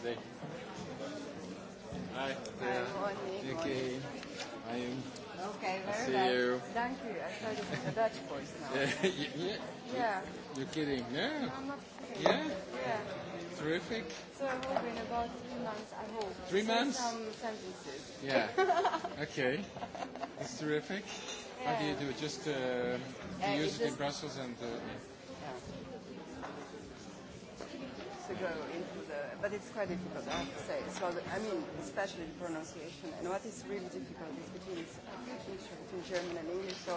Thursday. Hi. Hi, morning. Okay. I am. Okay, very See nice. you. Thank you. I thought it was a Dutch voice now. yeah. Yeah. You're kidding, no? no I'm not kidding. Yeah? Yeah. Terrific. So I hope in about three months, I hope. Three months? Some sentences. Yeah. okay. It's terrific. Yeah. How do you do it? Just uh, yeah, use it, it in Brussels and... Uh, grow into the, but it's quite difficult, I have to say. So, I mean, especially the pronunciation. And what is really difficult is between, it's a huge mixture between German and English. So,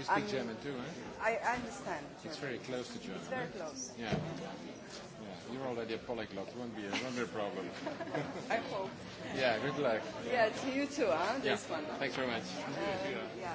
you speak I mean, German too, right? I, I understand. German. It's very close to German. It's very right? close. Yeah. yeah. You're already a polyglot. Won't be a, won't be a problem. I hope. Yeah. Good luck. Yeah. To you too, huh? This yeah. one. Thanks very much. Uh, yeah. yeah.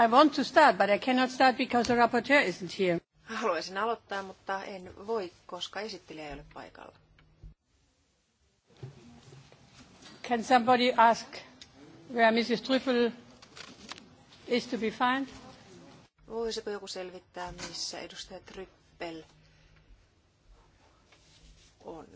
I want to start, but I cannot start because the rapporteur isn't here. Haluaisin aloittaa, mutta en voi, koska esittelijä ei ole paikalla. Can somebody ask where Mrs. Trüffel is to be found? Voisiko joku selvittää, missä edustaja Tryppel on?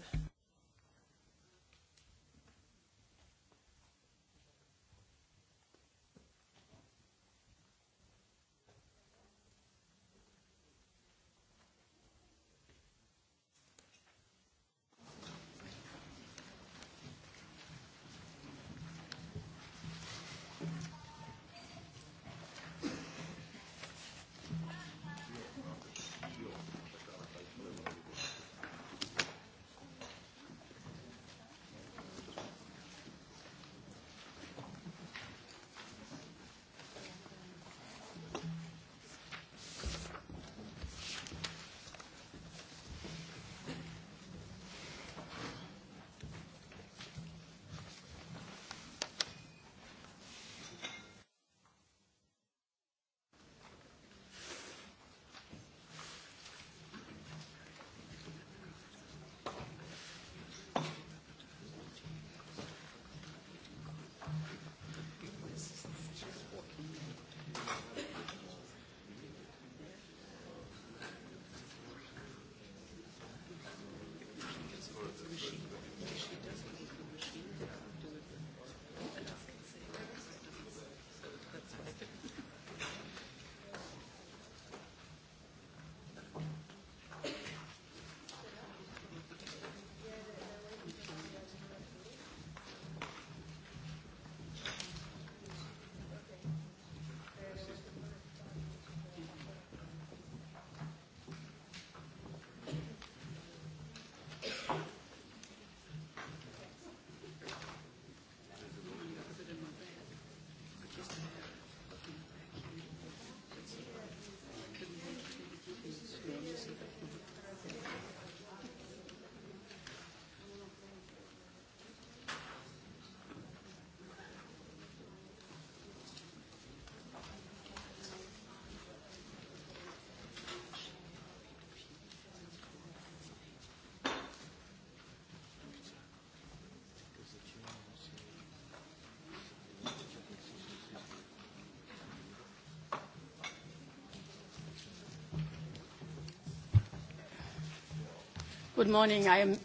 Good morning. I am,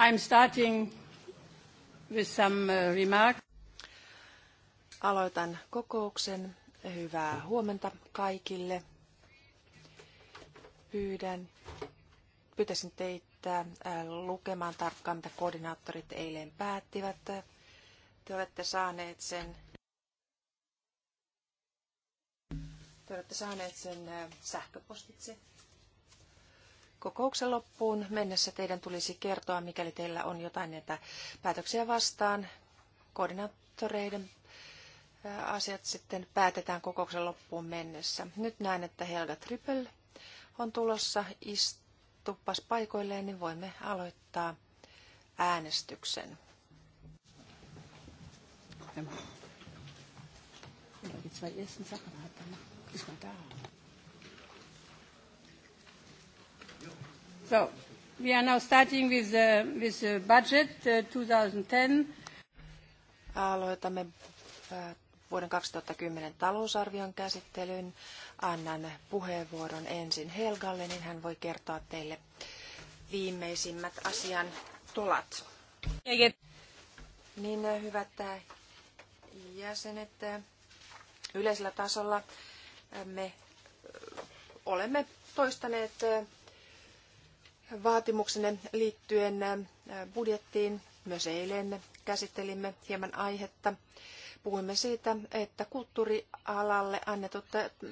I'm starting with some uh, remarks. Aloitan kokouksen. Hyvää huomenta kaikille. Pyydän, pyytäisin teitä äh, lukemaan tarkkaan, mitä koordinaattorit eilen päättivät. Te olette saaneet sen te olette saaneet sen äh, sähköpostitse kokouksen loppuun mennessä teidän tulisi kertoa, mikäli teillä on jotain näitä päätöksiä vastaan. Koordinaattoreiden asiat sitten päätetään kokouksen loppuun mennessä. Nyt näen, että Helga Trippel on tulossa. Istuppas paikoilleen, niin voimme aloittaa äänestyksen. Wenn die zwei ersten Sachen hat, dann er ist man da. So, we are now starting with the, with the budget 2010. Uh, Aloitamme uh, vuoden 2010 talousarvion käsittelyn. Annan puheenvuoron ensin Helgalle, niin hän voi kertoa teille viimeisimmät asian tulat. Niin uh, hyvät jäsenet, yleisellä tasolla me olemme toistaneet vaatimuksenne liittyen budjettiin. Myös eilen käsittelimme hieman aihetta. Puhuimme siitä, että kulttuurialalle annetut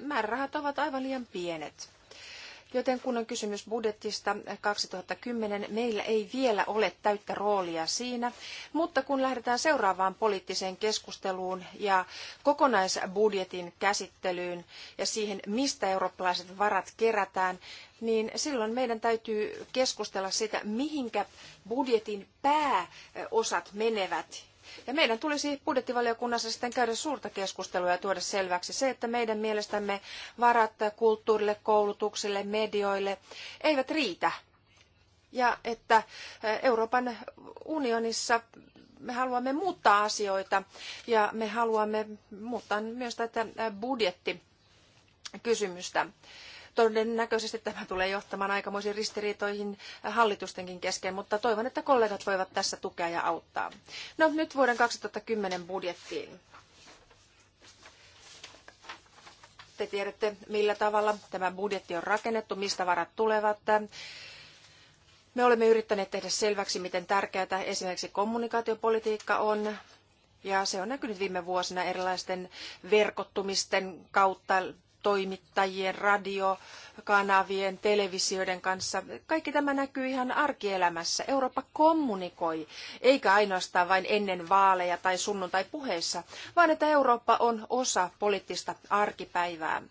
määrärahat ovat aivan liian pienet. Joten kun on kysymys budjetista 2010, meillä ei vielä ole täyttä roolia siinä, mutta kun lähdetään seuraavaan poliittiseen keskusteluun ja kokonaisbudjetin käsittelyyn ja siihen, mistä eurooppalaiset varat kerätään, niin silloin meidän täytyy keskustella sitä, mihinkä budjetin pääosat menevät ja meidän tulisi budjettivaliokunnassa sitten käydä suurta keskustelua ja tuoda selväksi se, että meidän mielestämme varat kulttuurille, koulutukselle, medioille eivät riitä. Ja että eh, Euroopan unionissa me haluamme muuttaa asioita ja me haluamme muuttaa myös tätä eh, budjettikysymystä. kysymystä todennäköisesti tämä tulee johtamaan aikamoisiin ristiriitoihin hallitustenkin kesken, mutta toivon, että kollegat voivat tässä tukea ja auttaa. No nyt vuoden 2010 budjettiin. Te tiedätte, millä tavalla tämä budjetti on rakennettu, mistä varat tulevat. Me olemme yrittäneet tehdä selväksi, miten tärkeää esimerkiksi kommunikaatiopolitiikka on, ja se on näkynyt viime vuosina erilaisten verkottumisten kautta toimittajien, radiokanavien, televisioiden kanssa. Kaikki tämä näkyy ihan arkielämässä. Eurooppa kommunikoi, eikä ainoastaan vain ennen vaaleja tai sunnuntai puheissa, vaan että Eurooppa on osa poliittista arkipäivää.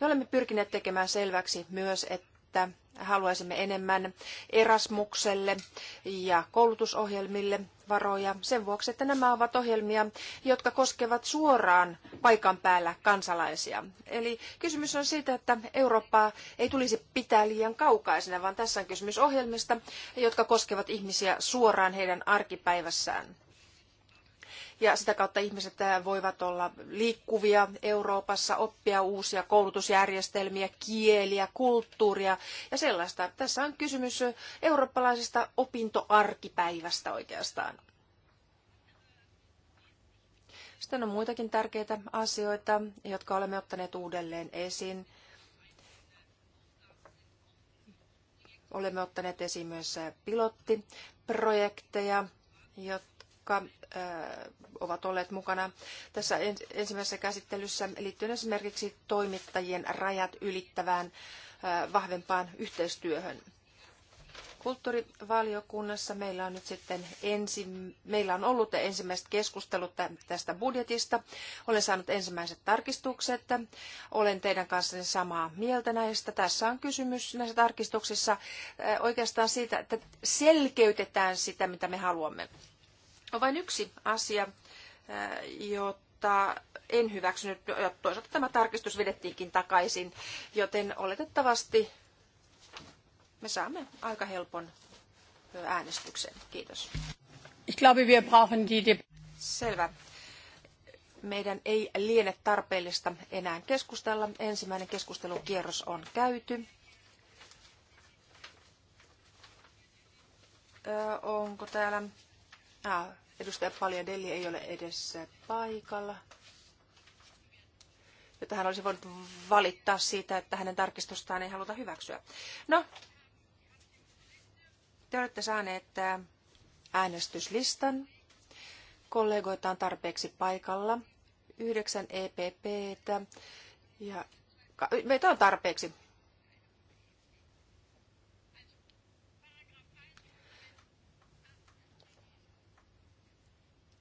Me olemme pyrkineet tekemään selväksi myös, että että haluaisimme enemmän Erasmukselle ja koulutusohjelmille varoja sen vuoksi, että nämä ovat ohjelmia, jotka koskevat suoraan paikan päällä kansalaisia. Eli kysymys on siitä, että Eurooppaa ei tulisi pitää liian kaukaisena, vaan tässä on kysymys ohjelmista, jotka koskevat ihmisiä suoraan heidän arkipäivässään ja sitä kautta ihmiset voivat olla liikkuvia Euroopassa, oppia uusia koulutusjärjestelmiä, kieliä, kulttuuria ja sellaista. Tässä on kysymys eurooppalaisesta opintoarkipäivästä oikeastaan. Sitten on muitakin tärkeitä asioita, jotka olemme ottaneet uudelleen esiin. Olemme ottaneet esiin myös pilottiprojekteja, jotta jotka ovat olleet mukana tässä ensimmäisessä käsittelyssä liittyen esimerkiksi toimittajien rajat ylittävään vahvempaan yhteistyöhön. Kulttuurivaliokunnassa meillä on nyt sitten ensi, meillä on ollut ensimmäiset keskustelut tästä budjetista. Olen saanut ensimmäiset tarkistukset. Olen teidän kanssanne samaa mieltä näistä. Tässä on kysymys näissä tarkistuksissa oikeastaan siitä, että selkeytetään sitä, mitä me haluamme on vain yksi asia, eh, jota en hyväksynyt. Toisaalta tämä tarkistus vedettiinkin takaisin, joten oletettavasti me saamme aika helpon äänestyksen. Kiitos. Ich glaube, wir brauchen die Selvä. Meidän ei liene tarpeellista enää keskustella. Ensimmäinen keskustelukierros on käyty. Ö, onko täällä Ah, edustaja Paljadelli ei ole edes paikalla. Jotta hän olisi voinut valittaa siitä, että hänen tarkistustaan ei haluta hyväksyä. No, te olette saaneet äänestyslistan. Kollegoita on tarpeeksi paikalla. Yhdeksän EPPtä ja meitä on tarpeeksi.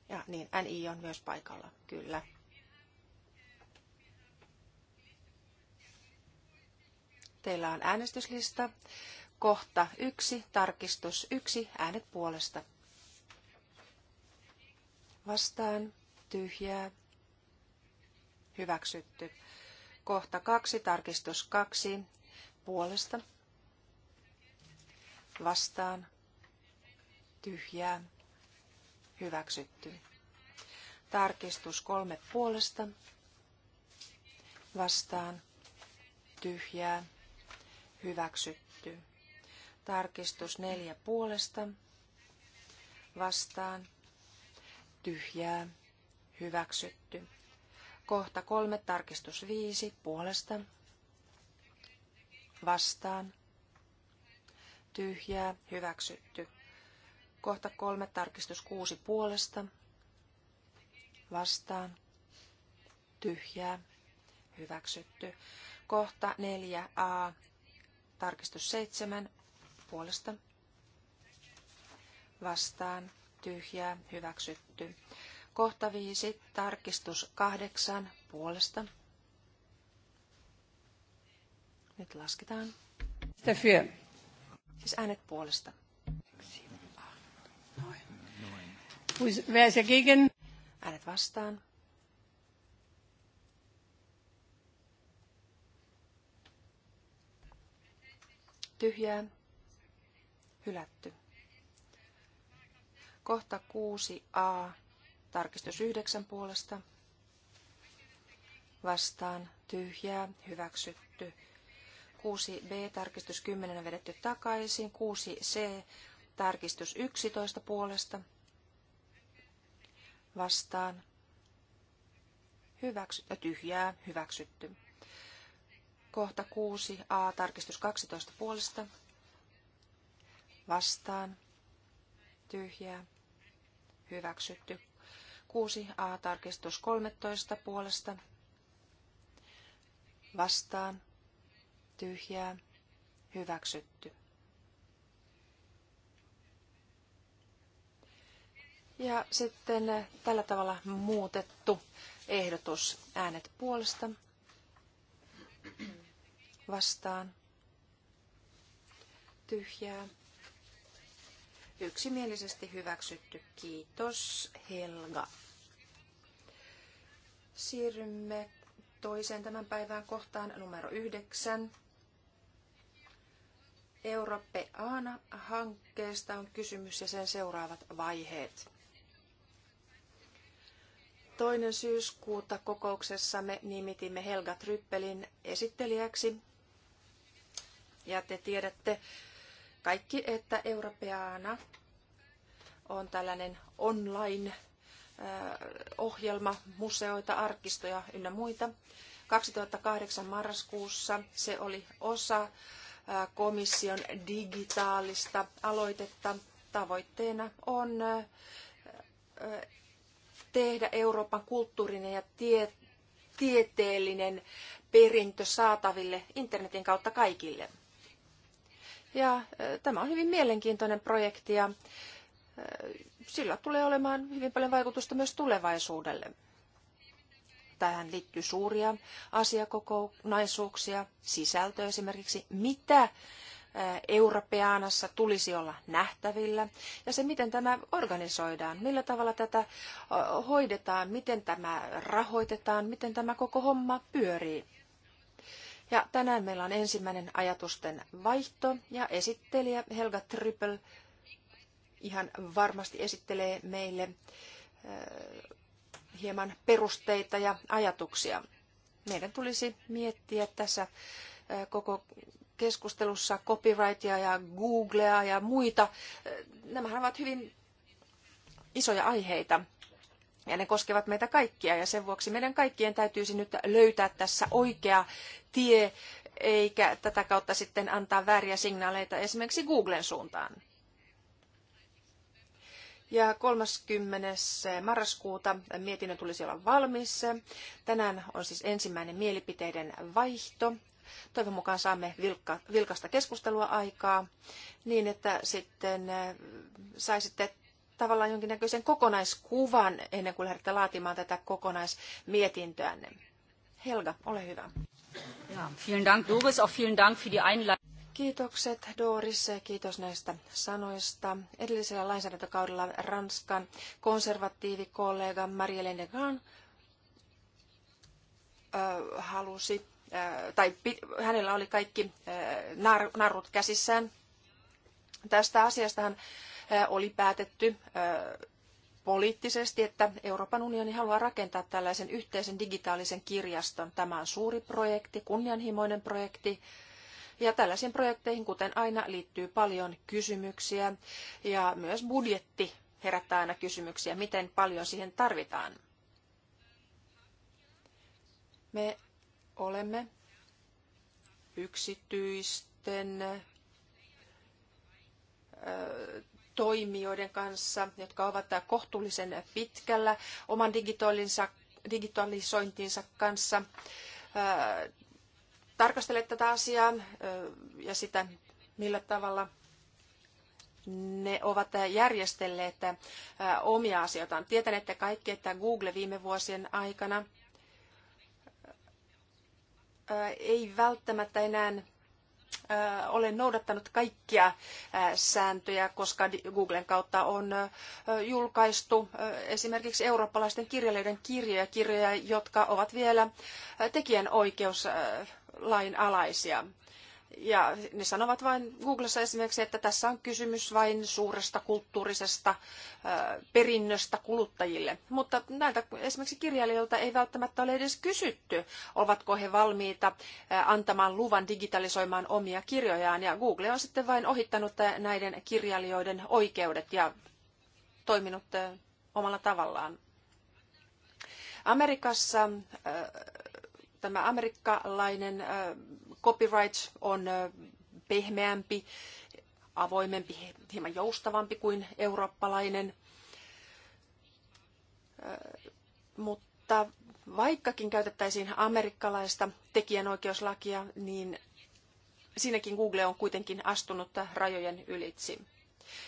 Ja niin, NI on myös paikalla, kyllä. Teillä on äänestyslista. Kohta yksi, tarkistus yksi, äänet puolesta. Vastaan, tyhjää, hyväksytty. Kohta kaksi, tarkistus kaksi, puolesta. Vastaan, tyhjää, hyväksytty. Tarkistus kolme puolesta vastaan tyhjää hyväksytty. Tarkistus neljä puolesta vastaan tyhjää hyväksytty. Kohta kolme tarkistus viisi puolesta vastaan tyhjää hyväksytty Kohta kolme tarkistus kuusi puolesta. Vastaan. Tyhjää. Hyväksytty. Kohta 4a. Tarkistus 7 puolesta. Vastaan. Tyhjää. Hyväksytty. Kohta 5. Tarkistus 8 puolesta. Nyt lasketaan. Dafür. Siis äänet puolesta. Äänet vastaan. Tyhjää. Hylätty. Kohta 6a. Tarkistus 9 puolesta. Vastaan. Tyhjää. Hyväksytty. 6b. Tarkistus 10 on vedetty takaisin. 6c. Tarkistus 11 puolesta vastaan hyväksy, tyhjää hyväksytty. Kohta 6 A tarkistus 12 puolesta vastaan tyhjää hyväksytty. 6 A tarkistus 13 puolesta vastaan tyhjää hyväksytty. Ja sitten eh, tällä tavalla muutettu ehdotus. Äänet puolesta. Vastaan. Tyhjää. Yksimielisesti hyväksytty. Kiitos Helga. Siirrymme toiseen tämän päivään kohtaan numero yhdeksän. Europeana-hankkeesta on kysymys ja sen seuraavat vaiheet. Toinen syyskuuta kokouksessamme nimitimme Helga Tryppelin esittelijäksi. Ja te tiedätte kaikki, että Europeana on tällainen online äh, ohjelma, museoita, arkistoja ynnä muita. 2008 marraskuussa se oli osa äh, komission digitaalista aloitetta. Tavoitteena on äh, tehdä Euroopan kulttuurinen ja tie, tieteellinen perintö saataville internetin kautta kaikille. Ja tämä on hyvin mielenkiintoinen projekti ja sillä tulee olemaan hyvin paljon vaikutusta myös tulevaisuudelle. Tähän liittyy suuria asiakokonaisuuksia, sisältö esimerkiksi, mitä Europeanassa tulisi olla nähtävillä ja se, miten tämä organisoidaan, millä tavalla tätä hoidetaan, miten tämä rahoitetaan, miten tämä koko homma pyörii. Ja tänään meillä on ensimmäinen ajatusten vaihto ja esittelijä Helga Trippel ihan varmasti esittelee meille hieman perusteita ja ajatuksia. Meidän tulisi miettiä tässä koko keskustelussa copyrightia ja Googlea ja muita. Nämähän ovat hyvin isoja aiheita ja ne koskevat meitä kaikkia ja sen vuoksi meidän kaikkien täytyisi nyt löytää tässä oikea tie eikä tätä kautta sitten antaa vääriä signaaleita esimerkiksi Googlen suuntaan. Ja 30. marraskuuta mietinnön tulisi olla valmis. Tänään on siis ensimmäinen mielipiteiden vaihto Toivon mukaan saamme vilkka, vilkasta keskustelua aikaa niin, että sitten äh, saisitte tavallaan jonkinnäköisen kokonaiskuvan ennen kuin lähdette laatimaan tätä kokonaismietintöänne. Helga, ole hyvä. Ja, vielen Dank Doris, auch vielen Dank für die Kiitokset Doris, kiitos näistä sanoista. Edellisellä lainsäädäntökaudella Ranskan konservatiivikollega Marie-Hélène äh, halusi Äh, tai hänellä oli kaikki äh, narrut käsissään. Tästä asiastahan äh, oli päätetty poliittisesti, että Euroopan unioni haluaa rakentaa tällaisen yhteisen digitaalisen kirjaston. Tämä on suuri projekti, kunnianhimoinen projekti. Ja tällaisiin projekteihin, kuten aina, liittyy paljon kysymyksiä ja myös budjetti herättää aina kysymyksiä, miten paljon siihen tarvitaan. Me olemme yksityisten toimijoiden kanssa, jotka ovat kohtuullisen pitkällä oman digitalisointinsa kanssa. Tarkastele tätä asiaa ja sitä, millä tavalla ne ovat järjestelleet omia asioitaan. että kaikki, että Google viime vuosien aikana – ei välttämättä enää olen noudattanut kaikkia sääntöjä, koska Googlen kautta on julkaistu esimerkiksi eurooppalaisten kirjailijoiden kirjoja, kirjoja, jotka ovat vielä tekijänoikeuslain alaisia. Ja ne sanovat vain Googlessa esimerkiksi, että tässä on kysymys vain suuresta kulttuurisesta perinnöstä kuluttajille. Mutta näiltä esimerkiksi kirjailijoilta ei välttämättä ole edes kysytty, ovatko he valmiita antamaan luvan digitalisoimaan omia kirjojaan. Ja Google on sitten vain ohittanut näiden kirjailijoiden oikeudet ja toiminut omalla tavallaan. Amerikassa tämä amerikkalainen copyright on pehmeämpi, avoimempi, hieman joustavampi kuin eurooppalainen. Mutta vaikkakin käytettäisiin amerikkalaista tekijänoikeuslakia, niin siinäkin Google on kuitenkin astunut rajojen ylitse.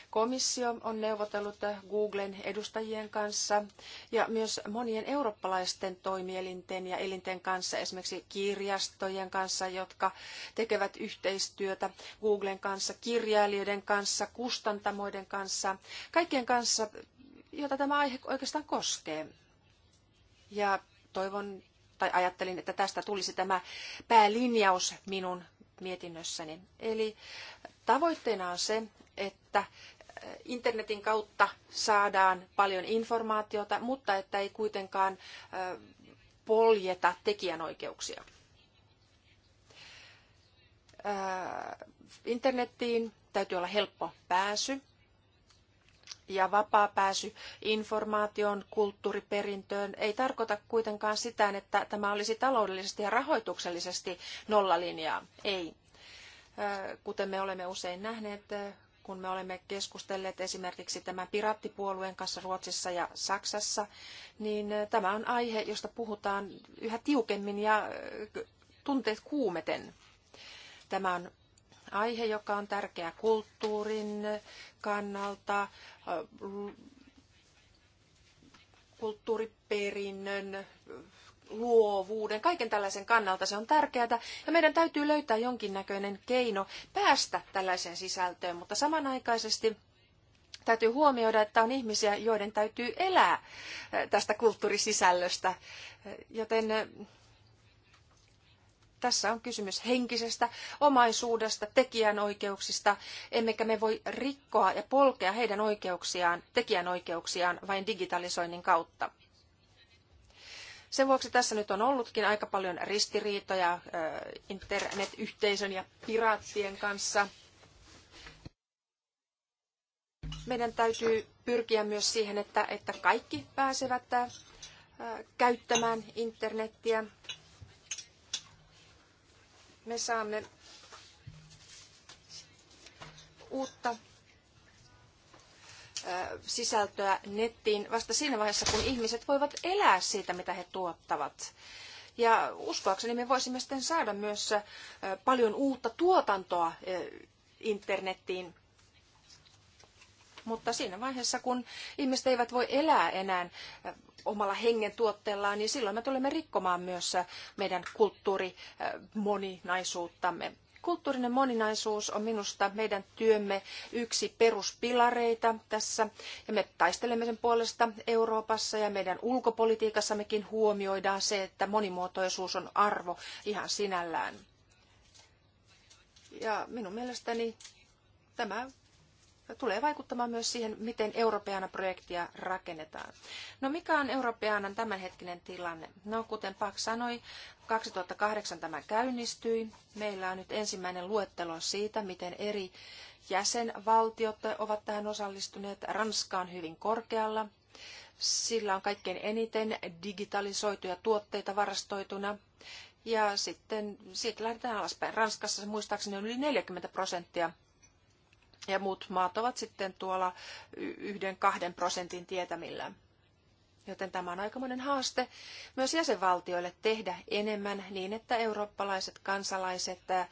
Komissio on neuvotellut Googlen edustajien kanssa ja myös monien eurooppalaisten toimielinten ja elinten kanssa, esimerkiksi kirjastojen kanssa, jotka tekevät yhteistyötä Googlen kanssa, kirjailijoiden kanssa, kustantamoiden kanssa, kaikkien kanssa, jota tämä aihe oikeastaan koskee. Ja toivon tai ajattelin, että tästä tulisi tämä päälinjaus minun mietinnössäni. Eli tavoitteena on se, että äh, internetin kautta saadaan paljon informaatiota, mutta että ei kuitenkaan äh, poljeta tekijänoikeuksia. Äh, internettiin täytyy olla helppo pääsy ja vapaa pääsy informaation, kulttuuriperintöön ei tarkoita kuitenkaan sitä, että tämä olisi taloudellisesti ja rahoituksellisesti nollalinjaa. Ei. Kuten me olemme usein nähneet, kun me olemme keskustelleet esimerkiksi tämän piraattipuolueen kanssa Ruotsissa ja Saksassa, niin eh, tämä on aihe, josta puhutaan yhä tiukemmin ja eh, tunteet kuumeten. Tämä on aihe, joka on tärkeä kulttuurin kannalta, eh, kulttuuriperinnön luovuuden, kaiken tällaisen kannalta se on tärkeää. Ja meidän täytyy löytää jonkinnäköinen keino päästä tällaiseen sisältöön, mutta samanaikaisesti täytyy huomioida, että on ihmisiä, joiden täytyy elää eh, tästä kulttuurisisällöstä. Eh, joten eh, tässä on kysymys henkisestä omaisuudesta, tekijänoikeuksista, emmekä me voi rikkoa ja polkea heidän oikeuksiaan, tekijänoikeuksiaan vain digitalisoinnin kautta. Sen vuoksi tässä nyt on ollutkin aika paljon ristiriitoja internetyhteisön ja piraattien kanssa. Meidän täytyy pyrkiä myös siihen, että, että kaikki pääsevät käyttämään internettiä. Me saamme uutta sisältöä nettiin vasta siinä vaiheessa, kun ihmiset voivat elää siitä, mitä he tuottavat. Ja uskoakseni me voisimme sitten saada myös paljon uutta tuotantoa internettiin. Mutta siinä vaiheessa, kun ihmiset eivät voi elää enää omalla hengen tuotteellaan, niin silloin me tulemme rikkomaan myös meidän kulttuurimoninaisuuttamme. Kulttuurinen moninaisuus on minusta meidän työmme yksi peruspilareita tässä, ja me taistelemme sen puolesta Euroopassa, ja meidän ulkopolitiikassammekin huomioidaan se, että monimuotoisuus on arvo ihan sinällään. Ja minun mielestäni tämä tulee vaikuttamaan myös siihen, miten europeana projektia rakennetaan. No mikä on europeanan tämänhetkinen tilanne? No kuten Pak sanoi, 2008 tämä käynnistyi. Meillä on nyt ensimmäinen luettelo siitä, miten eri jäsenvaltiot ovat tähän osallistuneet. Ranska on hyvin korkealla. Sillä on kaikkein eniten digitalisoituja tuotteita varastoituna. Ja sitten siitä lähdetään alaspäin. Ranskassa muistaakseni on yli 40 prosenttia ja muut maat ovat sitten tuolla yhden kahden prosentin tietämillä. Joten tämä on aikamoinen haaste myös jäsenvaltioille tehdä enemmän niin, että eurooppalaiset kansalaiset äh,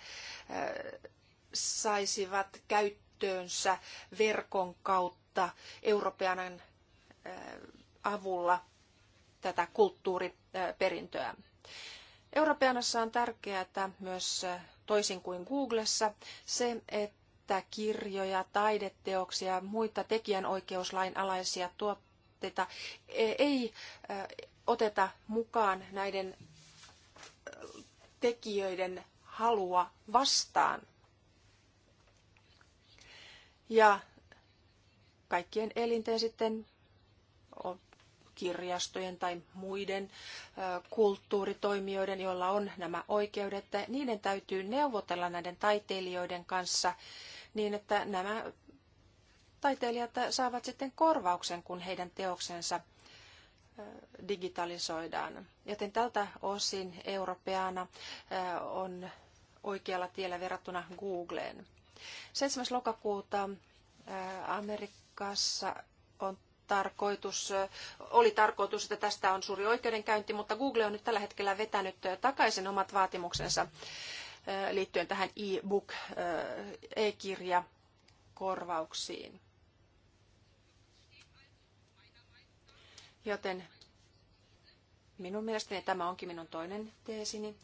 saisivat käyttöönsä verkon kautta Euroopan äh, avulla tätä kulttuuriperintöä. Euroopanassa on tärkeää myös äh, toisin kuin Googlessa se, että käyttää kirjoja, taideteoksia ja muita tekijänoikeuslain alaisia tuotteita e, ei oteta mukaan näiden tekijöiden halua vastaan. Ja kaikkien elinten sitten kirjastojen tai muiden kulttuuritoimijoiden, joilla on nämä oikeudet, niiden täytyy neuvotella näiden taiteilijoiden kanssa niin että nämä taiteilijat saavat sitten korvauksen, kun heidän teoksensa digitalisoidaan. Joten tältä osin europeana on oikealla tiellä verrattuna Googleen. 7. lokakuuta Amerikassa on tarkoitus, oli tarkoitus, että tästä on suuri oikeudenkäynti, mutta Google on nyt tällä hetkellä vetänyt takaisin omat vaatimuksensa liittyen tähän e-book, e-, e-kirja korvauksiin. Joten minun mielestäni tämä onkin minun toinen teesini.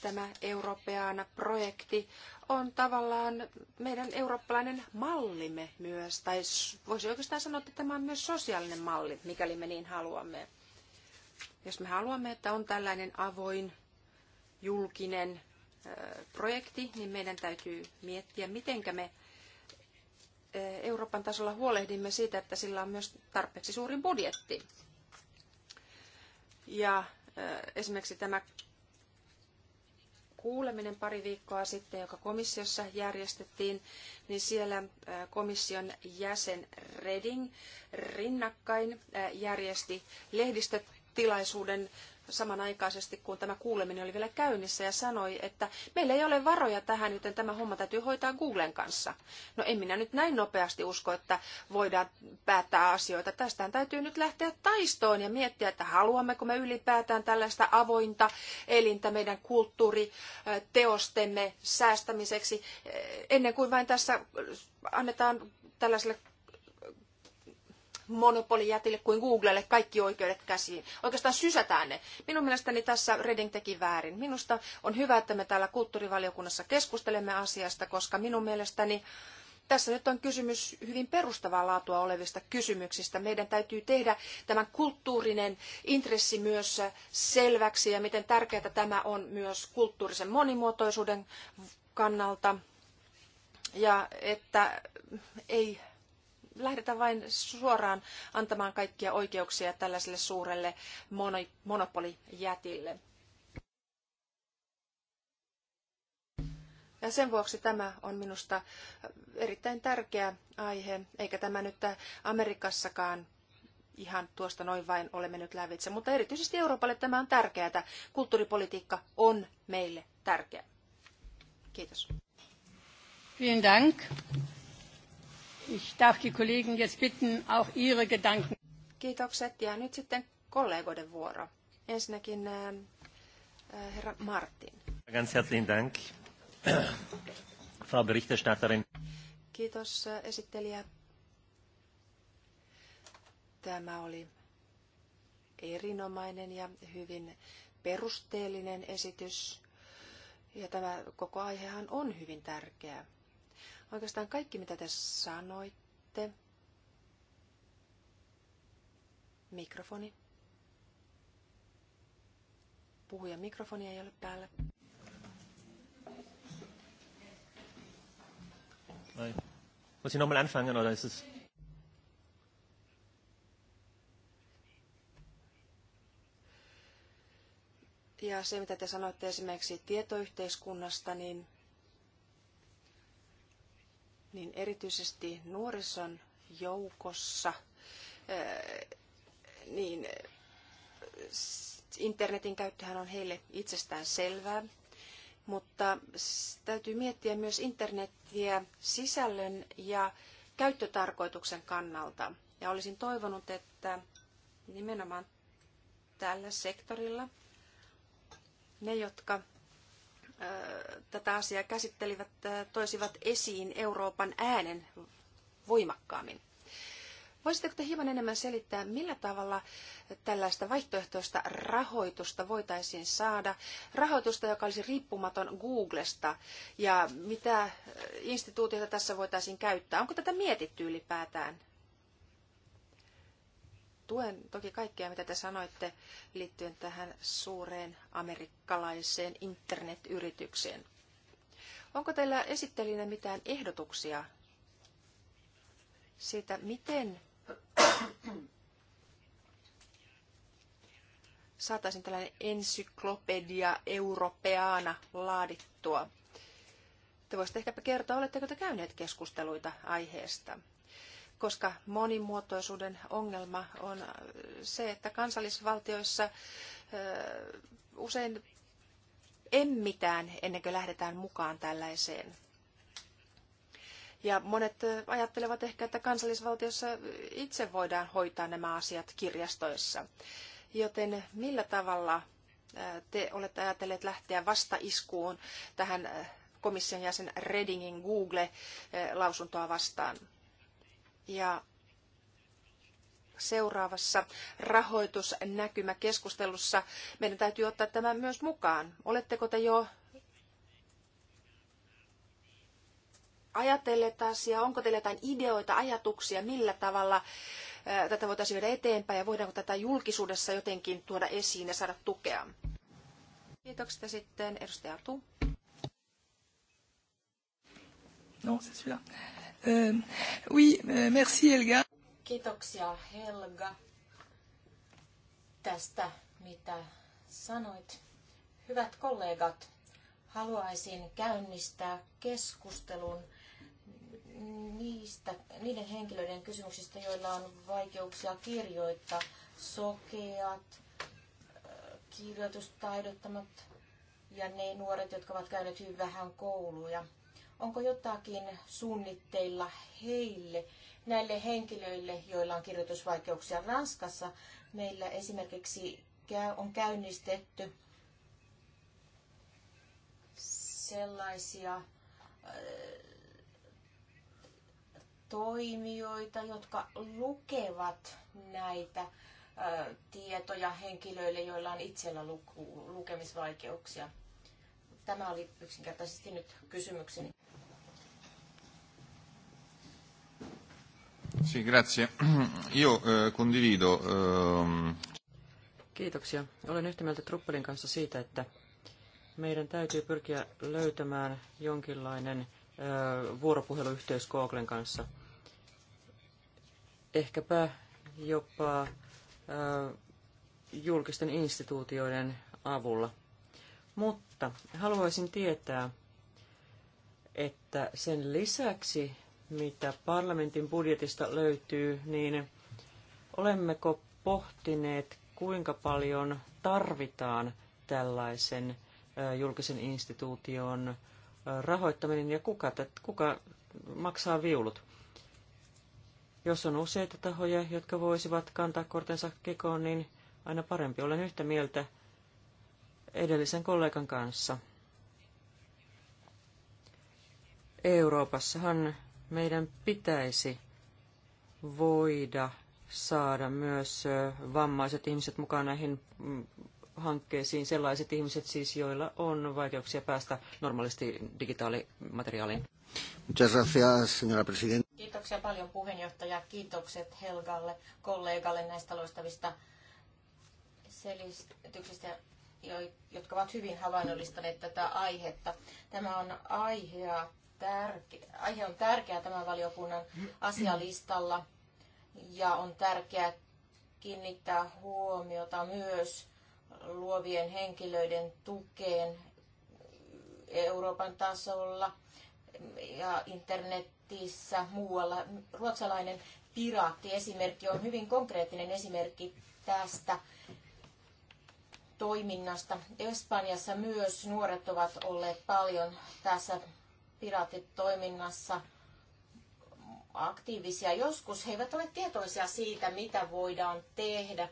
Tämä europeana projekti on tavallaan meidän eurooppalainen mallimme myös, tai voisi oikeastaan sanoa, että tämä on myös sosiaalinen malli, mikäli me niin haluamme. Jos me haluamme, että on tällainen avoin, julkinen projekti, niin meidän täytyy miettiä, miten me Euroopan tasolla huolehdimme siitä, että sillä on myös tarpeeksi suuri budjetti. Ja esimerkiksi tämä kuuleminen pari viikkoa sitten, joka komissiossa järjestettiin, niin siellä komission jäsen Reding rinnakkain järjesti lehdistötilaisuuden samanaikaisesti, kun tämä kuuleminen oli vielä käynnissä ja sanoi, että meillä ei ole varoja tähän, joten tämä homma täytyy hoitaa Googlen kanssa. No en minä nyt näin nopeasti usko, että voidaan päättää asioita. Tästähän täytyy nyt lähteä taistoon ja miettiä, että haluammeko me ylipäätään tällaista avointa elintä meidän kulttuuriteostemme säästämiseksi, ennen kuin vain tässä annetaan tällaiselle monopolijätille kuin Googlelle kaikki oikeudet käsiin. Oikeastaan sysätään ne. Minun mielestäni tässä Reding teki väärin. Minusta on hyvä, että me täällä kulttuurivaliokunnassa keskustelemme asiasta, koska minun mielestäni tässä nyt on kysymys hyvin perustavaa laatua olevista kysymyksistä. Meidän täytyy tehdä tämä kulttuurinen intressi myös selväksi ja miten tärkeää tämä on myös kulttuurisen monimuotoisuuden kannalta. Ja että ei lähdetä vain suoraan antamaan kaikkia oikeuksia tällaiselle suurelle monopolijätille. Ja sen vuoksi tämä on minusta erittäin tärkeä aihe, eikä tämä nyt Amerikassakaan ihan tuosta noin vain ole mennyt lävitse. Mutta erityisesti Euroopalle tämä on tärkeää. Kulttuuripolitiikka on meille tärkeä. Kiitos. Vielen Dank. Ich darf die Kollegen jetzt bitten, auch ihre Gedanken. Kiitokset. Ja nyt sitten kollegoiden vuoro. Ensinnäkin äh, äh herra Martin. Ganz herzlichen Dank, Frau Berichterstatterin. Kiitos äh, esittelijä. Tämä oli erinomainen ja hyvin perusteellinen esitys. Ja tämä koko aihehan on hyvin tärkeä. Oikeastaan kaikki, mitä te sanoitte. Mikrofoni. Puhuja mikrofoni ei ole päällä. Ei. Muss ich nochmal anfangen oder er ist es... Ja se, mitä te sanoitte esimerkiksi tietoyhteiskunnasta, niin niin erityisesti nuorison joukossa, eh, niin internetin käyttöhän on heille itsestään selvää, mutta täytyy miettiä myös internettiä sisällön ja käyttötarkoituksen kannalta. Ja olisin toivonut, että nimenomaan tällä sektorilla ne, jotka tätä asiaa käsittelivät, toisivat esiin Euroopan äänen voimakkaammin. Voisitteko te hieman enemmän selittää, millä tavalla tällaista vaihtoehtoista rahoitusta voitaisiin saada? Rahoitusta, joka olisi riippumaton Googlesta ja mitä instituutioita tässä voitaisiin käyttää? Onko tätä mietitty ylipäätään? tuen toki kaikkea, mitä te sanoitte liittyen tähän suureen amerikkalaiseen internetyritykseen. Onko teillä esittelijänä mitään ehdotuksia siitä, miten saataisiin tällainen ensyklopedia europeana laadittua? Te voisitte ehkäpä kertoa, oletteko te käyneet keskusteluita aiheesta koska monimuotoisuuden ongelma on äh, se, että kansallisvaltioissa äh, usein emmitään ennen kuin lähdetään mukaan tällaiseen. Ja monet äh, ajattelevat ehkä, että kansallisvaltiossa itse voidaan hoitaa nämä asiat kirjastoissa. Joten millä tavalla te olette ajatelleet lähteä vastaiskuun tähän komission jäsen Redingin Google-lausuntoa vastaan? Ja seuraavassa rahoitusnäkymäkeskustelussa meidän täytyy ottaa tämä myös mukaan. Oletteko te jo ajatelleet asiaa? Onko teillä jotain ideoita, ajatuksia, millä tavalla tätä voitaisiin viedä eteenpäin ja voidaanko tätä julkisuudessa jotenkin tuoda esiin ja saada tukea? Kiitokset sitten edustaja No, se oui, merci Helga. Kiitoksia Helga tästä, mitä sanoit. Hyvät kollegat, haluaisin käynnistää keskustelun niistä, niiden henkilöiden kysymyksistä, joilla on vaikeuksia kirjoittaa. Sokeat, kirjoitustaidottomat ja ne nuoret, jotka ovat käyneet hyvin vähän kouluja. Onko jotakin suunnitteilla heille, näille henkilöille, joilla on kirjoitusvaikeuksia Ranskassa? Meillä esimerkiksi on käynnistetty sellaisia äh, toimijoita, jotka lukevat näitä äh, tietoja henkilöille, joilla on itsellä lukemisvaikeuksia. Tämä oli yksinkertaisesti nyt kysymykseni. Sì, grazie. Io eh, condivido. Ehm... Kiitoksia. Olen yhtä mieltä Truppelin kanssa siitä, että meidän täytyy pyrkiä löytämään jonkinlainen äh, vuoropuheluyhteys Googlen kanssa. Ehkäpä jopa äh, julkisten instituutioiden avulla. Mutta haluaisin tietää, että sen lisäksi mitä parlamentin budjetista löytyy, niin olemmeko pohtineet, kuinka paljon tarvitaan tällaisen julkisen instituution rahoittaminen ja kuka, kuka maksaa viulut? Jos on useita tahoja, jotka voisivat kantaa kortensa kekoon, niin aina parempi. Olen yhtä mieltä edellisen kollegan kanssa. Euroopassahan meidän pitäisi voida saada myös vammaiset ihmiset mukaan näihin mm, hankkeisiin, sellaiset ihmiset siis, joilla on vaikeuksia päästä normaalisti digitaalimateriaaliin. Kiitoksia paljon puheenjohtaja. Kiitokset Helgalle, kollegalle näistä loistavista selityksistä, jotka ovat hyvin havainnollistaneet tätä aihetta. Tämä on aihea, tärke, aihe on tärkeä tämän valiokunnan asialistalla ja on tärkeää kiinnittää huomiota myös luovien henkilöiden tukeen Euroopan tasolla ja internetissä muualla. Ruotsalainen piraattiesimerkki on hyvin konkreettinen esimerkki tästä toiminnasta. Espanjassa myös nuoret ovat olleet paljon tässä piraattitoiminnassa aktiivisia. Joskus he eivät ole tietoisia siitä, mitä voidaan tehdä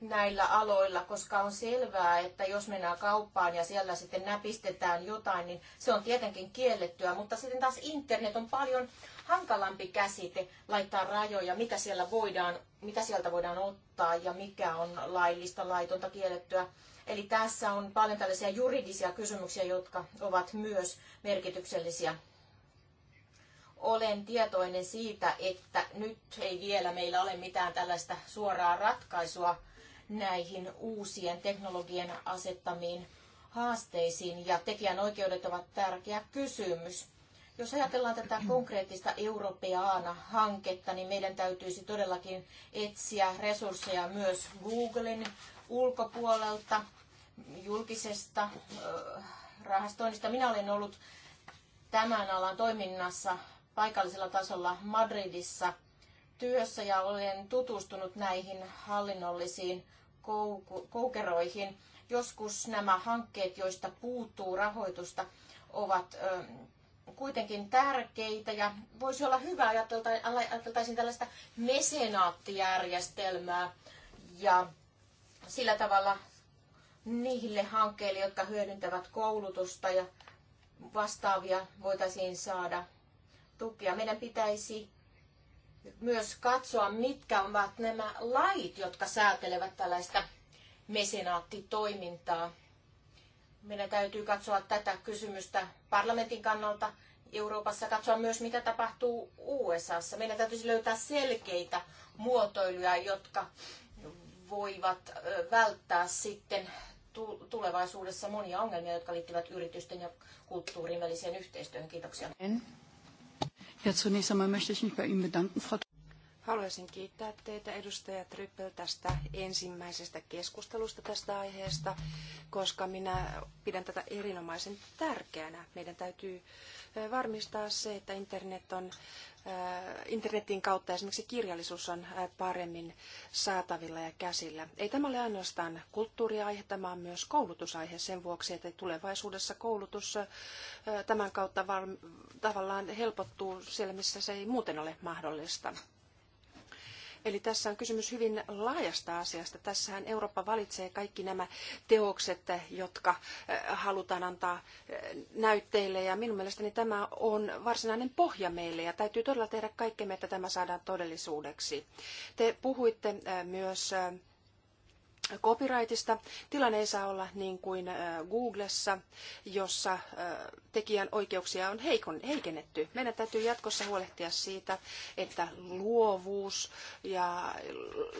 näillä aloilla, koska on selvää, että jos mennään kauppaan ja siellä sitten näpistetään jotain, niin se on tietenkin kiellettyä, mutta sitten taas internet on paljon hankalampi käsite laittaa rajoja, mitä, siellä voidaan, mitä sieltä voidaan ottaa ja mikä on laillista, laitonta, kiellettyä Eli tässä on paljon tällaisia juridisia kysymyksiä, jotka ovat myös merkityksellisiä. Olen tietoinen siitä, että nyt ei vielä meillä ole mitään tällaista suoraa ratkaisua näihin uusien teknologien asettamiin haasteisiin ja tekijänoikeudet ovat tärkeä kysymys. Jos ajatellaan tätä konkreettista europeana hanketta, niin meidän täytyisi todellakin etsiä resursseja myös Googlen ulkopuolelta, julkisesta rahastoinnista. Minä olen ollut tämän alan toiminnassa paikallisella tasolla Madridissa työssä ja olen tutustunut näihin hallinnollisiin koukeroihin. Joskus nämä hankkeet, joista puuttuu rahoitusta, ovat kuitenkin tärkeitä ja voisi olla hyvä ajateltaisiin tällaista mesenaattijärjestelmää ja sillä tavalla niille hankkeille, jotka hyödyntävät koulutusta ja vastaavia voitaisiin saada tukea. Meidän pitäisi myös katsoa, mitkä ovat nämä lait, jotka säätelevät tällaista mesenaattitoimintaa. Meidän täytyy katsoa tätä kysymystä parlamentin kannalta Euroopassa, katsoa myös, mitä tapahtuu USAssa. Meidän täytyisi löytää selkeitä muotoiluja, jotka voivat välttää sitten tulevaisuudessa monia ongelmia, jotka liittyvät yritysten ja kulttuurin väliseen yhteistyöhön. Kiitoksia. Ja zunächst einmal möchte ich mich bei Ihnen bedanken, Frau Haluaisin kiittää teitä edustaja Tryppel tästä ensimmäisestä keskustelusta tästä aiheesta, koska minä pidän tätä erinomaisen tärkeänä. Meidän täytyy varmistaa se, että internet on, internetin kautta esimerkiksi kirjallisuus on paremmin saatavilla ja käsillä. Ei tämä ole ainoastaan kulttuuriaihe, tämä on myös koulutusaihe sen vuoksi, että tulevaisuudessa koulutus tämän kautta tavallaan helpottuu siellä, missä se ei muuten ole mahdollista. Eli tässä on kysymys hyvin laajasta asiasta. Tässähän Eurooppa valitsee kaikki nämä teokset, jotka eh, halutaan antaa eh, näytteille. Ja minun mielestäni tämä on varsinainen pohja meille ja täytyy todella tehdä kaikkemme, että tämä saadaan todellisuudeksi. Te puhuitte eh, myös copyrightista. Tilanne ei saa olla niin kuin äh, Googlessa, jossa äh, tekijän oikeuksia on heikennetty. Meidän täytyy jatkossa huolehtia siitä, että luovuus ja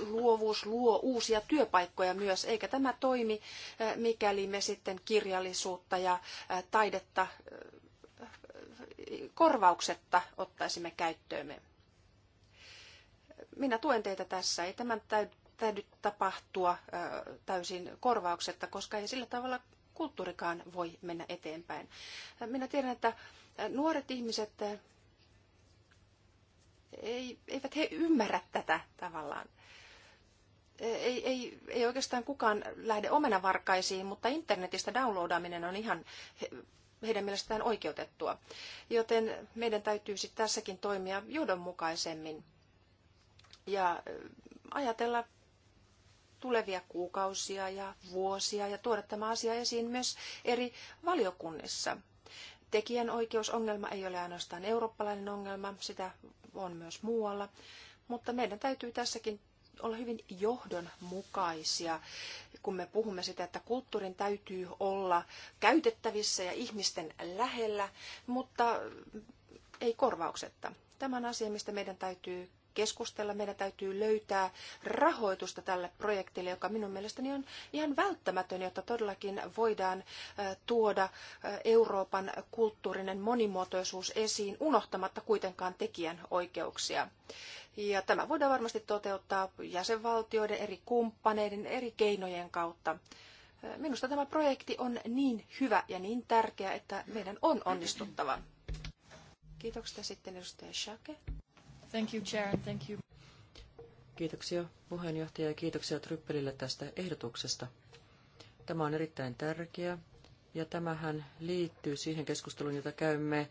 luovuus luo uusia työpaikkoja myös, eikä tämä toimi, äh, mikäli me sitten kirjallisuutta ja taidetta korvauksetta ottaisimme käyttöömme minä tuen teitä tässä. Ei tämän täydy tapahtua täysin korvauksetta, koska ei sillä tavalla kulttuurikaan voi mennä eteenpäin. Minä tiedän, että nuoret ihmiset ei, eivät he ymmärrä tätä tavallaan. Ei, ei, ei oikeastaan kukaan lähde omenavarkaisiin, mutta internetistä downloadaaminen on ihan heidän mielestään oikeutettua. Joten meidän täytyy tässäkin toimia johdonmukaisemmin ja ajatella tulevia kuukausia ja vuosia ja tuoda tämä asia esiin myös eri valiokunnissa. Tekijänoikeusongelma ei ole ainoastaan eurooppalainen ongelma, sitä on myös muualla, mutta meidän täytyy tässäkin olla hyvin johdonmukaisia, kun me puhumme sitä, että kulttuurin täytyy olla käytettävissä ja ihmisten lähellä, mutta ei korvauksetta. Tämä on asia, mistä meidän täytyy keskustella. Meidän täytyy löytää rahoitusta tälle projektille, joka minun mielestäni on ihan välttämätön, jotta todellakin voidaan tuoda Euroopan kulttuurinen monimuotoisuus esiin unohtamatta kuitenkaan tekijän oikeuksia. Ja tämä voidaan varmasti toteuttaa jäsenvaltioiden, eri kumppaneiden, eri keinojen kautta. Minusta tämä projekti on niin hyvä ja niin tärkeä, että meidän on onnistuttava. Kiitoksia sitten edustaja Shake. Thank you, Chair, and thank you. Kiitoksia puheenjohtaja ja kiitoksia Tryppelille tästä ehdotuksesta. Tämä on erittäin tärkeä ja tämähän liittyy siihen keskusteluun, jota käymme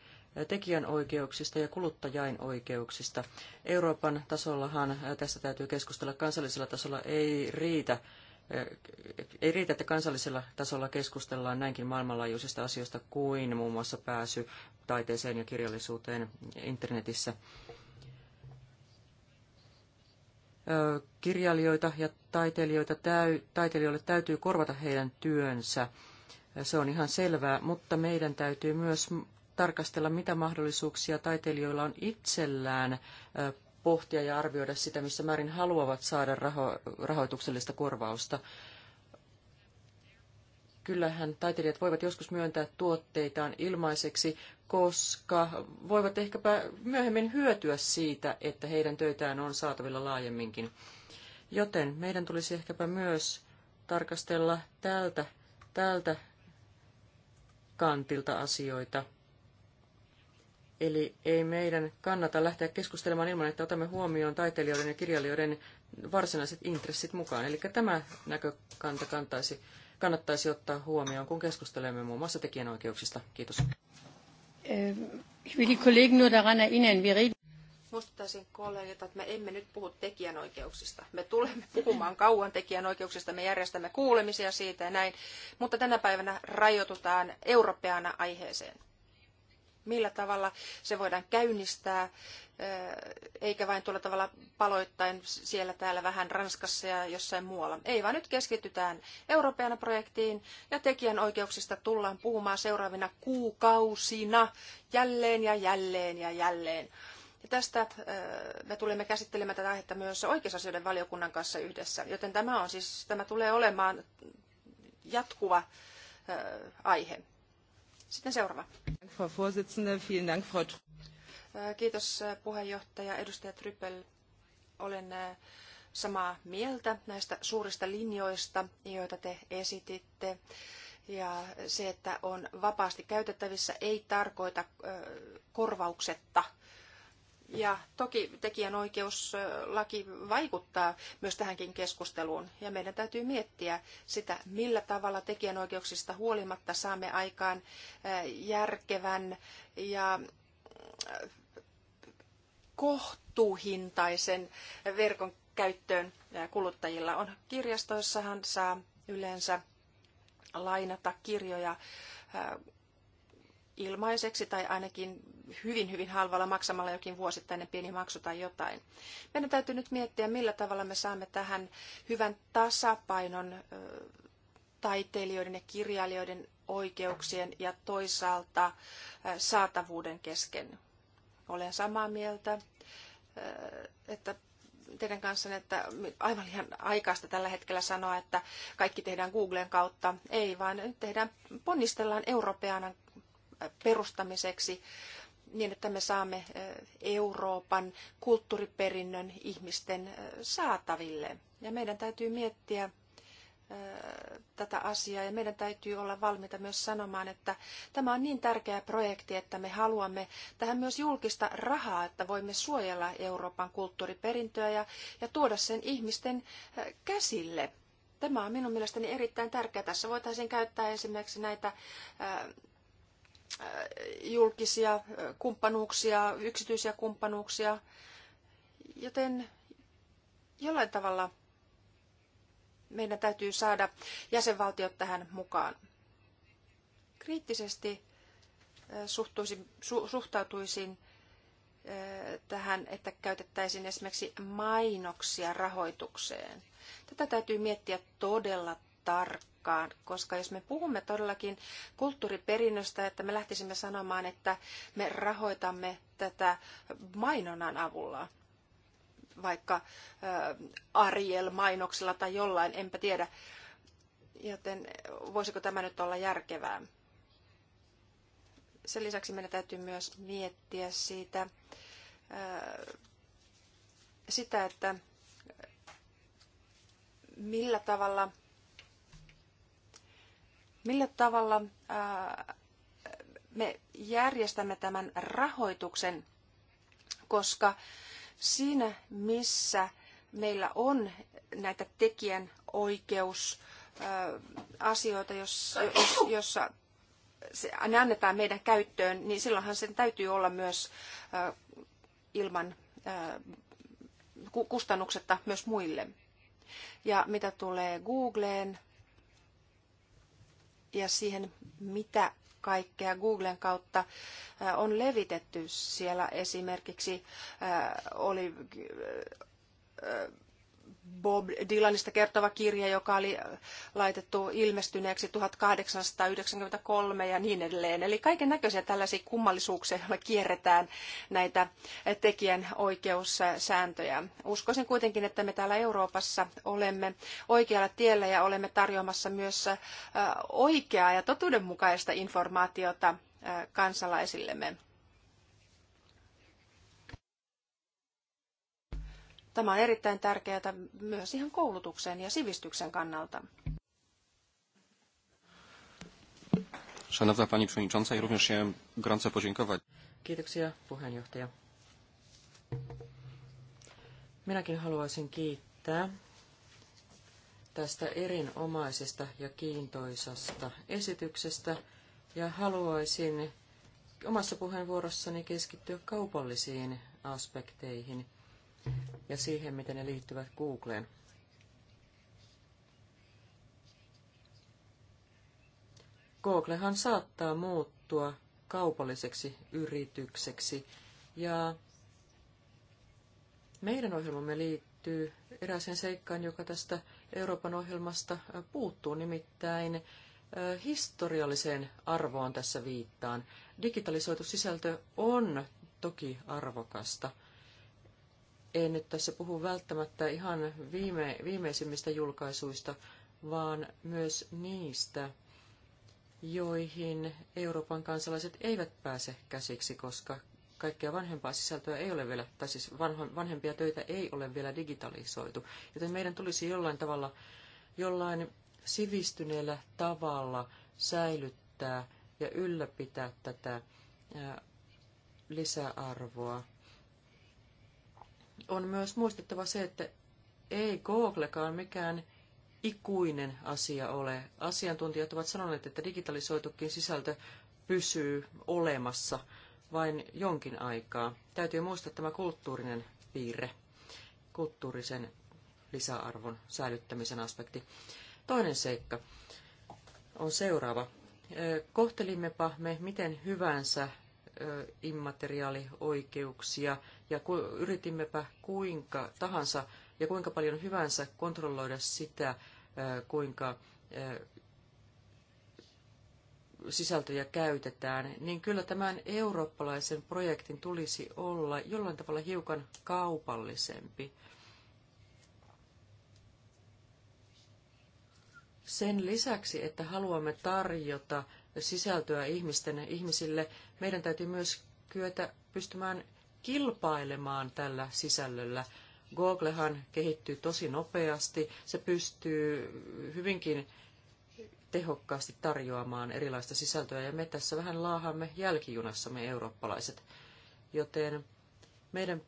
tekijänoikeuksista ja kuluttajain oikeuksista. Euroopan tasollahan tästä täytyy keskustella. Kansallisella tasolla ei riitä, ei riitä, että kansallisella tasolla keskustellaan näinkin maailmanlaajuisista asioista kuin muun muassa pääsy taiteeseen ja kirjallisuuteen internetissä kirjailijoita ja taiteilijoita täy, taiteilijoille täytyy korvata heidän työnsä. Se on ihan selvää, mutta meidän täytyy myös tarkastella, mitä mahdollisuuksia taiteilijoilla on itsellään pohtia ja arvioida sitä, missä määrin haluavat saada raho, rahoituksellista korvausta. Kyllähän taiteilijat voivat joskus myöntää tuotteitaan ilmaiseksi, koska voivat ehkäpä myöhemmin hyötyä siitä, että heidän töitään on saatavilla laajemminkin. Joten meidän tulisi ehkäpä myös tarkastella tältä, tältä kantilta asioita. Eli ei meidän kannata lähteä keskustelemaan ilman, että otamme huomioon taiteilijoiden ja kirjailijoiden varsinaiset intressit mukaan. Eli tämä näkökanta kantaisi, kannattaisi ottaa huomioon, kun keskustelemme muun muassa tekijänoikeuksista. Kiitos. Äh, ich will die Kollegen nur daran erinnern, wir reden muistuttaisin kollegoita, että me emme nyt puhu tekijänoikeuksista. Me tulemme puhumaan kauan tekijänoikeuksista, me järjestämme kuulemisia siitä ja näin, mutta tänä päivänä rajoitutaan europeana aiheeseen millä tavalla se voidaan käynnistää, eh, eikä vain tuolla tavalla paloittain siellä täällä vähän Ranskassa ja jossain muualla. Ei vaan nyt keskitytään Euroopan projektiin ja tekijänoikeuksista tullaan puhumaan seuraavina kuukausina jälleen ja jälleen ja jälleen. Ja tästä eh, me tulemme käsittelemään tätä aihetta myös oikeusasioiden valiokunnan kanssa yhdessä, joten tämä, on siis, tämä tulee olemaan jatkuva eh, aihe. Sitten seuraava. Äh, kiitos äh, puheenjohtaja edustaja Trypel. Olen äh, samaa mieltä näistä suurista linjoista, joita te esititte. Ja se, että on vapaasti käytettävissä, ei tarkoita korvauksetta ja toki tekijänoikeuslaki vaikuttaa myös tähänkin keskusteluun ja meidän täytyy miettiä sitä, millä tavalla tekijänoikeuksista huolimatta saamme aikaan eh, järkevän ja eh, kohtuuhintaisen verkon käyttöön kuluttajilla. On kirjastoissahan saa yleensä lainata kirjoja eh, ilmaiseksi tai ainakin hyvin, hyvin halvalla maksamalla jokin vuosittainen pieni maksu tai jotain. Meidän täytyy nyt miettiä, millä tavalla me saamme tähän hyvän tasapainon taiteilijoiden ja kirjailijoiden oikeuksien ja toisaalta saatavuuden kesken. Olen samaa mieltä, että teidän kanssanne, että aivan liian aikaista tällä hetkellä sanoa, että kaikki tehdään Googlen kautta. Ei, vaan nyt tehdään, ponnistellaan europeanan perustamiseksi niin, että me saamme Euroopan kulttuuriperinnön ihmisten saataville. Ja meidän täytyy miettiä tätä asiaa ja meidän täytyy olla valmiita myös sanomaan, että tämä on niin tärkeä projekti, että me haluamme tähän myös julkista rahaa, että voimme suojella Euroopan kulttuuriperintöä ja, ja tuoda sen ihmisten käsille. Tämä on minun mielestäni erittäin tärkeää. Tässä voitaisiin käyttää esimerkiksi näitä julkisia kumppanuuksia, yksityisiä kumppanuuksia, joten jollain tavalla meidän täytyy saada jäsenvaltiot tähän mukaan. Kriittisesti suhtuisin, su, suhtautuisin tähän, että käytettäisiin esimerkiksi mainoksia rahoitukseen. Tätä täytyy miettiä todella tarkkaan tarkkaan, koska jos me puhumme todellakin kulttuuriperinnöstä, että me lähtisimme sanomaan, että me rahoitamme tätä mainonnan avulla, vaikka Ariel-mainoksella tai jollain, enpä tiedä, joten voisiko tämä nyt olla järkevää. Sen lisäksi meidän täytyy myös miettiä siitä, sitä, että millä tavalla Millä tavalla me järjestämme tämän rahoituksen, koska siinä missä meillä on näitä tekijän oikeus asioita, jos, jos, jossa se, ne annetaan meidän käyttöön, niin silloinhan sen täytyy olla myös ilman kustannuksetta myös muille. Ja mitä tulee Googleen, ja siihen, mitä kaikkea Googlen kautta on levitetty. Siellä esimerkiksi oli Bob Dylanista kertova kirja, joka oli äh, laitettu ilmestyneeksi 1893 ja niin edelleen. Eli kaiken näköisiä tällaisia kummallisuuksia, joilla kierretään näitä tekijän oikeussääntöjä. Uskoisin kuitenkin, että me täällä Euroopassa olemme oikealla tiellä ja olemme tarjoamassa myös äh, oikeaa ja totuudenmukaista informaatiota äh, kansalaisillemme. Tämä on erittäin tärkeää myös ihan koulutuksen ja sivistyksen kannalta. Szanowna Pani Przewodnicząca, ja również chciałem gorąco podziękować. Kiitoksia puheenjohtaja. Minäkin haluaisin kiittää tästä erinomaisesta ja kiintoisasta esityksestä ja haluaisin omassa puheenvuorossani keskittyä kaupallisiin aspekteihin ja siihen, miten ne liittyvät Googleen. Googlehan saattaa muuttua kaupalliseksi yritykseksi ja meidän ohjelmamme liittyy erääseen seikkaan, joka tästä Euroopan ohjelmasta puuttuu, nimittäin historialliseen arvoon tässä viittaan. Digitalisoitu sisältö on toki arvokasta, en nyt tässä puhu välttämättä ihan viime, viimeisimmistä julkaisuista, vaan myös niistä, joihin Euroopan kansalaiset eivät pääse käsiksi, koska kaikkia vanhempaa sisältöä ei ole vielä, tai siis vanhempia töitä ei ole vielä digitalisoitu. Joten meidän tulisi jollain tavalla, jollain sivistyneellä tavalla säilyttää ja ylläpitää tätä lisäarvoa. On myös muistettava se, että ei Googlekaan mikään ikuinen asia ole. Asiantuntijat ovat sanoneet, että digitalisoitukin sisältö pysyy olemassa vain jonkin aikaa. Täytyy muistaa tämä kulttuurinen piirre, kulttuurisen lisäarvon säilyttämisen aspekti. Toinen seikka on seuraava. Kohtelimmepa me miten hyvänsä immateriaalioikeuksia, ja ku, yritimmepä kuinka tahansa ja kuinka paljon hyvänsä kontrolloida sitä, kuinka sisältöjä käytetään, niin kyllä tämän eurooppalaisen projektin tulisi olla jollain tavalla hiukan kaupallisempi. Sen lisäksi, että haluamme tarjota sisältöä ihmisten, ihmisille, meidän täytyy myös kyetä pystymään kilpailemaan tällä sisällöllä. Googlehan kehittyy tosi nopeasti, se pystyy hyvinkin tehokkaasti tarjoamaan erilaista sisältöä, ja me tässä vähän laahaamme jälkijunassa me eurooppalaiset. Joten meidän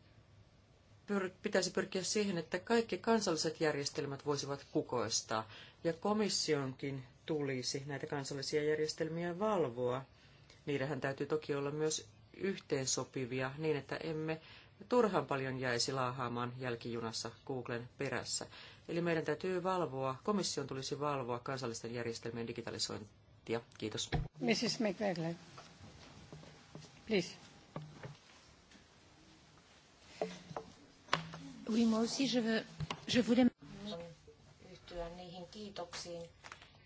pitäisi pyrkiä siihen, että kaikki kansalliset järjestelmät voisivat kukoistaa ja komissionkin tulisi näitä kansallisia järjestelmiä valvoa. Niidenhän täytyy toki olla myös yhteensopivia niin, että emme turhan paljon jäisi laahaamaan jälkijunassa Googlen perässä. Eli meidän täytyy valvoa, komission tulisi valvoa kansallisten järjestelmien digitalisointia. Kiitos. Mrs. McFarlane, please. Oui, moi aussi je, veux, je voulais kiitoksiin,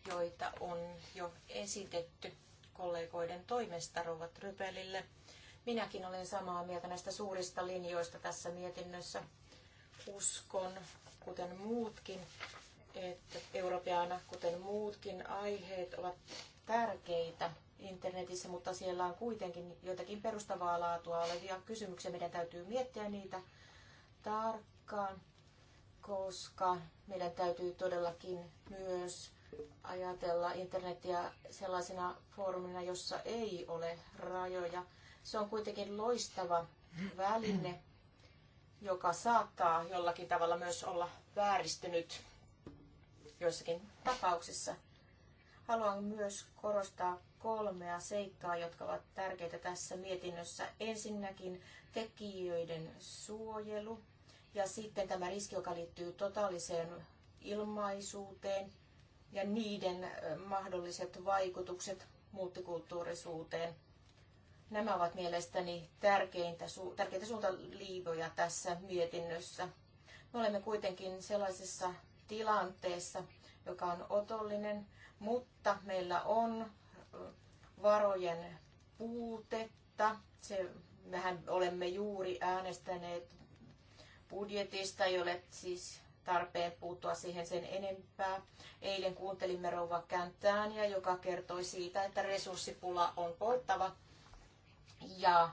joita on jo esitetty kollegoiden toimesta Rovat Rypelille. Minäkin olen samaa mieltä näistä suurista linjoista tässä mietinnössä. Uskon, kuten muutkin, että europeana, kuten muutkin aiheet, ovat tärkeitä internetissä, mutta siellä on kuitenkin joitakin perustavaa laatua olevia kysymyksiä. Meidän täytyy miettiä niitä tarkkaan koska meidän täytyy todellakin myös ajatella internetiä sellaisena foorumina, jossa ei ole rajoja. Se on kuitenkin loistava väline, joka saattaa jollakin tavalla myös olla vääristynyt joissakin tapauksissa. Haluan myös korostaa kolmea seikkaa, jotka ovat tärkeitä tässä mietinnössä. Ensinnäkin tekijöiden suojelu ja sitten tämä riski, joka liittyy totaaliseen ilmaisuuteen ja niiden mahdolliset vaikutukset multikulttuurisuuteen. Nämä ovat mielestäni tärkeintä, tärkeitä suuntaliivoja tässä mietinnössä. Me olemme kuitenkin sellaisessa tilanteessa, joka on otollinen, mutta meillä on varojen puutetta. Se, mehän olemme juuri äänestäneet budjetista. Ei ole siis tarpeen puuttua siihen sen enempää. Eilen kuuntelimme rouva ja joka kertoi siitä, että resurssipula on polttava. Ja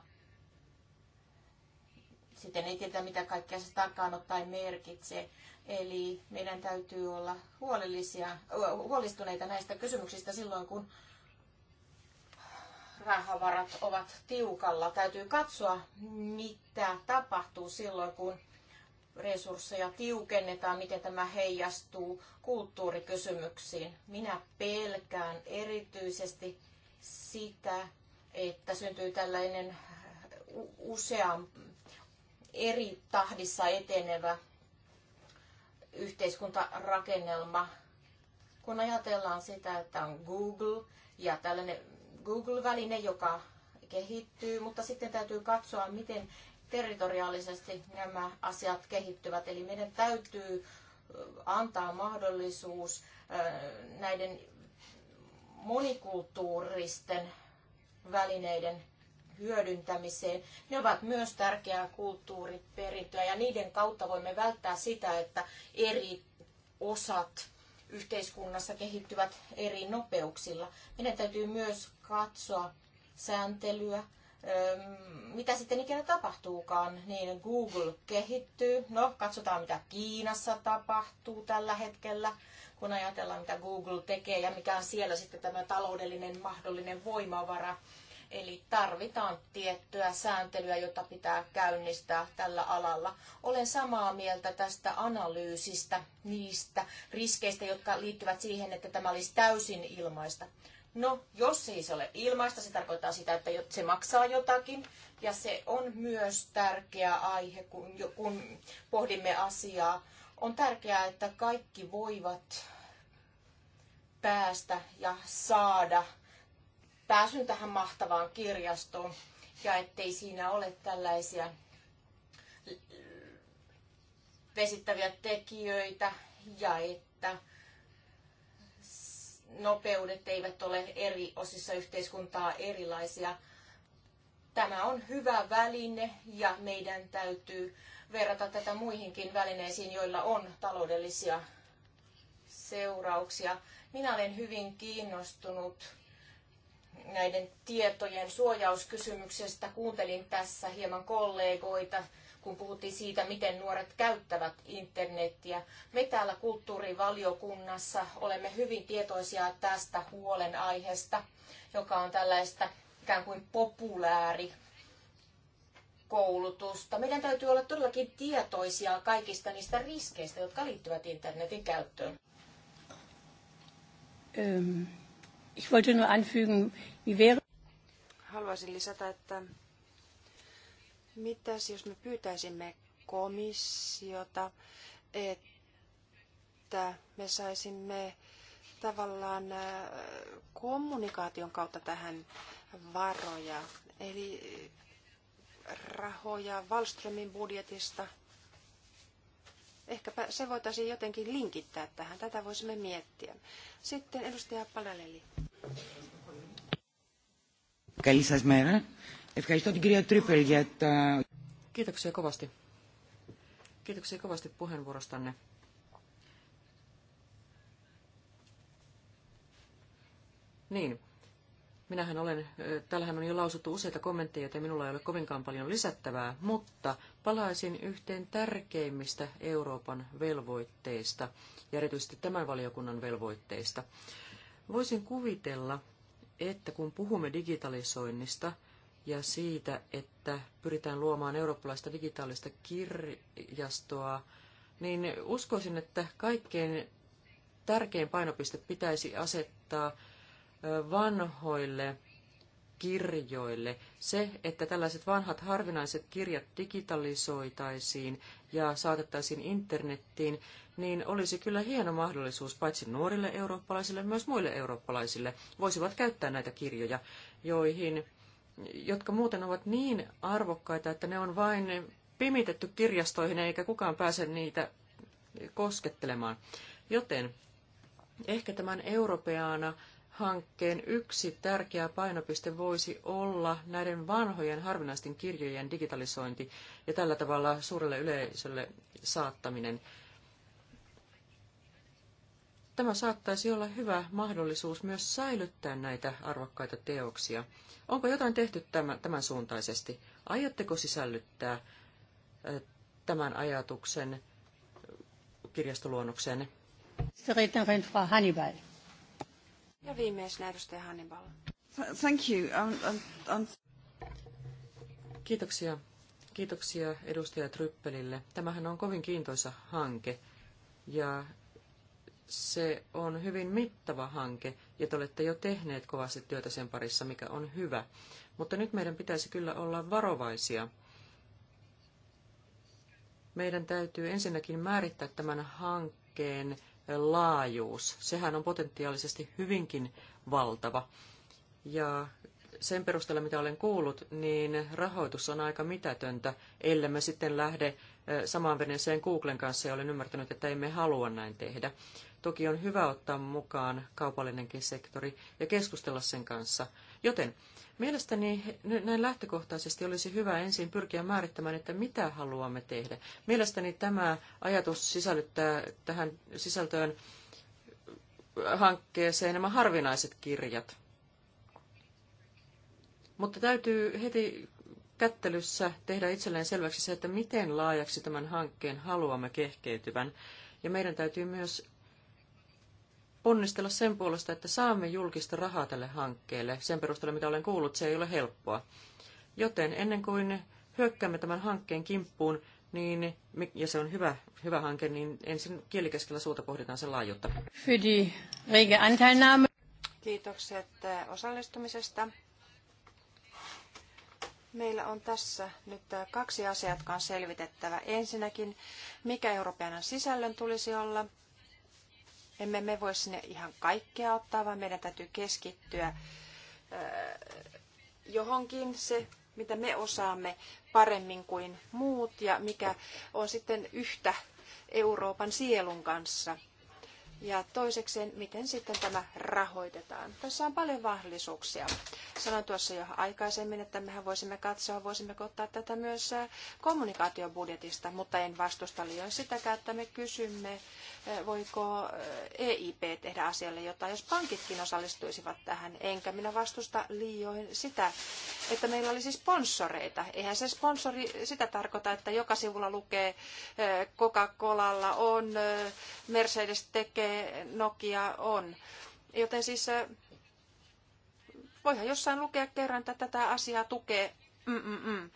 sitten ei tiedä, mitä kaikkea se tarkkaan ottaen merkitsee. Eli meidän täytyy olla huolellisia, huolestuneita näistä kysymyksistä silloin, kun rahavarat ovat tiukalla. Täytyy katsoa, mitä tapahtuu silloin, kun resursseja tiukennetaan, miten tämä heijastuu kulttuurikysymyksiin. Minä pelkään erityisesti sitä, että syntyy tällainen usean eri tahdissa etenevä yhteiskuntarakennelma, kun ajatellaan sitä, että on Google ja tällainen Google-väline, joka kehittyy, mutta sitten täytyy katsoa, miten territoriaalisesti nämä asiat kehittyvät. Eli meidän täytyy antaa mahdollisuus näiden monikulttuuristen välineiden hyödyntämiseen. Ne ovat myös tärkeää kulttuuriperintöä ja niiden kautta voimme välttää sitä, että eri osat yhteiskunnassa kehittyvät eri nopeuksilla. Meidän täytyy myös katsoa sääntelyä mitä sitten ikinä tapahtuukaan, niin Google kehittyy. No, katsotaan mitä Kiinassa tapahtuu tällä hetkellä, kun ajatellaan mitä Google tekee ja mikä on siellä sitten tämä taloudellinen mahdollinen voimavara. Eli tarvitaan tiettyä sääntelyä, jota pitää käynnistää tällä alalla. Olen samaa mieltä tästä analyysistä, niistä riskeistä, jotka liittyvät siihen, että tämä olisi täysin ilmaista. No, jos ei se ole ilmaista, se tarkoittaa sitä, että se maksaa jotakin. Ja se on myös tärkeä aihe, kun, kun pohdimme asiaa. On tärkeää, että kaikki voivat päästä ja saada pääsyn tähän mahtavaan kirjastoon ja ettei siinä ole tällaisia vesittäviä tekijöitä ja että nopeudet eivät ole eri osissa yhteiskuntaa erilaisia. Tämä on hyvä väline ja meidän täytyy verrata tätä muihinkin välineisiin, joilla on taloudellisia seurauksia. Minä olen hyvin kiinnostunut näiden tietojen suojauskysymyksestä. Kuuntelin tässä hieman kollegoita kun puhuttiin siitä, miten nuoret käyttävät internettiä. Me täällä kulttuurivaliokunnassa olemme hyvin tietoisia tästä huolenaiheesta, joka on tällaista ikään kuin populääri koulutusta. Meidän täytyy olla todellakin tietoisia kaikista niistä riskeistä, jotka liittyvät internetin käyttöön. Ähm, ich wollte nur anfügen, wie wäre... Haluaisin lisätä, että Mitäs jos me pyytäisimme komissiota, että me saisimme tavallaan äh, kommunikaation kautta tähän varoja, eli rahoja Wallströmin budjetista. Ehkäpä se voitaisiin jotenkin linkittää tähän. Tätä voisimme miettiä. Sitten edustaja Palaleli. Καλή σας μέρα. Ευχαριστώ την κυρία Τρίπελ για τα... Kiitoksia kovasti. Kiitoksia kovasti puheenvuorostanne. Niin, minähän olen, täällähän on jo lausuttu useita kommentteja, joten minulla ei ole kovinkaan paljon lisättävää, mutta palaisin yhteen tärkeimmistä Euroopan velvoitteista, ja erityisesti tämän valiokunnan velvoitteista. Voisin kuvitella, että kun puhumme digitalisoinnista – ja siitä, että pyritään luomaan eurooppalaista digitaalista kirjastoa, niin uskoisin, että kaikkein tärkein painopiste pitäisi asettaa vanhoille kirjoille. Se, että tällaiset vanhat harvinaiset kirjat digitalisoitaisiin ja saatettaisiin internettiin, niin olisi kyllä hieno mahdollisuus paitsi nuorille eurooppalaisille, myös muille eurooppalaisille. Voisivat käyttää näitä kirjoja, joihin jotka muuten ovat niin arvokkaita, että ne on vain pimitetty kirjastoihin eikä kukaan pääse niitä koskettelemaan. Joten ehkä tämän europeana hankkeen yksi tärkeä painopiste voisi olla näiden vanhojen harvinaisten kirjojen digitalisointi ja tällä tavalla suurelle yleisölle saattaminen. Tämä saattaisi olla hyvä mahdollisuus myös säilyttää näitä arvokkaita teoksia. Onko jotain tehty tämän, tämän suuntaisesti? Aiotteko sisällyttää tämän ajatuksen kirjastoluonnokseen? Hannibal. Ja viimeisenä edustaja Hannibal. Thank you. I'm, um, I'm, um, I'm... Um, Kiitoksia. Kiitoksia edustaja Tryppelille. Tämähän on kovin kiintoisa hanke ja se on hyvin mittava hanke, ja te olette jo tehneet kovasti työtä sen parissa, mikä on hyvä. Mutta nyt meidän pitäisi kyllä olla varovaisia. Meidän täytyy ensinnäkin määrittää tämän hankkeen laajuus. Sehän on potentiaalisesti hyvinkin valtava. Ja sen perusteella, mitä olen kuullut, niin rahoitus on aika mitätöntä, ellei me sitten lähde samaan veneeseen Googlen kanssa ja olen ymmärtänyt, että emme halua näin tehdä. Toki on hyvä ottaa mukaan kaupallinenkin sektori ja keskustella sen kanssa. Joten mielestäni näin lähtökohtaisesti olisi hyvä ensin pyrkiä määrittämään, että mitä haluamme tehdä. Mielestäni tämä ajatus sisällyttää tähän sisältöön hankkeeseen nämä harvinaiset kirjat. Mutta täytyy heti kättelyssä tehdä itselleen selväksi se, että miten laajaksi tämän hankkeen haluamme kehkeytyvän. Ja meidän täytyy myös ponnistella sen puolesta, että saamme julkista rahaa tälle hankkeelle. Sen perusteella, mitä olen kuullut, se ei ole helppoa. Joten ennen kuin hyökkäämme tämän hankkeen kimppuun, niin, ja se on hyvä, hyvä hanke, niin ensin kielikeskellä suuta pohditaan sen laajuutta. Kiitokset äh, osallistumisesta. Meillä on tässä nyt äh, kaksi asiaa, jotka on selvitettävä. Ensinnäkin, mikä Euroopan sisällön tulisi olla, emme me voi sinne ihan kaikkea ottaa, vaan meidän täytyy keskittyä johonkin se, mitä me osaamme paremmin kuin muut ja mikä on sitten yhtä Euroopan sielun kanssa – ja toisekseen, miten sitten tämä rahoitetaan. Tässä on paljon mahdollisuuksia. Sanoin tuossa jo aikaisemmin, että mehän voisimme katsoa, voisimmeko ottaa tätä myös äh, kommunikaatiobudjetista, mutta en vastusta liian sitäkään, että me kysymme, äh, voiko äh, EIP tehdä asialle jotain, jos pankitkin osallistuisivat tähän. Enkä minä vastusta liioin sitä, että meillä olisi siis sponsoreita. Eihän se sponsori sitä tarkoita, että joka sivulla lukee Coca-Colalla on, Mercedes tekee, Nokia on. Joten siis eh, voihan jossain lukea kerran, että tätä asiaa tukee. Mm-mm-mm.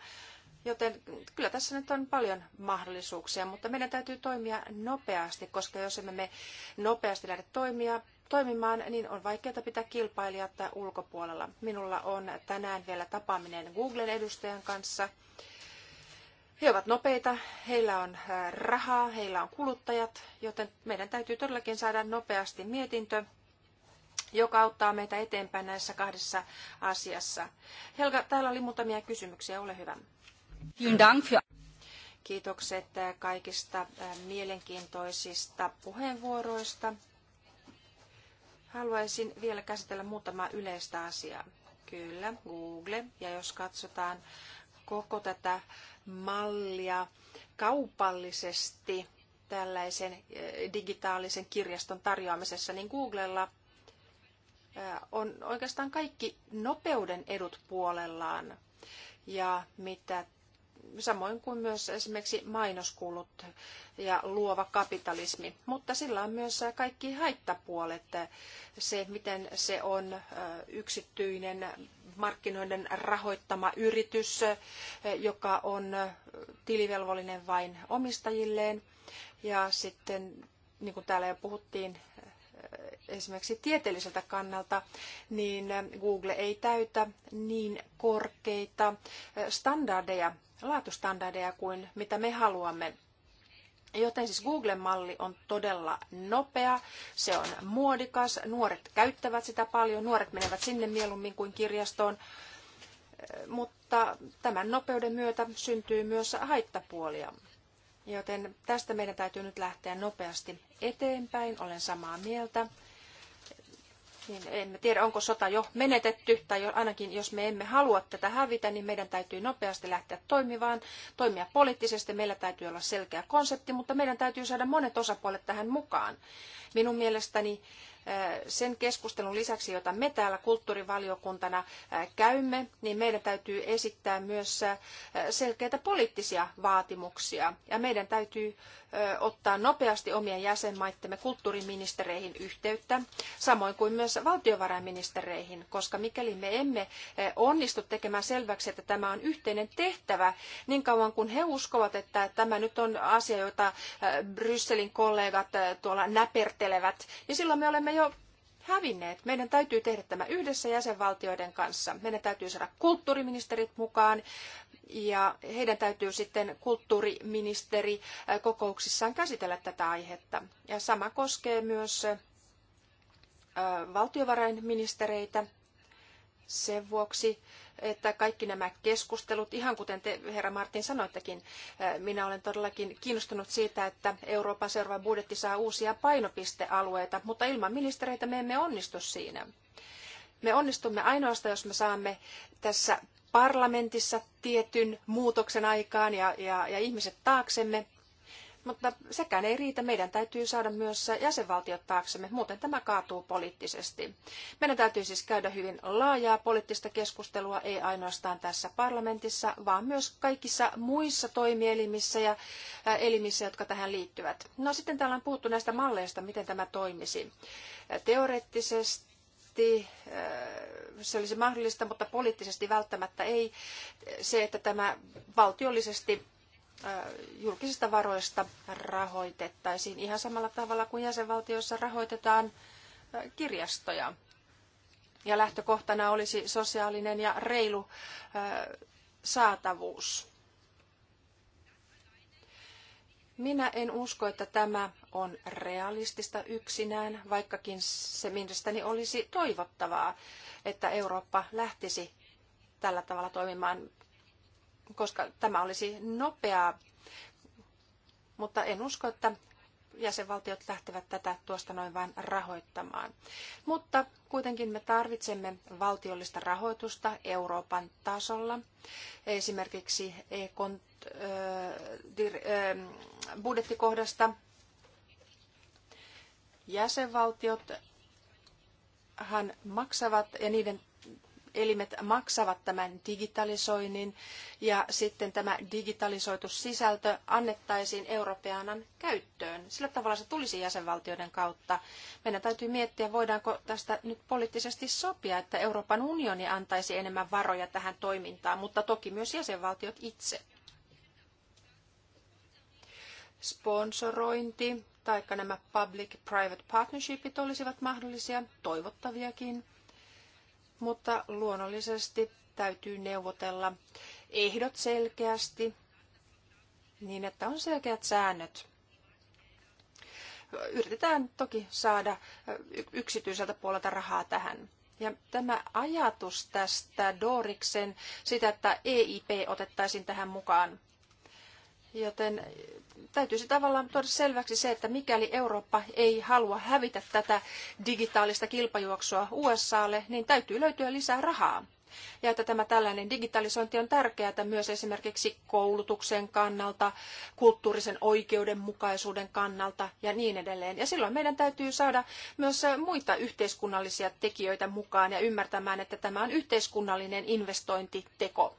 Joten kyllä tässä nyt on paljon mahdollisuuksia, mutta meidän täytyy toimia nopeasti, koska jos emme me nopeasti lähde toimia, toimimaan, niin on vaikeaa pitää kilpailijat ulkopuolella. Minulla on tänään vielä tapaaminen Googlen edustajan kanssa he ovat nopeita, heillä on rahaa, heillä on kuluttajat, joten meidän täytyy todellakin saada nopeasti mietintö, joka auttaa meitä eteenpäin näissä kahdessa asiassa. Helga, täällä oli muutamia kysymyksiä, ole hyvä. Kiitokset kaikista mielenkiintoisista puheenvuoroista. Haluaisin vielä käsitellä muutamaa yleistä asiaa. Kyllä, Google. Ja jos katsotaan koko tätä mallia kaupallisesti tällaisen eh, digitaalisen kirjaston tarjoamisessa, niin Googlella eh, on oikeastaan kaikki nopeuden edut puolellaan. Ja mitä samoin kuin myös esimerkiksi mainoskulut ja luova kapitalismi. Mutta sillä on myös kaikki haittapuolet, se miten se on yksityinen markkinoiden rahoittama yritys, joka on tilivelvollinen vain omistajilleen. Ja sitten, niin kuin täällä jo puhuttiin, esimerkiksi tieteelliseltä kannalta, niin Google ei täytä niin korkeita standardeja laatustandardeja kuin mitä me haluamme. Joten siis Googlen malli on todella nopea, se on muodikas, nuoret käyttävät sitä paljon, nuoret menevät sinne mieluummin kuin kirjastoon, mutta tämän nopeuden myötä syntyy myös haittapuolia. Joten tästä meidän täytyy nyt lähteä nopeasti eteenpäin, olen samaa mieltä niin emme tiedä, onko sota jo menetetty, tai ainakin jos me emme halua tätä hävitä, niin meidän täytyy nopeasti lähteä toimivaan, toimia poliittisesti, meillä täytyy olla selkeä konsepti, mutta meidän täytyy saada monet osapuolet tähän mukaan. Minun mielestäni sen keskustelun lisäksi, jota me täällä kulttuurivaliokuntana käymme, niin meidän täytyy esittää myös selkeitä poliittisia vaatimuksia. Ja meidän täytyy ottaa nopeasti omien jäsenmaittemme kulttuuriministereihin yhteyttä, samoin kuin myös valtiovarainministereihin, koska mikäli me emme onnistu tekemään selväksi, että tämä on yhteinen tehtävä, niin kauan kuin he uskovat, että tämä nyt on asia, jota Brysselin kollegat tuolla näpertelevät, niin silloin me olemme olemme jo hävinneet. Meidän täytyy tehdä tämä yhdessä jäsenvaltioiden kanssa. Meidän täytyy saada kulttuuriministerit mukaan ja heidän täytyy sitten kulttuuriministeri kokouksissaan käsitellä tätä aihetta. Ja sama koskee myös valtiovarainministereitä sen vuoksi, että kaikki nämä keskustelut, ihan kuten te, herra Martin, sanoittekin, minä olen todellakin kiinnostunut siitä, että Euroopan seuraava budjetti saa uusia painopistealueita, mutta ilman ministereitä me emme onnistu siinä. Me onnistumme ainoastaan, jos me saamme tässä parlamentissa tietyn muutoksen aikaan ja, ja, ja ihmiset taaksemme mutta sekään ei riitä. Meidän täytyy saada myös jäsenvaltiot taaksemme, muuten tämä kaatuu poliittisesti. Meidän täytyy siis käydä hyvin laajaa poliittista keskustelua, ei ainoastaan tässä parlamentissa, vaan myös kaikissa muissa toimielimissä ja äh, elimissä, jotka tähän liittyvät. No sitten täällä on puhuttu näistä malleista, miten tämä toimisi. Äh, teoreettisesti äh, se olisi mahdollista, mutta poliittisesti välttämättä ei. Se, että tämä valtiollisesti Äh, julkisista varoista rahoitettaisiin ihan samalla tavalla kuin jäsenvaltioissa rahoitetaan äh, kirjastoja. Ja lähtökohtana olisi sosiaalinen ja reilu äh, saatavuus. Minä en usko, että tämä on realistista yksinään, vaikkakin se mielestäni olisi toivottavaa, että Eurooppa lähtisi tällä tavalla toimimaan koska tämä olisi nopeaa, mutta en usko, että jäsenvaltiot lähtevät tätä tuosta noin vain rahoittamaan. Mutta kuitenkin me tarvitsemme valtiollista rahoitusta Euroopan tasolla. Esimerkiksi budjettikohdasta jäsenvaltiot maksavat ja niiden elimet maksavat tämän digitalisoinnin ja sitten tämä digitalisoitu sisältö annettaisiin Europeanan käyttöön. Sillä tavalla se tulisi jäsenvaltioiden kautta. Meidän täytyy miettiä, voidaanko tästä nyt poliittisesti sopia, että Euroopan unioni antaisi enemmän varoja tähän toimintaan, mutta toki myös jäsenvaltiot itse. Sponsorointi tai nämä public-private partnershipit olisivat mahdollisia, toivottaviakin mutta luonnollisesti täytyy neuvotella ehdot selkeästi niin, että on selkeät säännöt. Yritetään toki saada yksityiseltä puolelta rahaa tähän. Ja tämä ajatus tästä Doriksen, sitä, että EIP otettaisiin tähän mukaan, Joten täytyisi tavallaan tuoda selväksi se, että mikäli Eurooppa ei halua hävitä tätä digitaalista kilpajuoksua USAlle, niin täytyy löytyä lisää rahaa. Ja että tämä tällainen digitalisointi on tärkeää myös esimerkiksi koulutuksen kannalta, kulttuurisen oikeudenmukaisuuden kannalta ja niin edelleen. Ja silloin meidän täytyy saada myös muita yhteiskunnallisia tekijöitä mukaan ja ymmärtämään, että tämä on yhteiskunnallinen investointiteko.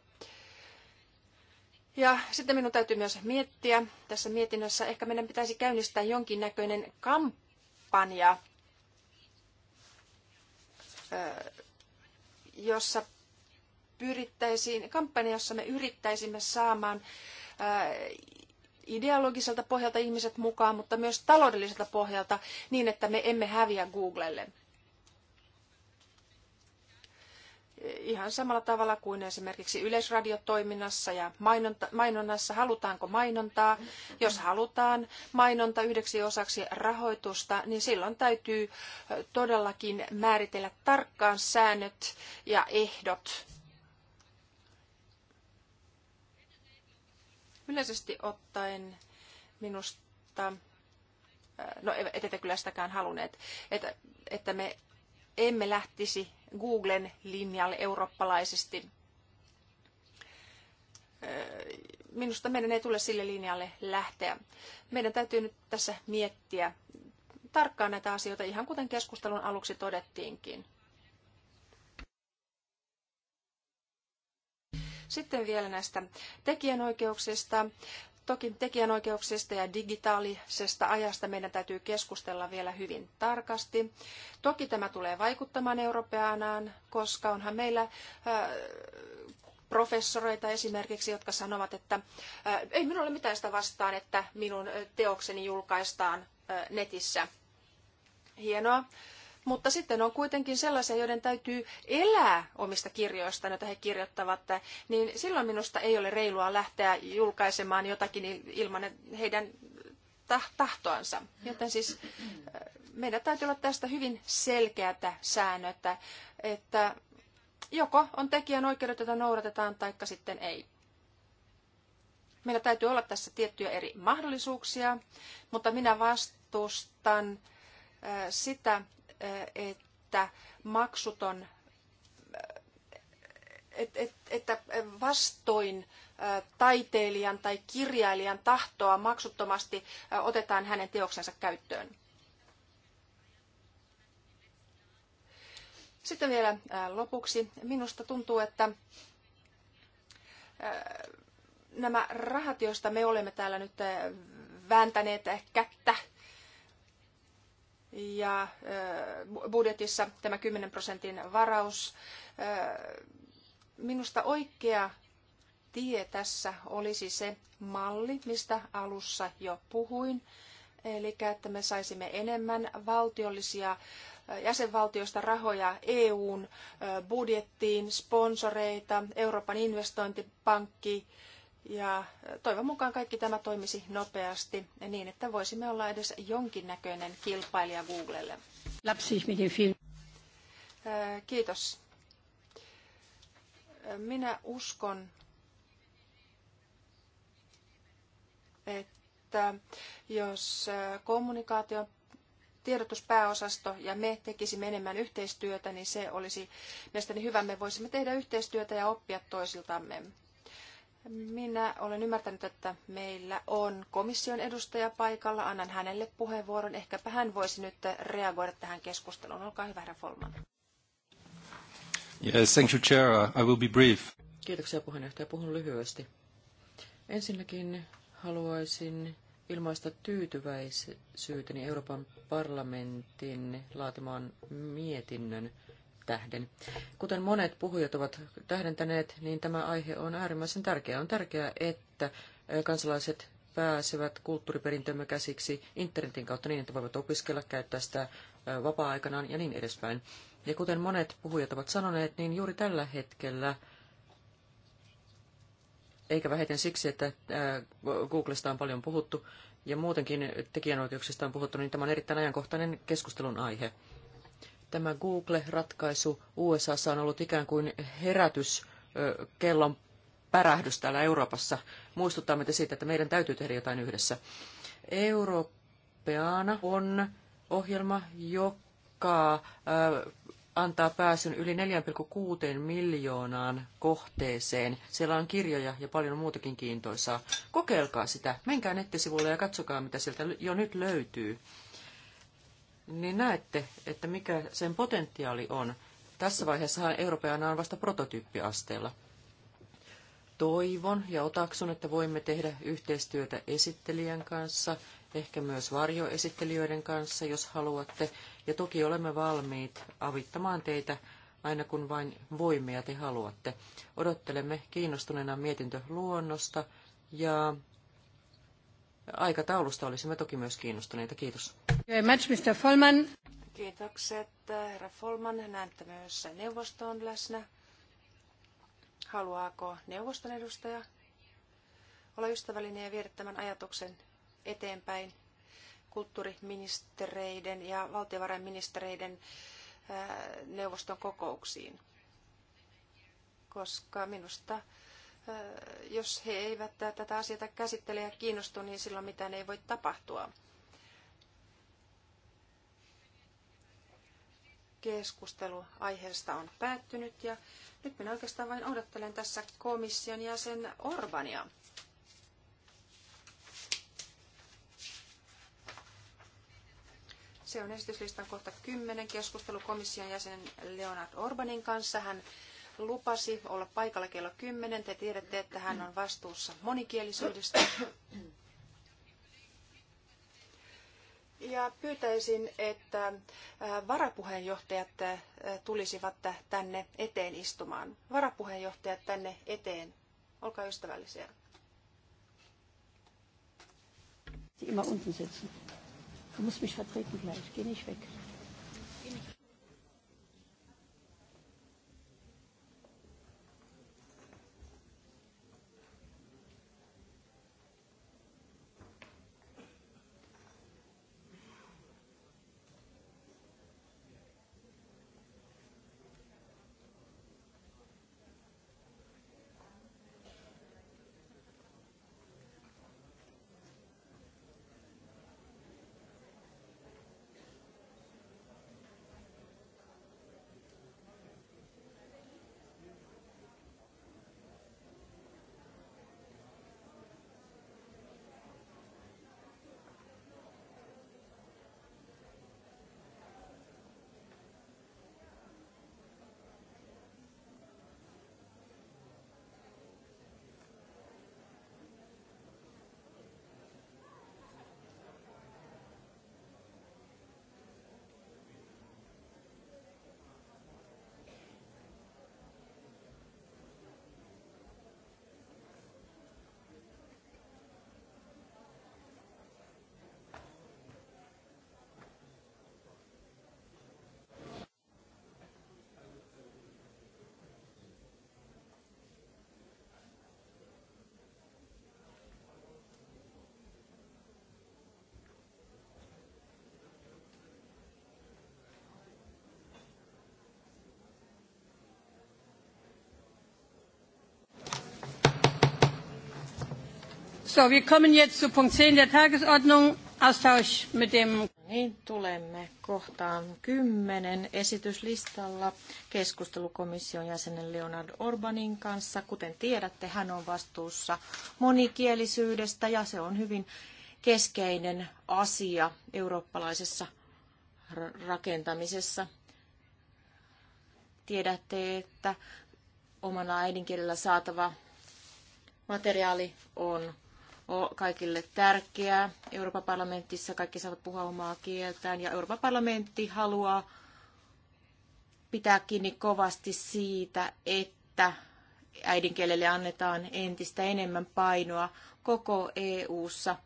Ja sitten minun täytyy myös miettiä tässä mietinnössä, ehkä meidän pitäisi käynnistää jonkinnäköinen kampanja, jossa pyrittäisiin, kampanja, jossa me yrittäisimme saamaan ideologiselta pohjalta ihmiset mukaan, mutta myös taloudelliselta pohjalta niin, että me emme häviä Googlelle. ihan samalla tavalla kuin esimerkiksi yleisradiotoiminnassa ja mainonnassa. Halutaanko mainontaa? Jos halutaan mainonta yhdeksi osaksi rahoitusta, niin silloin täytyy todellakin määritellä tarkkaan säännöt ja ehdot. Yleisesti ottaen minusta, no ette te kyllä sitäkään halunneet, että, että me emme lähtisi Googlen linjalle eurooppalaisesti. Minusta meidän ei tule sille linjalle lähteä. Meidän täytyy nyt tässä miettiä tarkkaan näitä asioita, ihan kuten keskustelun aluksi todettiinkin. Sitten vielä näistä tekijänoikeuksista. Toki tekijänoikeuksista ja digitaalisesta ajasta meidän täytyy keskustella vielä hyvin tarkasti. Toki tämä tulee vaikuttamaan europeanaan, koska onhan meillä professoreita esimerkiksi, jotka sanovat, että ei minulla ole mitään sitä vastaan, että minun teokseni julkaistaan netissä. Hienoa. Mutta sitten on kuitenkin sellaisia, joiden täytyy elää omista kirjoista, joita he kirjoittavat, niin silloin minusta ei ole reilua lähteä julkaisemaan jotakin ilman heidän tahtoansa. Joten siis äh, meidän täytyy olla tästä hyvin selkeätä säännöt, että joko on tekijän oikeudet, joita noudatetaan, taikka sitten ei. Meillä täytyy olla tässä tiettyjä eri mahdollisuuksia, mutta minä vastustan äh, sitä, että maksuton, että vastoin taiteilijan tai kirjailijan tahtoa maksuttomasti otetaan hänen teoksensa käyttöön. Sitten vielä lopuksi. Minusta tuntuu, että nämä rahat, joista me olemme täällä nyt vääntäneet kättä ja budjetissa tämä 10 prosentin varaus. Minusta oikea tie tässä olisi se malli, mistä alussa jo puhuin, eli että me saisimme enemmän valtiollisia jäsenvaltioista rahoja EUn budjettiin, sponsoreita, Euroopan investointipankki, ja toivon mukaan kaikki tämä toimisi nopeasti niin, että voisimme olla edes jonkinnäköinen kilpailija Googlelle. Äh, kiitos. Minä uskon, että jos äh, kommunikaation tiedotuspääosasto ja me tekisimme enemmän yhteistyötä, niin se olisi mielestäni hyvä. Me voisimme tehdä yhteistyötä ja oppia toisiltamme. Minä olen ymmärtänyt, että meillä on komission edustaja paikalla. Annan hänelle puheenvuoron. Ehkäpä hän voisi nyt reagoida tähän keskusteluun. Olkaa hyvä, herra Folman. Yes, thank you, Chair. I will be brief. Kiitoksia puheenjohtaja. Puhun lyhyesti. Ensinnäkin haluaisin ilmaista tyytyväisyyteni Euroopan parlamentin laatimaan mietinnön tähden. Kuten monet puhujat ovat tähdentäneet, niin tämä aihe on äärimmäisen tärkeä. On tärkeää, että kansalaiset pääsevät kulttuuriperintömme käsiksi internetin kautta niin, että voivat opiskella, käyttää sitä vapaa-aikanaan ja niin edespäin. Ja kuten monet puhujat ovat sanoneet, niin juuri tällä hetkellä, eikä vähiten siksi, että Googlesta on paljon puhuttu ja muutenkin tekijänoikeuksista on puhuttu, niin tämä on erittäin ajankohtainen keskustelun aihe. Tämä Google-ratkaisu USA on ollut ikään kuin herätys kellon pärähdys täällä Euroopassa. Muistuttaa te siitä, että meidän täytyy tehdä jotain yhdessä. Europeana on ohjelma, joka antaa pääsyn yli 4,6 miljoonaan kohteeseen. Siellä on kirjoja ja paljon muutakin kiintoisaa. Kokeilkaa sitä. Menkää nettisivuille ja katsokaa, mitä sieltä jo nyt löytyy niin näette, että mikä sen potentiaali on. Tässä vaiheessa Euroopan on vasta prototyyppiasteella. Toivon ja otaksun, että voimme tehdä yhteistyötä esittelijän kanssa, ehkä myös varjoesittelijöiden kanssa, jos haluatte. Ja toki olemme valmiit avittamaan teitä aina kun vain voimme ja te haluatte. Odottelemme kiinnostuneena mietintöluonnosta ja aikataulusta olisimme toki myös kiinnostuneita. Kiitos. Folman. Kiitokset, herra Folman. Näette myös neuvoston läsnä. Haluaako neuvoston edustaja olla ystävällinen ja viedä tämän ajatuksen eteenpäin kulttuuriministereiden ja valtiovarainministereiden äh, neuvoston kokouksiin? Koska minusta äh, jos he eivät tätä asiaa käsittele ja kiinnostu, niin silloin mitään ei voi tapahtua. keskustelu aiheesta on päättynyt ja nyt minä oikeastaan vain odottelen tässä komission jäsen Orbania. Se on esityslistan kohta 10. Keskustelu komission jäsen Leonard Orbanin kanssa. Hän lupasi olla paikalla kello 10. Te tiedätte, että hän on vastuussa monikielisyydestä. pyytäisin, että äh, varapuheenjohtajat äh, tulisivat tänne eteen istumaan. Varapuheenjohtajat tänne eteen. Olkaa ystävällisiä. Immer unten sitzen. Du musst mich vertreten gleich. Geh nicht weg. So, wir kommen jetzt zu Punkt 10 der Tagesordnung. Austausch mit dem... Niin, tulemme kohtaan kymmenen esityslistalla keskustelukomission jäsenen Leonard Orbanin kanssa. Kuten tiedätte, hän on vastuussa monikielisyydestä ja se on hyvin keskeinen asia eurooppalaisessa rakentamisessa. Tiedätte, että omalla äidinkielellä saatava materiaali on kaikille tärkeää. Euroopan parlamentissa kaikki saavat puhua omaa kieltään ja Euroopan parlamentti haluaa pitää kiinni kovasti siitä, että äidinkielelle annetaan entistä enemmän painoa koko EU:ssa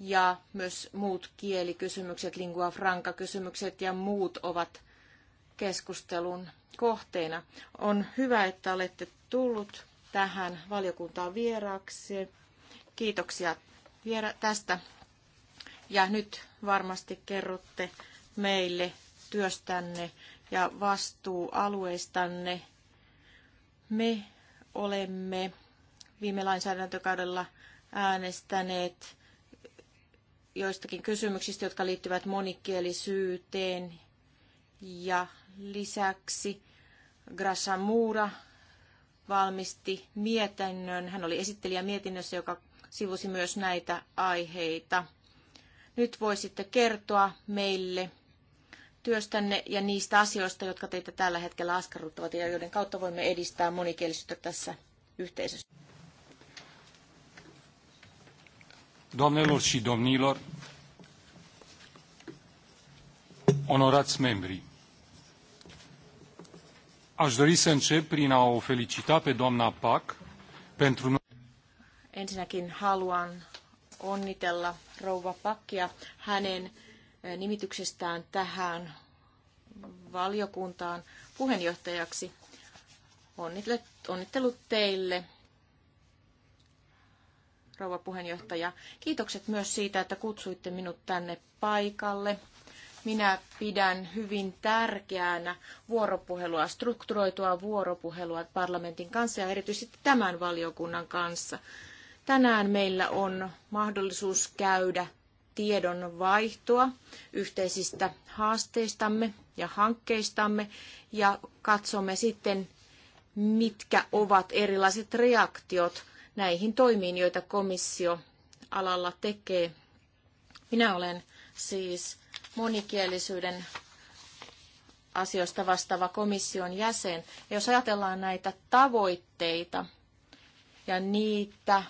ja myös muut kielikysymykset, lingua franca kysymykset ja muut ovat keskustelun kohteena. On hyvä, että olette tullut tähän valiokuntaan vieraaksi Kiitoksia vielä tästä. Ja nyt varmasti kerrotte meille työstänne ja vastuualueistanne. Me olemme viime lainsäädäntökaudella äänestäneet joistakin kysymyksistä, jotka liittyvät monikielisyyteen. Ja lisäksi Grasha Muura valmisti mietinnön. Hän oli esittelijä mietinnössä, joka sivusi myös näitä aiheita. Nyt voisitte kertoa meille työstänne ja niistä asioista, jotka teitä tällä hetkellä askarruttavat ja joiden kautta voimme edistää monikielisyyttä tässä yhteisössä. Domnilor, și domnilor, onorați membri, aș dori să încep prin a o felicita pe doamna Pac pentru Ensinnäkin haluan onnitella rouva Pakkia hänen eh, nimityksestään tähän valiokuntaan puheenjohtajaksi. Onnittelut, teille, rouva puheenjohtaja. Kiitokset myös siitä, että kutsuitte minut tänne paikalle. Minä pidän hyvin tärkeänä vuoropuhelua, strukturoitua vuoropuhelua parlamentin kanssa ja erityisesti tämän valiokunnan kanssa. Tänään meillä on mahdollisuus käydä tiedon vaihtoa yhteisistä haasteistamme ja hankkeistamme ja katsomme sitten, mitkä ovat erilaiset reaktiot näihin toimiin, joita komissio alalla tekee. Minä olen siis monikielisyyden asioista vastaava komission jäsen. Ja jos ajatellaan näitä tavoitteita ja niitä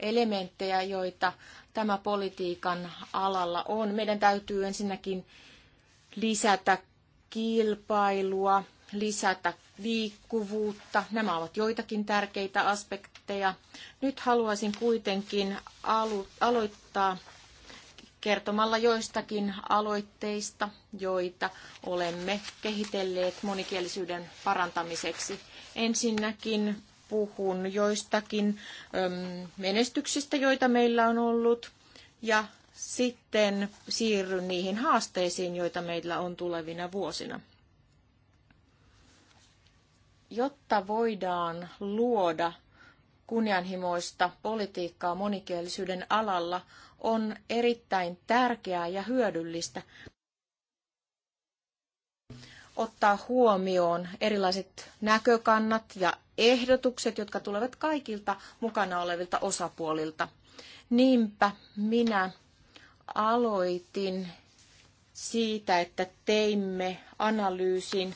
elementtejä, joita tämä politiikan alalla on. Meidän täytyy ensinnäkin lisätä kilpailua, lisätä liikkuvuutta. Nämä ovat joitakin tärkeitä aspekteja. Nyt haluaisin kuitenkin alu- aloittaa kertomalla joistakin aloitteista, joita olemme kehitelleet monikielisyyden parantamiseksi. Ensinnäkin puhun joistakin menestyksistä, joita meillä on ollut, ja sitten siirryn niihin haasteisiin, joita meillä on tulevina vuosina. Jotta voidaan luoda kunnianhimoista politiikkaa monikielisyyden alalla, on erittäin tärkeää ja hyödyllistä ottaa huomioon erilaiset näkökannat ja ehdotukset, jotka tulevat kaikilta mukana olevilta osapuolilta. Niinpä minä aloitin siitä, että teimme analyysin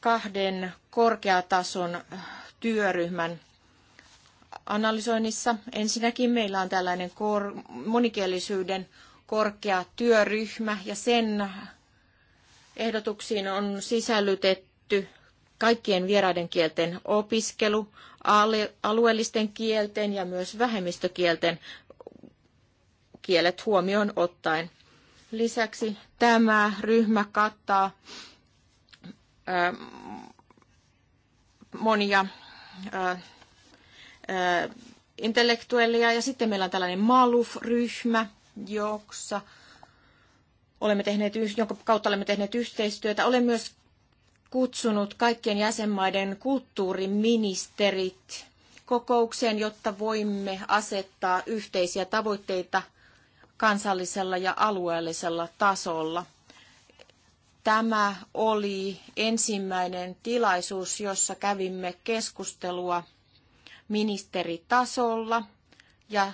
kahden korkeatason työryhmän analysoinnissa. Ensinnäkin meillä on tällainen kor- monikielisyyden korkea työryhmä ja sen ehdotuksiin on sisällytetty kaikkien vieraiden kielten opiskelu, alueellisten kielten ja myös vähemmistökielten kielet huomioon ottaen. Lisäksi tämä ryhmä kattaa monia intellektuellia. Ja sitten meillä on tällainen MALUF-ryhmä, jossa olemme tehneet, jonka kautta olemme tehneet yhteistyötä. Olen myös kutsunut kaikkien jäsenmaiden kulttuuriministerit kokoukseen, jotta voimme asettaa yhteisiä tavoitteita kansallisella ja alueellisella tasolla. Tämä oli ensimmäinen tilaisuus, jossa kävimme keskustelua ministeritasolla ja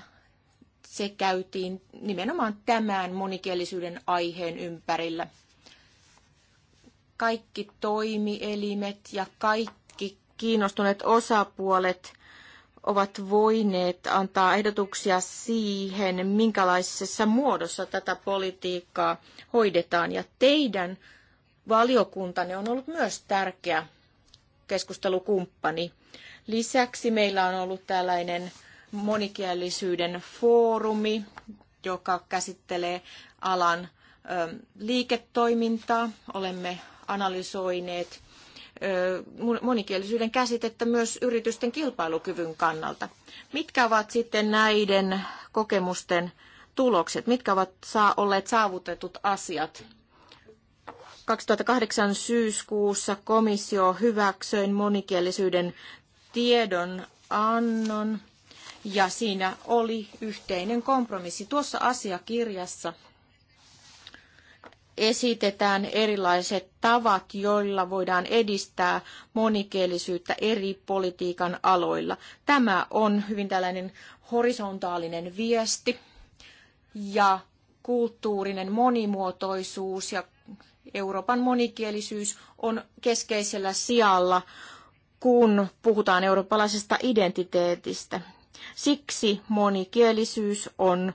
se käytiin nimenomaan tämän monikielisyyden aiheen ympärillä kaikki toimielimet ja kaikki kiinnostuneet osapuolet ovat voineet antaa ehdotuksia siihen, minkälaisessa muodossa tätä politiikkaa hoidetaan. Ja teidän valiokuntanne on ollut myös tärkeä keskustelukumppani. Lisäksi meillä on ollut tällainen monikielisyyden foorumi, joka käsittelee alan liiketoimintaa. Olemme analysoineet monikielisyyden käsitettä myös yritysten kilpailukyvyn kannalta. Mitkä ovat sitten näiden kokemusten tulokset? Mitkä ovat saa, olleet saavutetut asiat? 2008 syyskuussa komissio hyväksyi monikielisyyden tiedon annon ja siinä oli yhteinen kompromissi. Tuossa asiakirjassa esitetään erilaiset tavat, joilla voidaan edistää monikielisyyttä eri politiikan aloilla. Tämä on hyvin tällainen horisontaalinen viesti ja kulttuurinen monimuotoisuus ja Euroopan monikielisyys on keskeisellä sijalla, kun puhutaan eurooppalaisesta identiteetistä. Siksi monikielisyys on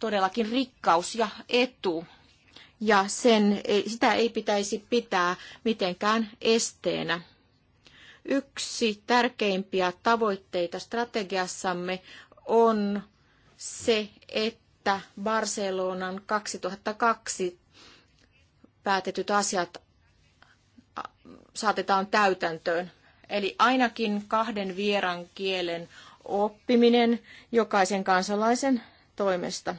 todellakin rikkaus ja etu ja sen, sitä ei pitäisi pitää mitenkään esteenä. Yksi tärkeimpiä tavoitteita strategiassamme on se, että Barcelonan 2002 päätetyt asiat saatetaan täytäntöön. Eli ainakin kahden vieran kielen oppiminen jokaisen kansalaisen toimesta.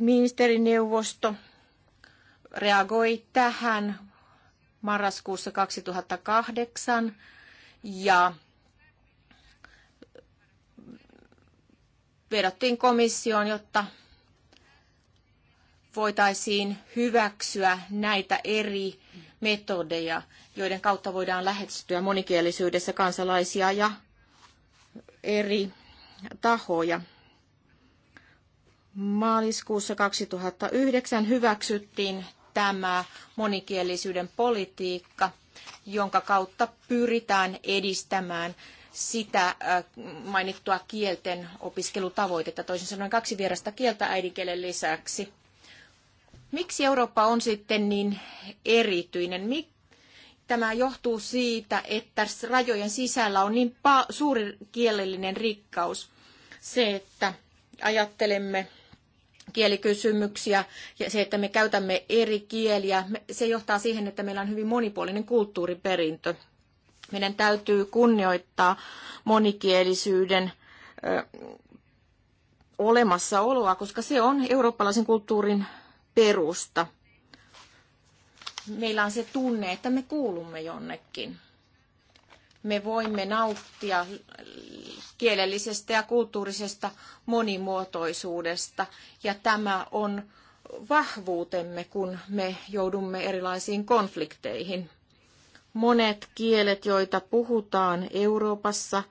Ministerineuvosto reagoi tähän marraskuussa 2008 ja vedottiin komissioon, jotta voitaisiin hyväksyä näitä eri metodeja, joiden kautta voidaan lähestyä monikielisyydessä kansalaisia ja eri tahoja. Maaliskuussa 2009 hyväksyttiin tämä monikielisyyden politiikka, jonka kautta pyritään edistämään sitä äh, mainittua kielten opiskelutavoitetta, toisin sanoen kaksi vierasta kieltä äidinkielen lisäksi. Miksi Eurooppa on sitten niin erityinen? Tämä johtuu siitä, että rajojen sisällä on niin suuri kielellinen rikkaus. Se, että ajattelemme kielikysymyksiä ja se, että me käytämme eri kieliä, se johtaa siihen, että meillä on hyvin monipuolinen kulttuuriperintö. Meidän täytyy kunnioittaa monikielisyyden olemassaoloa, koska se on eurooppalaisen kulttuurin perusta. Meillä on se tunne, että me kuulumme jonnekin me voimme nauttia kielellisestä ja kulttuurisesta monimuotoisuudesta. Ja tämä on vahvuutemme, kun me joudumme erilaisiin konflikteihin. Monet kielet, joita puhutaan Euroopassa,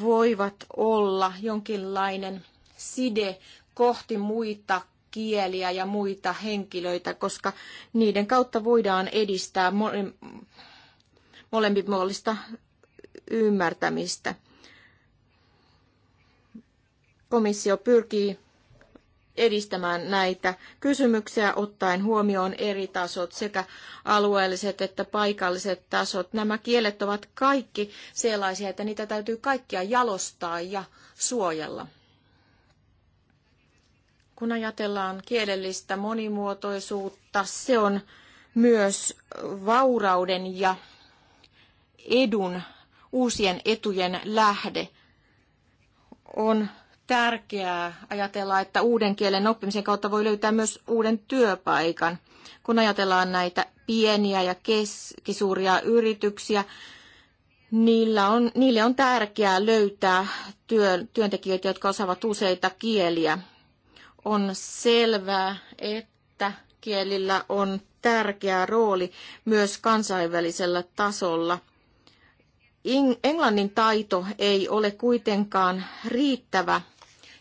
voivat olla jonkinlainen side kohti muita kieliä ja muita henkilöitä, koska niiden kautta voidaan edistää molemminpuolista ymmärtämistä. Komissio pyrkii edistämään näitä kysymyksiä ottaen huomioon eri tasot, sekä alueelliset että paikalliset tasot. Nämä kielet ovat kaikki sellaisia, että niitä täytyy kaikkia jalostaa ja suojella. Kun ajatellaan kielellistä monimuotoisuutta, se on myös vaurauden ja edun, uusien etujen lähde. On tärkeää ajatella, että uuden kielen oppimisen kautta voi löytää myös uuden työpaikan. Kun ajatellaan näitä pieniä ja keskisuuria yrityksiä, niillä on, niille on tärkeää löytää työ, työntekijöitä, jotka osaavat useita kieliä. On selvää, että kielillä on tärkeä rooli myös kansainvälisellä tasolla – englannin taito ei ole kuitenkaan riittävä,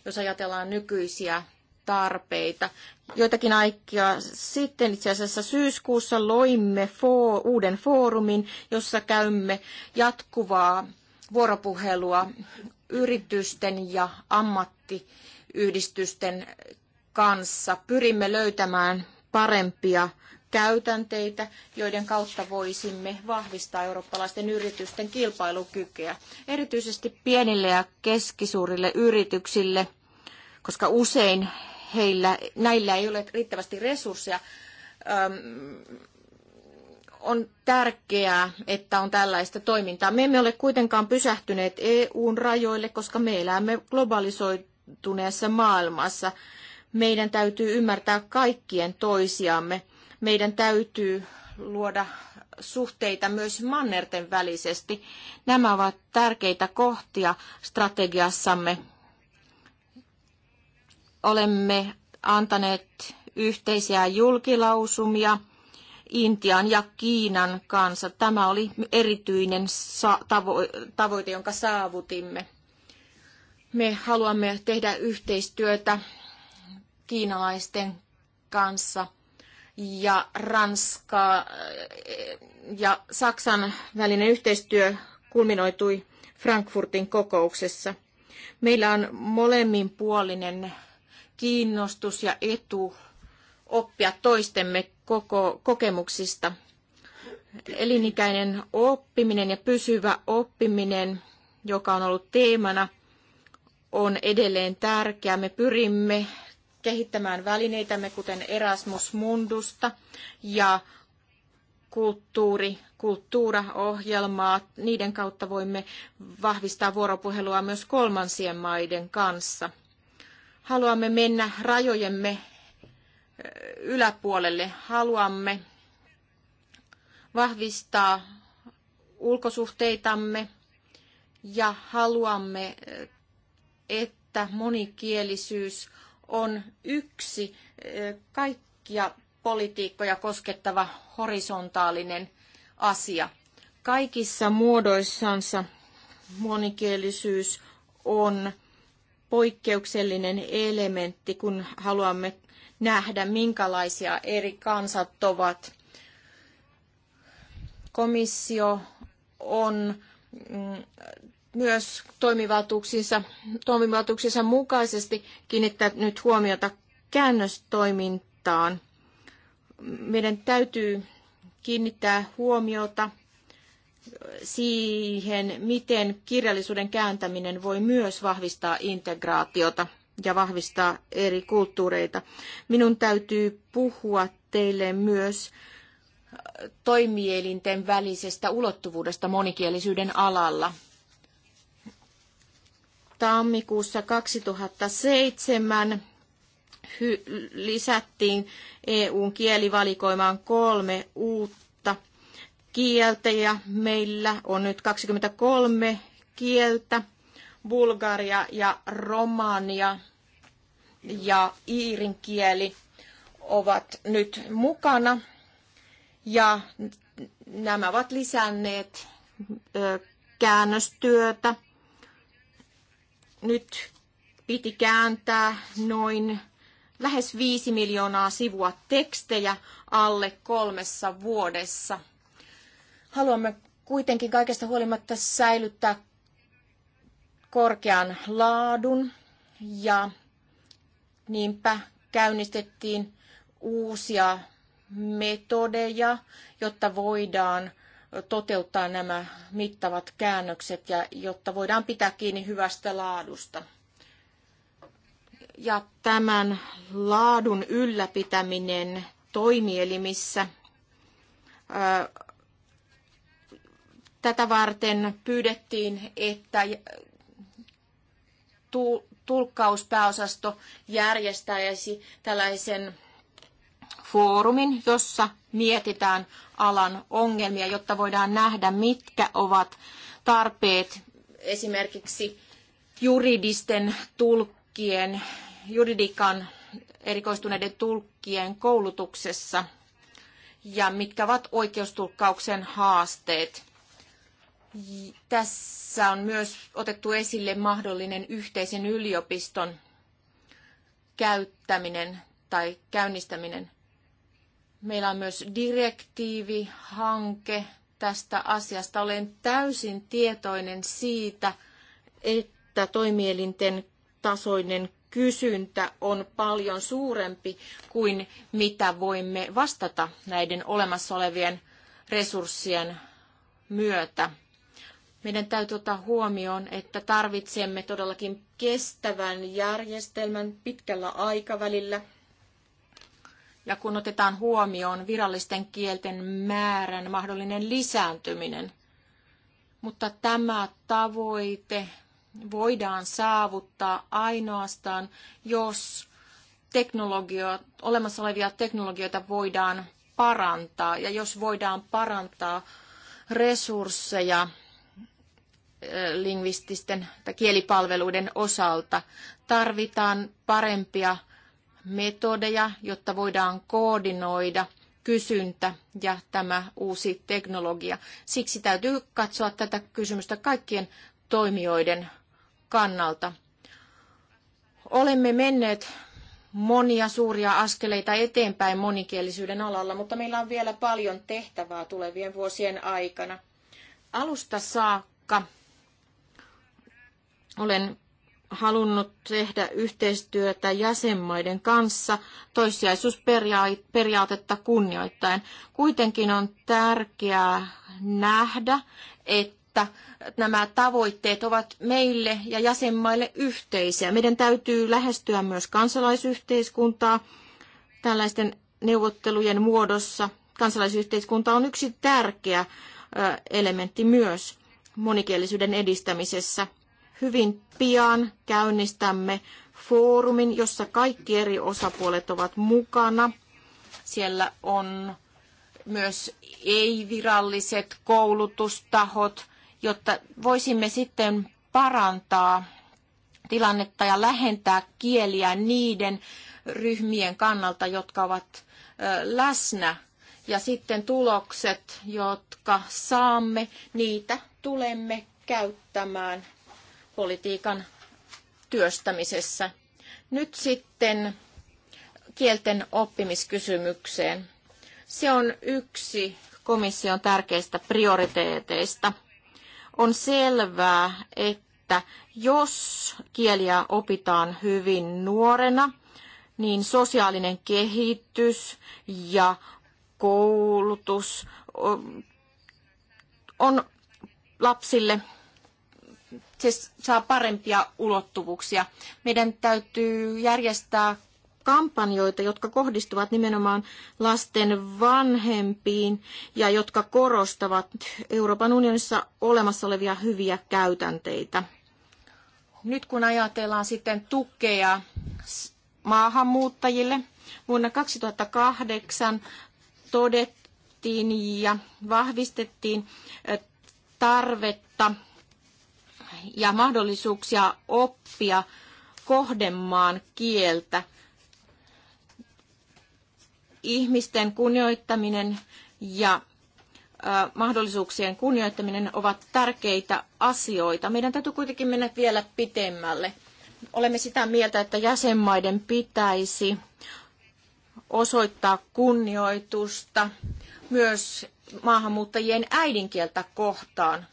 jos ajatellaan nykyisiä tarpeita. Joitakin aikaa sitten itse asiassa syyskuussa loimme foo, uuden foorumin, jossa käymme jatkuvaa vuoropuhelua yritysten ja ammattiyhdistysten kanssa. Pyrimme löytämään parempia käytänteitä, joiden kautta voisimme vahvistaa eurooppalaisten yritysten kilpailukykyä, erityisesti pienille ja keskisuurille yrityksille, koska usein heillä, näillä ei ole riittävästi resursseja. on tärkeää, että on tällaista toimintaa. Me emme ole kuitenkaan pysähtyneet EUn rajoille, koska me elämme globalisoituneessa maailmassa. Meidän täytyy ymmärtää kaikkien toisiamme meidän täytyy luoda suhteita myös mannerten välisesti. Nämä ovat tärkeitä kohtia strategiassamme. Olemme antaneet yhteisiä julkilausumia Intian ja Kiinan kanssa. Tämä oli erityinen tavoite, jonka saavutimme. Me haluamme tehdä yhteistyötä kiinalaisten kanssa – ja Ranska äh, ja Saksan välinen yhteistyö kulminoitui Frankfurtin kokouksessa. Meillä on molemminpuolinen kiinnostus ja etu oppia toistemme koko, kokemuksista. Elinikäinen oppiminen ja pysyvä oppiminen, joka on ollut teemana, on edelleen tärkeää. Me pyrimme kehittämään välineitämme, kuten Erasmus Mundusta ja kulttuuri, kulttuuraohjelmaa. Niiden kautta voimme vahvistaa vuoropuhelua myös kolmansien maiden kanssa. Haluamme mennä rajojemme yläpuolelle. Haluamme vahvistaa ulkosuhteitamme ja haluamme, että monikielisyys on yksi kaikkia politiikkoja koskettava horisontaalinen asia. Kaikissa muodoissansa monikielisyys on poikkeuksellinen elementti, kun haluamme nähdä, minkälaisia eri kansat ovat. Komissio on mm, myös toimivaltuuksinsa, toimivaltuuksinsa mukaisesti kiinnittää nyt huomiota käännöstoimintaan. Meidän täytyy kiinnittää huomiota siihen, miten kirjallisuuden kääntäminen voi myös vahvistaa integraatiota ja vahvistaa eri kulttuureita. Minun täytyy puhua teille myös toimielinten välisestä ulottuvuudesta monikielisyyden alalla tammikuussa 2007 hy- lisättiin EUn kielivalikoimaan kolme uutta kieltä ja meillä on nyt 23 kieltä, Bulgaria ja Romania ja Iirin kieli ovat nyt mukana ja nämä ovat lisänneet käännöstyötä nyt piti kääntää noin lähes viisi miljoonaa sivua tekstejä alle kolmessa vuodessa. Haluamme kuitenkin kaikesta huolimatta säilyttää korkean laadun ja niinpä käynnistettiin uusia metodeja, jotta voidaan toteuttaa nämä mittavat käännökset, ja jotta voidaan pitää kiinni hyvästä laadusta. Ja tämän laadun ylläpitäminen toimielimissä tätä varten pyydettiin, että tulkkauspääosasto järjestäisi tällaisen foorumin, jossa mietitään alan ongelmia, jotta voidaan nähdä, mitkä ovat tarpeet esimerkiksi juridisten tulkkien, juridikan erikoistuneiden tulkkien koulutuksessa ja mitkä ovat oikeustulkkauksen haasteet. Tässä on myös otettu esille mahdollinen yhteisen yliopiston käyttäminen tai käynnistäminen. Meillä on myös direktiivihanke tästä asiasta. Olen täysin tietoinen siitä, että toimielinten tasoinen kysyntä on paljon suurempi kuin mitä voimme vastata näiden olemassa olevien resurssien myötä. Meidän täytyy ottaa huomioon, että tarvitsemme todellakin kestävän järjestelmän pitkällä aikavälillä – ja kun otetaan huomioon virallisten kielten määrän mahdollinen lisääntyminen. Mutta tämä tavoite voidaan saavuttaa ainoastaan, jos teknologio, olemassa olevia teknologioita voidaan parantaa ja jos voidaan parantaa resursseja eh, lingvististen tai kielipalveluiden osalta. Tarvitaan parempia metodeja, jotta voidaan koordinoida kysyntä ja tämä uusi teknologia. Siksi täytyy katsoa tätä kysymystä kaikkien toimijoiden kannalta. Olemme menneet monia suuria askeleita eteenpäin monikielisyyden alalla, mutta meillä on vielä paljon tehtävää tulevien vuosien aikana. Alusta saakka olen halunnut tehdä yhteistyötä jäsenmaiden kanssa toissijaisuusperiaatetta kunnioittain. Kuitenkin on tärkeää nähdä, että nämä tavoitteet ovat meille ja jäsenmaille yhteisiä. Meidän täytyy lähestyä myös kansalaisyhteiskuntaa tällaisten neuvottelujen muodossa. Kansalaisyhteiskunta on yksi tärkeä elementti myös monikielisyyden edistämisessä – hyvin pian käynnistämme foorumin, jossa kaikki eri osapuolet ovat mukana. Siellä on myös ei-viralliset koulutustahot, jotta voisimme sitten parantaa tilannetta ja lähentää kieliä niiden ryhmien kannalta, jotka ovat läsnä. Ja sitten tulokset, jotka saamme, niitä tulemme käyttämään politiikan työstämisessä. Nyt sitten kielten oppimiskysymykseen. Se on yksi komission tärkeistä prioriteeteista. On selvää, että jos kieliä opitaan hyvin nuorena, niin sosiaalinen kehitys ja koulutus on lapsille se siis saa parempia ulottuvuuksia. Meidän täytyy järjestää kampanjoita, jotka kohdistuvat nimenomaan lasten vanhempiin ja jotka korostavat Euroopan unionissa olemassa olevia hyviä käytänteitä. Nyt kun ajatellaan sitten tukea maahanmuuttajille, vuonna 2008 todettiin ja vahvistettiin tarvetta ja mahdollisuuksia oppia kohdemaan kieltä. Ihmisten kunnioittaminen ja mahdollisuuksien kunnioittaminen ovat tärkeitä asioita. Meidän täytyy kuitenkin mennä vielä pitemmälle. Olemme sitä mieltä, että jäsenmaiden pitäisi osoittaa kunnioitusta myös maahanmuuttajien äidinkieltä kohtaan,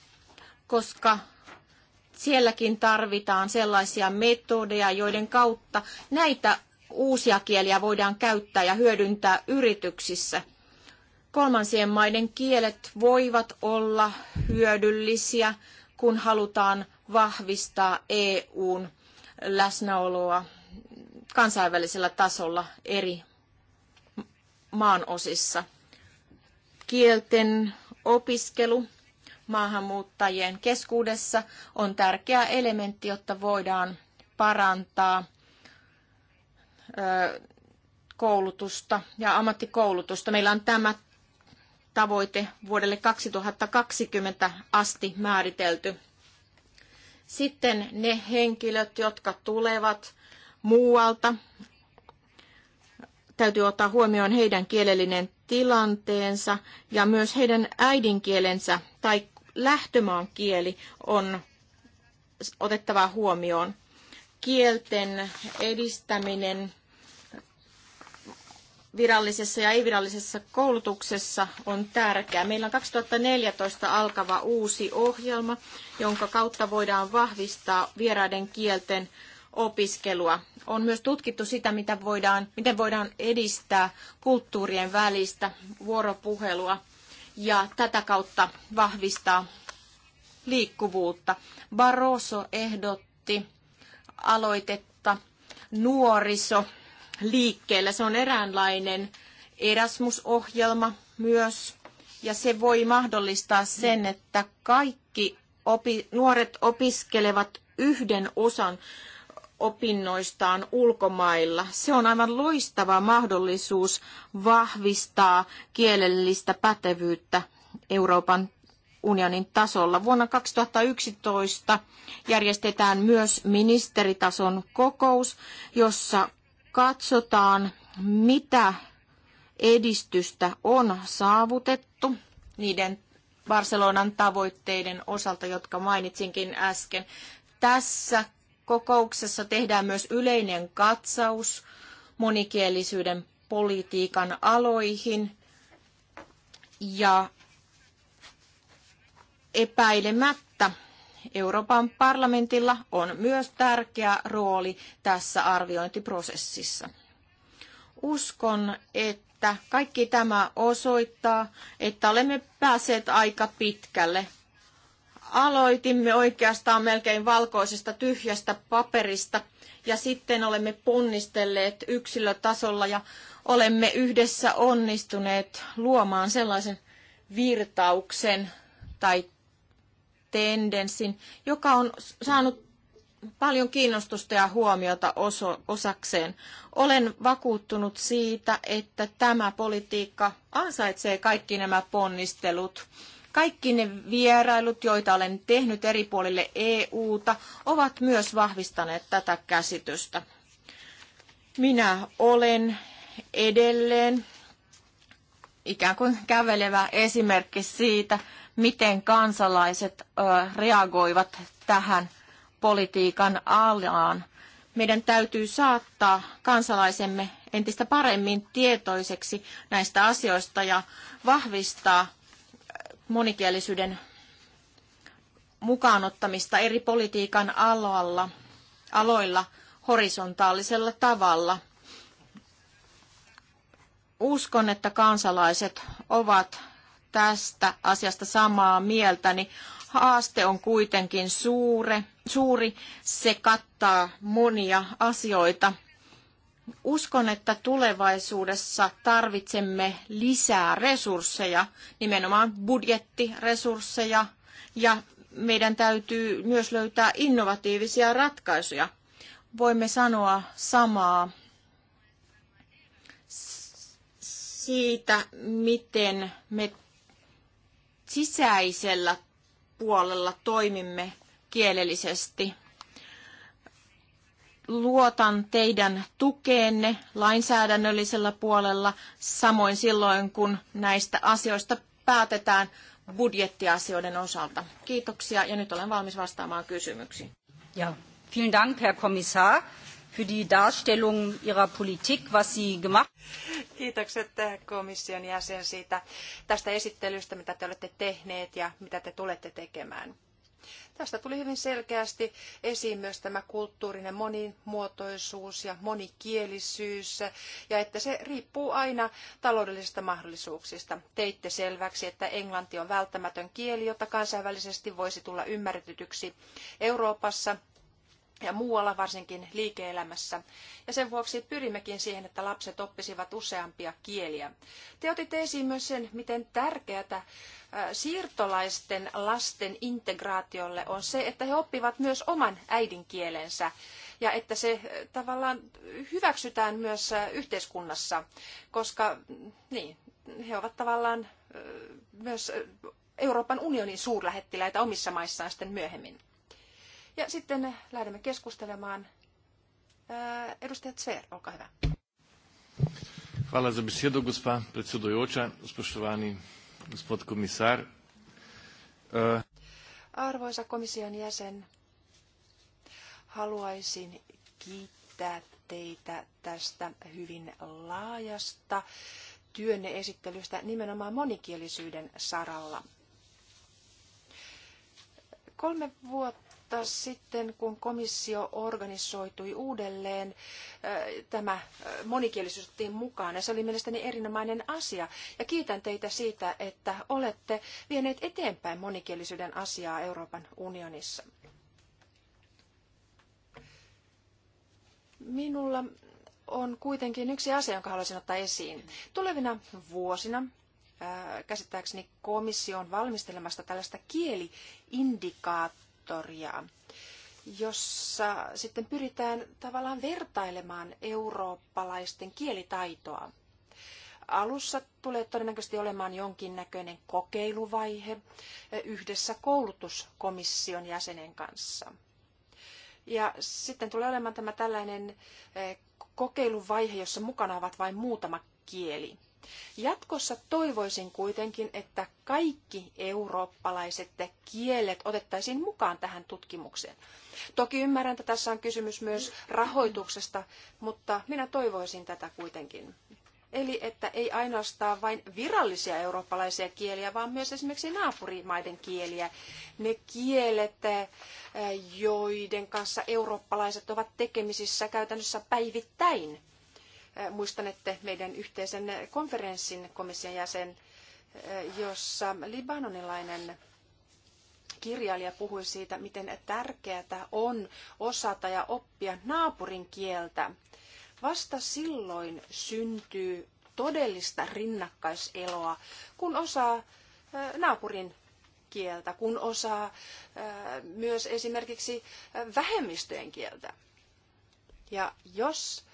koska sielläkin tarvitaan sellaisia metodeja, joiden kautta näitä uusia kieliä voidaan käyttää ja hyödyntää yrityksissä. Kolmansien maiden kielet voivat olla hyödyllisiä, kun halutaan vahvistaa EUn läsnäoloa kansainvälisellä tasolla eri maanosissa. Kielten opiskelu maahanmuuttajien keskuudessa on tärkeä elementti, jotta voidaan parantaa koulutusta ja ammattikoulutusta. Meillä on tämä tavoite vuodelle 2020 asti määritelty. Sitten ne henkilöt, jotka tulevat muualta, täytyy ottaa huomioon heidän kielellinen tilanteensa ja myös heidän äidinkielensä tai lähtömaan kieli on otettava huomioon. Kielten edistäminen virallisessa ja ei-virallisessa koulutuksessa on tärkeää. Meillä on 2014 alkava uusi ohjelma, jonka kautta voidaan vahvistaa vieraiden kielten opiskelua. On myös tutkittu sitä, mitä voidaan, miten voidaan edistää kulttuurien välistä vuoropuhelua ja tätä kautta vahvistaa liikkuvuutta. Barroso ehdotti aloitetta nuoriso liikkeellä. Se on eräänlainen Erasmus-ohjelma myös, ja se voi mahdollistaa sen, että kaikki opi- nuoret opiskelevat yhden osan opinnoistaan ulkomailla. Se on aivan loistava mahdollisuus vahvistaa kielellistä pätevyyttä Euroopan unionin tasolla. Vuonna 2011 järjestetään myös ministeritason kokous, jossa katsotaan, mitä edistystä on saavutettu niiden Barcelonan tavoitteiden osalta, jotka mainitsinkin äsken. Tässä kokouksessa tehdään myös yleinen katsaus monikielisyyden politiikan aloihin ja epäilemättä Euroopan parlamentilla on myös tärkeä rooli tässä arviointiprosessissa. Uskon, että kaikki tämä osoittaa, että olemme päässeet aika pitkälle Aloitimme oikeastaan melkein valkoisesta tyhjästä paperista ja sitten olemme ponnistelleet yksilötasolla ja olemme yhdessä onnistuneet luomaan sellaisen virtauksen tai tendenssin, joka on saanut paljon kiinnostusta ja huomiota oso, osakseen. Olen vakuuttunut siitä, että tämä politiikka ansaitsee kaikki nämä ponnistelut kaikki ne vierailut, joita olen tehnyt eri puolille EUta, ovat myös vahvistaneet tätä käsitystä. Minä olen edelleen ikään kuin kävelevä esimerkki siitä, miten kansalaiset reagoivat tähän politiikan alaan. Meidän täytyy saattaa kansalaisemme entistä paremmin tietoiseksi näistä asioista ja vahvistaa monikielisyyden mukaanottamista eri politiikan aloilla, aloilla horisontaalisella tavalla. Uskon, että kansalaiset ovat tästä asiasta samaa mieltä, niin haaste on kuitenkin suure, suuri. Se kattaa monia asioita. Uskon, että tulevaisuudessa tarvitsemme lisää resursseja, nimenomaan budjettiresursseja, ja meidän täytyy myös löytää innovatiivisia ratkaisuja. Voimme sanoa samaa siitä, miten me sisäisellä puolella toimimme kielellisesti luotan teidän tukeenne lainsäädännöllisellä puolella, samoin silloin, kun näistä asioista päätetään budjettiasioiden osalta. Kiitoksia ja nyt olen valmis vastaamaan kysymyksiin. Ja, vielen Dank, Herr Kommissar, für die Darstellung Ihrer Politik, was Sie gemacht Kiitokset eh, komission jäsen siitä tästä esittelystä, mitä te olette tehneet ja mitä te tulette tekemään. Tästä tuli hyvin selkeästi esiin myös tämä kulttuurinen monimuotoisuus ja monikielisyys ja että se riippuu aina taloudellisista mahdollisuuksista. Teitte selväksi, että englanti on välttämätön kieli, jota kansainvälisesti voisi tulla ymmärretytyksi Euroopassa – ja muualla varsinkin liike-elämässä. Ja sen vuoksi pyrimmekin siihen, että lapset oppisivat useampia kieliä. Te otitte esiin myös sen, miten tärkeää siirtolaisten lasten integraatiolle on se, että he oppivat myös oman äidinkielensä ja että se tavallaan hyväksytään myös yhteiskunnassa, koska niin, he ovat tavallaan myös Euroopan unionin suurlähettiläitä omissa maissaan sitten myöhemmin. Ja sitten lähdemme keskustelemaan. Edustaja Tser, olkaa hyvä. Hvala za besedo, gospa predsedujoča, spoštovani gospod komisar. Arvoisa komission jäsen, haluaisin kiittää teitä tästä hyvin laajasta työnne esittelystä nimenomaan monikielisyyden saralla. Kolme vuotta mutta sitten, kun komissio organisoitui uudelleen, tämä monikielisyys otettiin mukaan ja se oli mielestäni erinomainen asia. Ja kiitän teitä siitä, että olette vieneet eteenpäin monikielisyyden asiaa Euroopan unionissa. Minulla on kuitenkin yksi asia, jonka haluaisin ottaa esiin. Tulevina vuosina käsittääkseni komissio on valmistelemassa tällaista kieliindikaattoria sektoria, jossa sitten pyritään tavallaan vertailemaan eurooppalaisten kielitaitoa. Alussa tulee todennäköisesti olemaan jonkinnäköinen kokeiluvaihe yhdessä koulutuskomission jäsenen kanssa. Ja sitten tulee olemaan tämä tällainen eh, kokeiluvaihe, jossa mukana ovat vain muutama kieli. Jatkossa toivoisin kuitenkin, että kaikki eurooppalaiset kielet otettaisiin mukaan tähän tutkimukseen. Toki ymmärrän, että tässä on kysymys myös rahoituksesta, mutta minä toivoisin tätä kuitenkin. Eli että ei ainoastaan vain virallisia eurooppalaisia kieliä, vaan myös esimerkiksi naapurimaiden kieliä. Ne kielet, eh, joiden kanssa eurooppalaiset ovat tekemisissä käytännössä päivittäin. Muistanette meidän yhteisen konferenssin komission jäsen, jossa libanonilainen kirjailija puhui siitä, miten tärkeää on osata ja oppia naapurin kieltä. Vasta silloin syntyy todellista rinnakkaiseloa, kun osaa naapurin kieltä, kun osaa myös esimerkiksi vähemmistöjen kieltä. Ja jos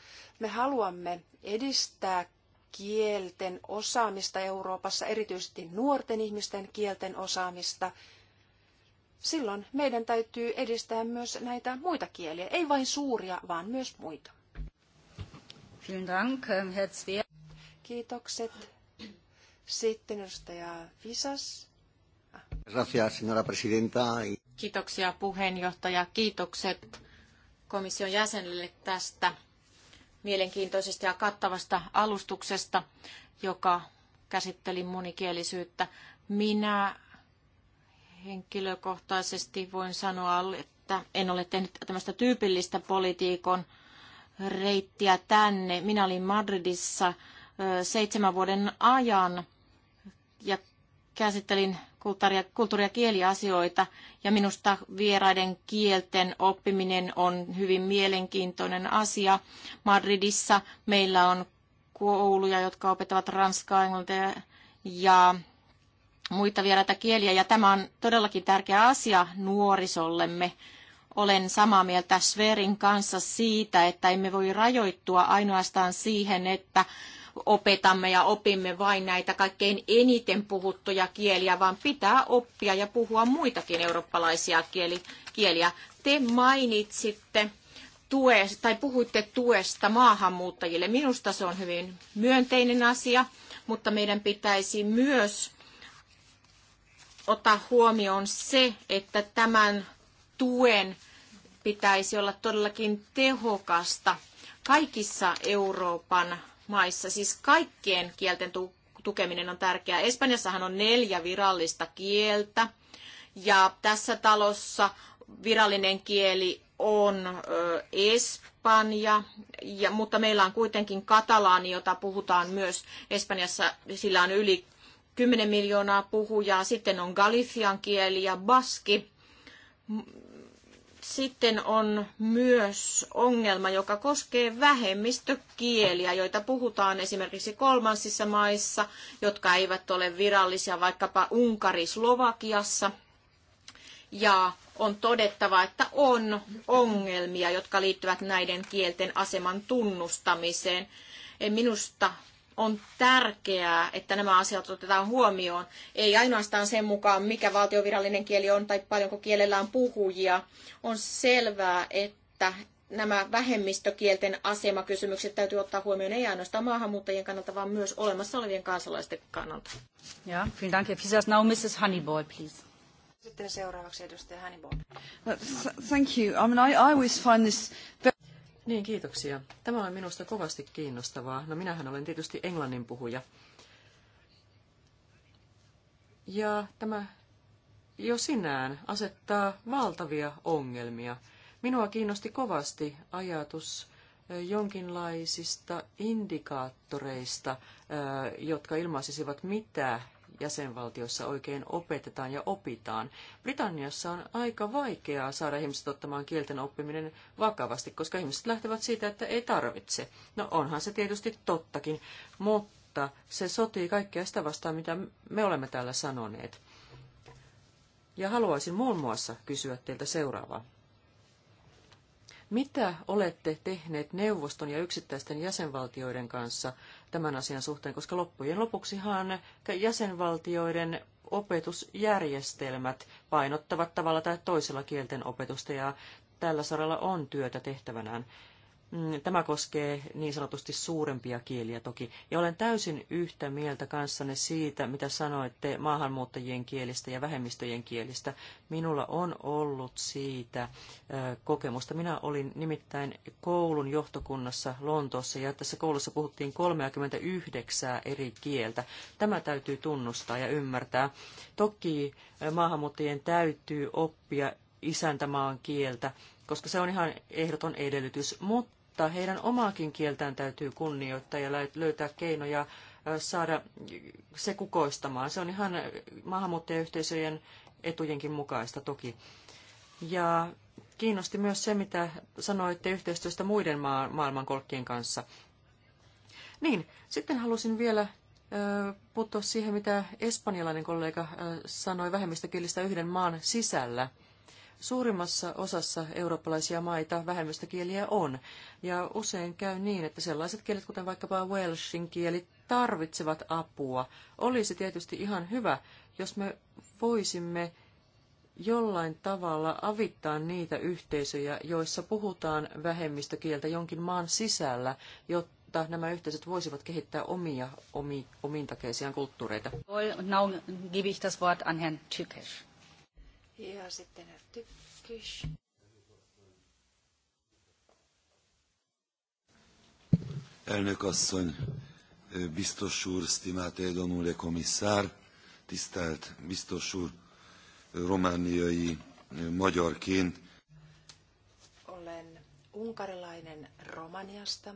me haluamme edistää kielten osaamista Euroopassa, erityisesti nuorten ihmisten kielten osaamista. Silloin meidän täytyy edistää myös näitä muita kieliä, ei vain suuria, vaan myös muita. Ähm, Kiitokset. Sitten edustaja Visas. Gracias, señora presidenta. Kiitoksia puheenjohtaja. Kiitokset komission jäsenille tästä mielenkiintoisesta ja kattavasta alustuksesta, joka käsitteli monikielisyyttä. Minä henkilökohtaisesti voin sanoa, että en ole tehnyt tämmöistä tyypillistä politiikon reittiä tänne. Minä olin Madridissa seitsemän vuoden ajan ja käsittelin kulttuuri- ja, kulttuuri- ja kieliasioita ja minusta vieraiden kielten oppiminen on hyvin mielenkiintoinen asia. Madridissa meillä on kouluja, jotka opettavat ranskaa, englantia ja muita vieraita kieliä ja tämä on todellakin tärkeä asia nuorisollemme. Olen samaa mieltä Sverin kanssa siitä, että emme voi rajoittua ainoastaan siihen, että opetamme ja opimme vain näitä kaikkein eniten puhuttuja kieliä, vaan pitää oppia ja puhua muitakin eurooppalaisia kieliä. Te mainitsitte tuesta, tai puhuitte tuesta maahanmuuttajille. Minusta se on hyvin myönteinen asia, mutta meidän pitäisi myös ottaa huomioon se, että tämän tuen pitäisi olla todellakin tehokasta kaikissa Euroopan maissa. Siis kaikkien kielten tukeminen on tärkeää. Espanjassahan on neljä virallista kieltä ja tässä talossa virallinen kieli on ö, Espanja, ja, mutta meillä on kuitenkin katalaani, jota puhutaan myös Espanjassa. Sillä on yli 10 miljoonaa puhujaa. Sitten on galician kieli ja baski. Sitten on myös ongelma, joka koskee vähemmistökieliä, joita puhutaan esimerkiksi kolmansissa maissa, jotka eivät ole virallisia, vaikkapa Unkari-Slovakiassa. Ja on todettava, että on ongelmia, jotka liittyvät näiden kielten aseman tunnustamiseen. Minusta on tärkeää, että nämä asiat otetaan huomioon. Ei ainoastaan sen mukaan, mikä valtiovirallinen kieli on tai paljonko kielellä on puhujia. On selvää, että nämä vähemmistökielten asemakysymykset täytyy ottaa huomioon ei ainoastaan maahanmuuttajien kannalta, vaan myös olemassa olevien kansalaisten kannalta. Ja, vielen dank. Fisas now Mrs. Honeyball, please. Sitten seuraavaksi edustaja Honeyball. Uh, thank you. I mean, I, I always find this... Niin, kiitoksia. Tämä on minusta kovasti kiinnostavaa. No minähän olen tietysti englannin puhuja. Ja tämä jo sinään asettaa valtavia ongelmia. Minua kiinnosti kovasti ajatus jonkinlaisista indikaattoreista, jotka ilmaisisivat, mitä jäsenvaltioissa oikein opetetaan ja opitaan. Britanniassa on aika vaikeaa saada ihmiset ottamaan kielten oppiminen vakavasti, koska ihmiset lähtevät siitä, että ei tarvitse. No onhan se tietysti tottakin, mutta se sotii kaikkea sitä vastaan, mitä me olemme täällä sanoneet. Ja haluaisin muun muassa kysyä teiltä seuraavaa. Mitä olette tehneet neuvoston ja yksittäisten jäsenvaltioiden kanssa tämän asian suhteen, koska loppujen lopuksihan jäsenvaltioiden opetusjärjestelmät painottavat tavalla tai toisella kielten opetusta ja tällä saralla on työtä tehtävänään. Mm, tämä koskee niin sanotusti suurempia kieliä toki. Ja olen täysin yhtä mieltä kanssanne siitä, mitä sanoitte maahanmuuttajien kielistä ja vähemmistöjen kielistä. Minulla on ollut siitä kokemusta. Minä olin nimittäin koulun johtokunnassa Lontoossa ja tässä koulussa puhuttiin 39 eri kieltä. Tämä täytyy tunnustaa ja ymmärtää. Toki maahanmuuttajien täytyy oppia isäntämaan kieltä, koska se on ihan ehdoton edellytys, mutta mutta heidän omaakin kieltään täytyy kunnioittaa ja löytää keinoja saada se kukoistamaan. Se on ihan maahanmuuttajayhteisöjen etujenkin mukaista toki. Ja kiinnosti myös se, mitä sanoitte yhteistyöstä muiden ma- maailmankolkkien kanssa. Niin, sitten halusin vielä puuttua siihen, mitä espanjalainen kollega sanoi vähemmistökielistä yhden maan sisällä – Suurimmassa osassa eurooppalaisia maita vähemmistökieliä on, ja usein käy niin, että sellaiset kielet, kuten vaikkapa Welshin kieli, tarvitsevat apua. Olisi tietysti ihan hyvä, jos me voisimme jollain tavalla avittaa niitä yhteisöjä, joissa puhutaan vähemmistökieltä jonkin maan sisällä, jotta nämä yhteisöt voisivat kehittää omia omi, omintakeisiaan kulttuureita. Now give ich das Wort an Herrn ja sitten tykkys. Elnök asszony, biztos úr, stimát úr, komisszár, tisztelt biztos úr, romániai magyarként. Olen unkarilainen Romaniasta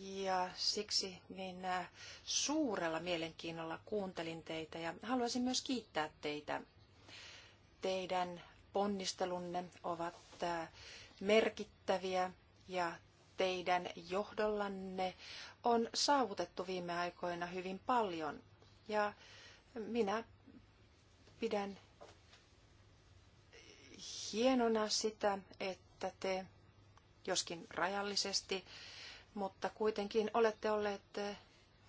ja siksi minä niin, äh, suurella mielenkiinnolla kuuntelin teitä ja haluaisin myös kiittää teitä. Teidän ponnistelunne ovat äh, merkittäviä ja teidän johdollanne on saavutettu viime aikoina hyvin paljon. Ja minä pidän hienona sitä, että te joskin rajallisesti mutta kuitenkin olette olleet eh,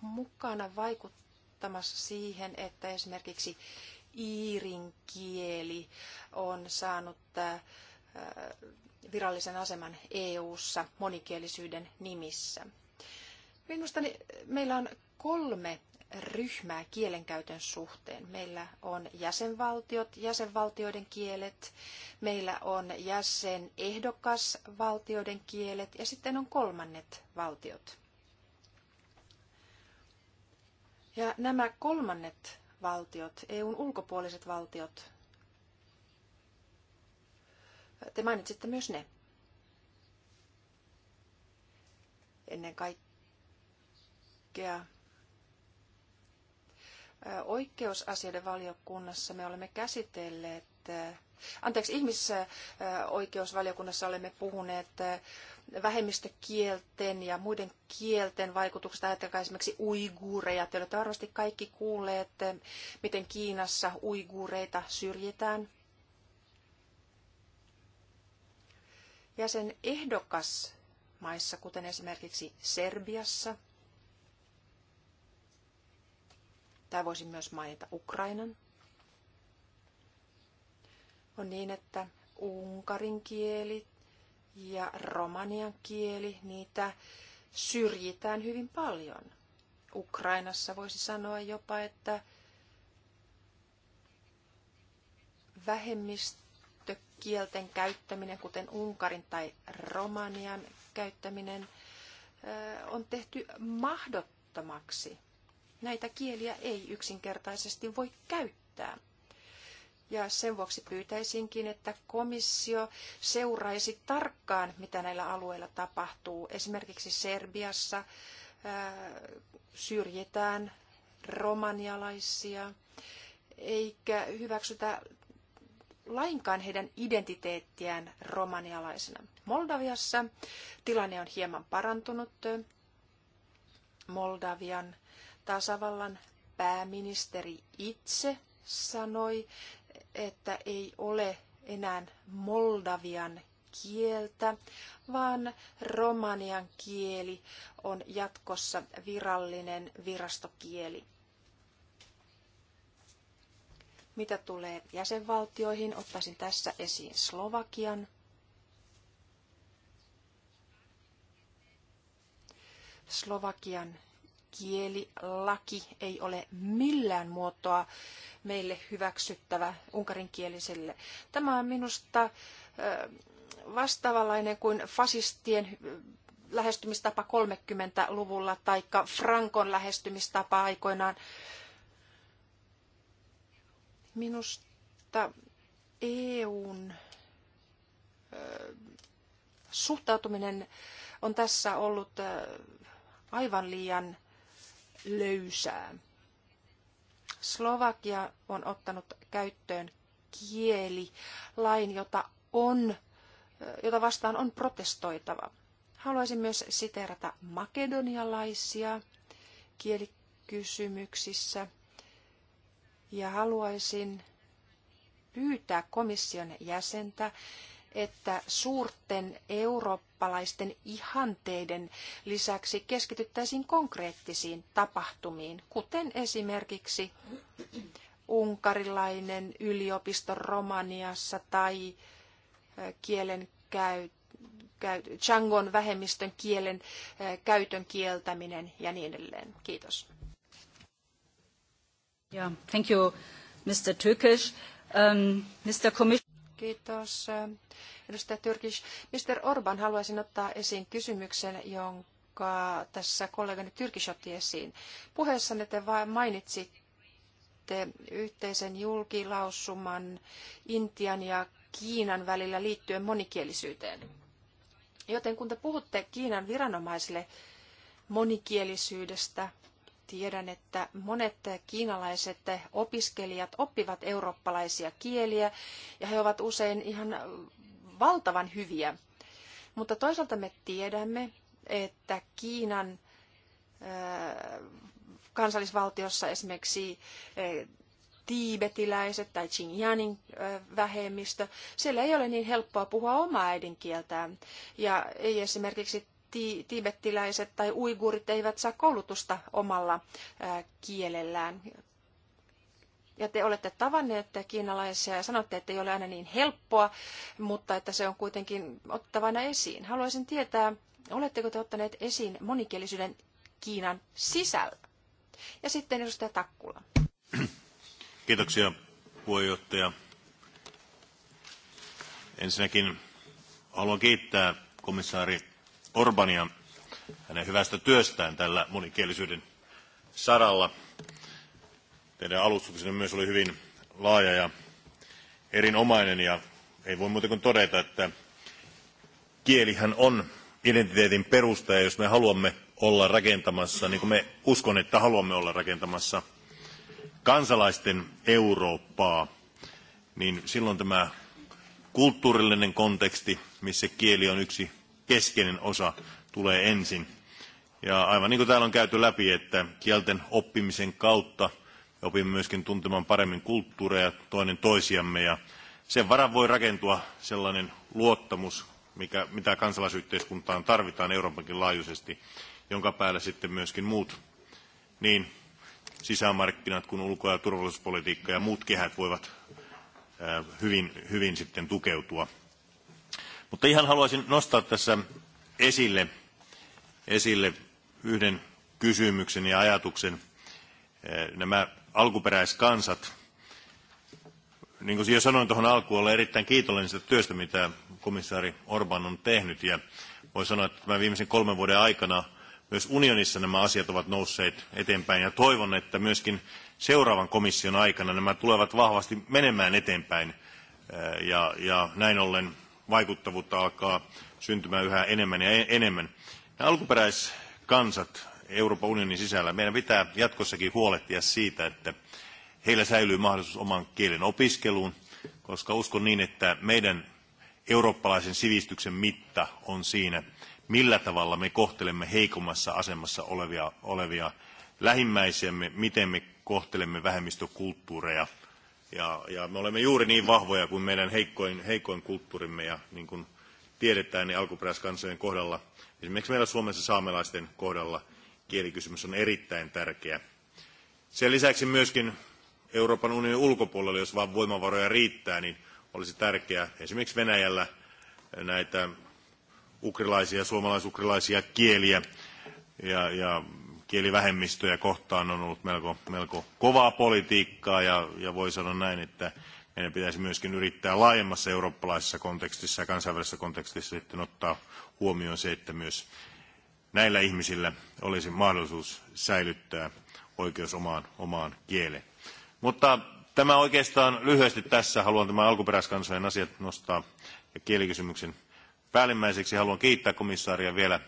mukana vaikuttamassa siihen, että esimerkiksi iirin kieli on saanut eh, eh, virallisen aseman EU-ssa monikielisyyden nimissä. Minusta meillä on kolme ryhmää kielenkäytön suhteen. Meillä on jäsenvaltiot, jäsenvaltioiden kielet, meillä on jäsenehdokasvaltioiden kielet ja sitten on kolmannet valtiot. Ja nämä kolmannet valtiot, EUn ulkopuoliset valtiot, te mainitsitte myös ne. Ennen kaikkea oikeusasioiden valiokunnassa me olemme käsitelleet, anteeksi, ihmisoikeusvaliokunnassa olemme puhuneet vähemmistökielten ja muiden kielten vaikutuksesta. Ajatelkaa esimerkiksi uiguureja. Te olette varmasti kaikki kuulleet, miten Kiinassa uiguureita syrjitään. Ja sen ehdokas maissa, kuten esimerkiksi Serbiassa – tai voisin myös mainita Ukrainan, on niin, että unkarin kieli ja romanian kieli, niitä syrjitään hyvin paljon. Ukrainassa voisi sanoa jopa, että vähemmistökielten käyttäminen, kuten unkarin tai romanian käyttäminen, on tehty mahdottomaksi. Näitä kieliä ei yksinkertaisesti voi käyttää. Ja sen vuoksi pyytäisinkin, että komissio seuraisi tarkkaan, mitä näillä alueilla tapahtuu. Esimerkiksi Serbiassa äh, syrjitään romanialaisia, eikä hyväksytä lainkaan heidän identiteettiään romanialaisena. Moldaviassa tilanne on hieman parantunut. Moldavian tasavallan pääministeri itse sanoi, että ei ole enää moldavian kieltä, vaan romanian kieli on jatkossa virallinen virastokieli. Mitä tulee jäsenvaltioihin, ottaisin tässä esiin Slovakian. Slovakian kielilaki ei ole millään muotoa meille hyväksyttävä unkarinkielisille. Tämä on minusta vastaavanlainen kuin fasistien lähestymistapa 30-luvulla tai Frankon lähestymistapa aikoinaan. Minusta EUn suhtautuminen on tässä ollut aivan liian löysää. Slovakia on ottanut käyttöön kielilain, jota, on, jota vastaan on protestoitava. Haluaisin myös siterata makedonialaisia kielikysymyksissä ja haluaisin pyytää komission jäsentä että suurten eurooppalaisten ihanteiden lisäksi keskityttäisiin konkreettisiin tapahtumiin, kuten esimerkiksi unkarilainen yliopisto Romaniassa tai kielen käy, käy, Changon vähemmistön kielen käytön kieltäminen ja niin edelleen. Kiitos. Yeah, thank you, Mr. Türkish. Um, Mr. Commission... Kiitos. Edustaja Tyrkis. Mr. Orban, haluaisin ottaa esiin kysymyksen, jonka tässä kollegani Tyrkis otti esiin. Puheessanne te vain mainitsitte yhteisen julkilausuman Intian ja Kiinan välillä liittyen monikielisyyteen. Joten kun te puhutte Kiinan viranomaisille monikielisyydestä, Tiedän, että monet kiinalaiset opiskelijat oppivat eurooppalaisia kieliä ja he ovat usein ihan valtavan hyviä. Mutta toisaalta me tiedämme, että Kiinan äh, kansallisvaltiossa esimerkiksi äh, tiibetiläiset tai Xinjiangin äh, vähemmistö, siellä ei ole niin helppoa puhua omaa äidinkieltään. Ja ei esimerkiksi ti- tiibettiläiset tai uiguurit eivät saa koulutusta omalla kielellään. Ja te olette tavanneet kiinalaisia ja sanotte, että ei ole aina niin helppoa, mutta että se on kuitenkin ottavana esiin. Haluaisin tietää, oletteko te ottaneet esiin monikielisyyden Kiinan sisällä? Ja sitten edustaja Takkula. Kiitoksia puheenjohtaja. Ensinnäkin haluan kiittää komissaari Orbania hänen hyvästä työstään tällä monikielisyyden saralla. Teidän alustuksenne myös oli hyvin laaja ja erinomainen ja ei voi muuta kuin todeta, että kielihän on identiteetin perusta ja jos me haluamme olla rakentamassa, niin kuin me uskon, että haluamme olla rakentamassa kansalaisten Eurooppaa, niin silloin tämä kulttuurillinen konteksti, missä kieli on yksi keskeinen osa tulee ensin. Ja aivan niin kuin täällä on käyty läpi, että kielten oppimisen kautta opimme myöskin tuntemaan paremmin kulttuureja toinen toisiamme ja sen varan voi rakentua sellainen luottamus, mikä, mitä kansalaisyhteiskuntaan tarvitaan Euroopankin laajuisesti, jonka päällä sitten myöskin muut niin sisämarkkinat kuin ulko- ja turvallisuuspolitiikka ja muut kehät voivat hyvin, hyvin sitten tukeutua. Mutta ihan haluaisin nostaa tässä esille, esille yhden kysymyksen ja ajatuksen. Eh, nämä alkuperäiskansat, niin kuin jo sanoin tuohon alkuun, olen erittäin kiitollinen siitä työstä, mitä komissaari Orban on tehnyt. Ja voi sanoa, että tämän viimeisen kolmen vuoden aikana myös unionissa nämä asiat ovat nousseet eteenpäin. Ja toivon, että myöskin seuraavan komission aikana nämä tulevat vahvasti menemään eteenpäin. Eh, ja, ja näin ollen vaikuttavuutta alkaa syntymään yhä enemmän ja enemmän. Nämä alkuperäiskansat Euroopan unionin sisällä, meidän pitää jatkossakin huolehtia siitä, että heillä säilyy mahdollisuus oman kielen opiskeluun, koska uskon niin, että meidän eurooppalaisen sivistyksen mitta on siinä, millä tavalla me kohtelemme heikommassa asemassa olevia, olevia lähimmäisiämme, miten me kohtelemme vähemmistökulttuureja ja, ja me olemme juuri niin vahvoja kuin meidän heikkoin, heikoin kulttuurimme ja niin kuin tiedetään, niin alkuperäiskansojen kohdalla, esimerkiksi meillä Suomessa saamelaisten kohdalla, kielikysymys on erittäin tärkeä. Sen lisäksi myöskin Euroopan unionin ulkopuolella, jos vain voimavaroja riittää, niin olisi tärkeää esimerkiksi Venäjällä näitä ukrilaisia, suomalaisukrilaisia kieliä ja, ja kielivähemmistöjä kohtaan on ollut melko, melko kovaa politiikkaa ja, ja voi sanoa näin, että meidän pitäisi myöskin yrittää laajemmassa eurooppalaisessa kontekstissa ja kansainvälisessä kontekstissa sitten ottaa huomioon se, että myös näillä ihmisillä olisi mahdollisuus säilyttää oikeus omaan, omaan kieleen. Mutta tämä oikeastaan lyhyesti tässä. Haluan tämän alkuperäiskansojen asiat nostaa ja kielikysymyksen päällimmäiseksi. Haluan kiittää komissaaria vielä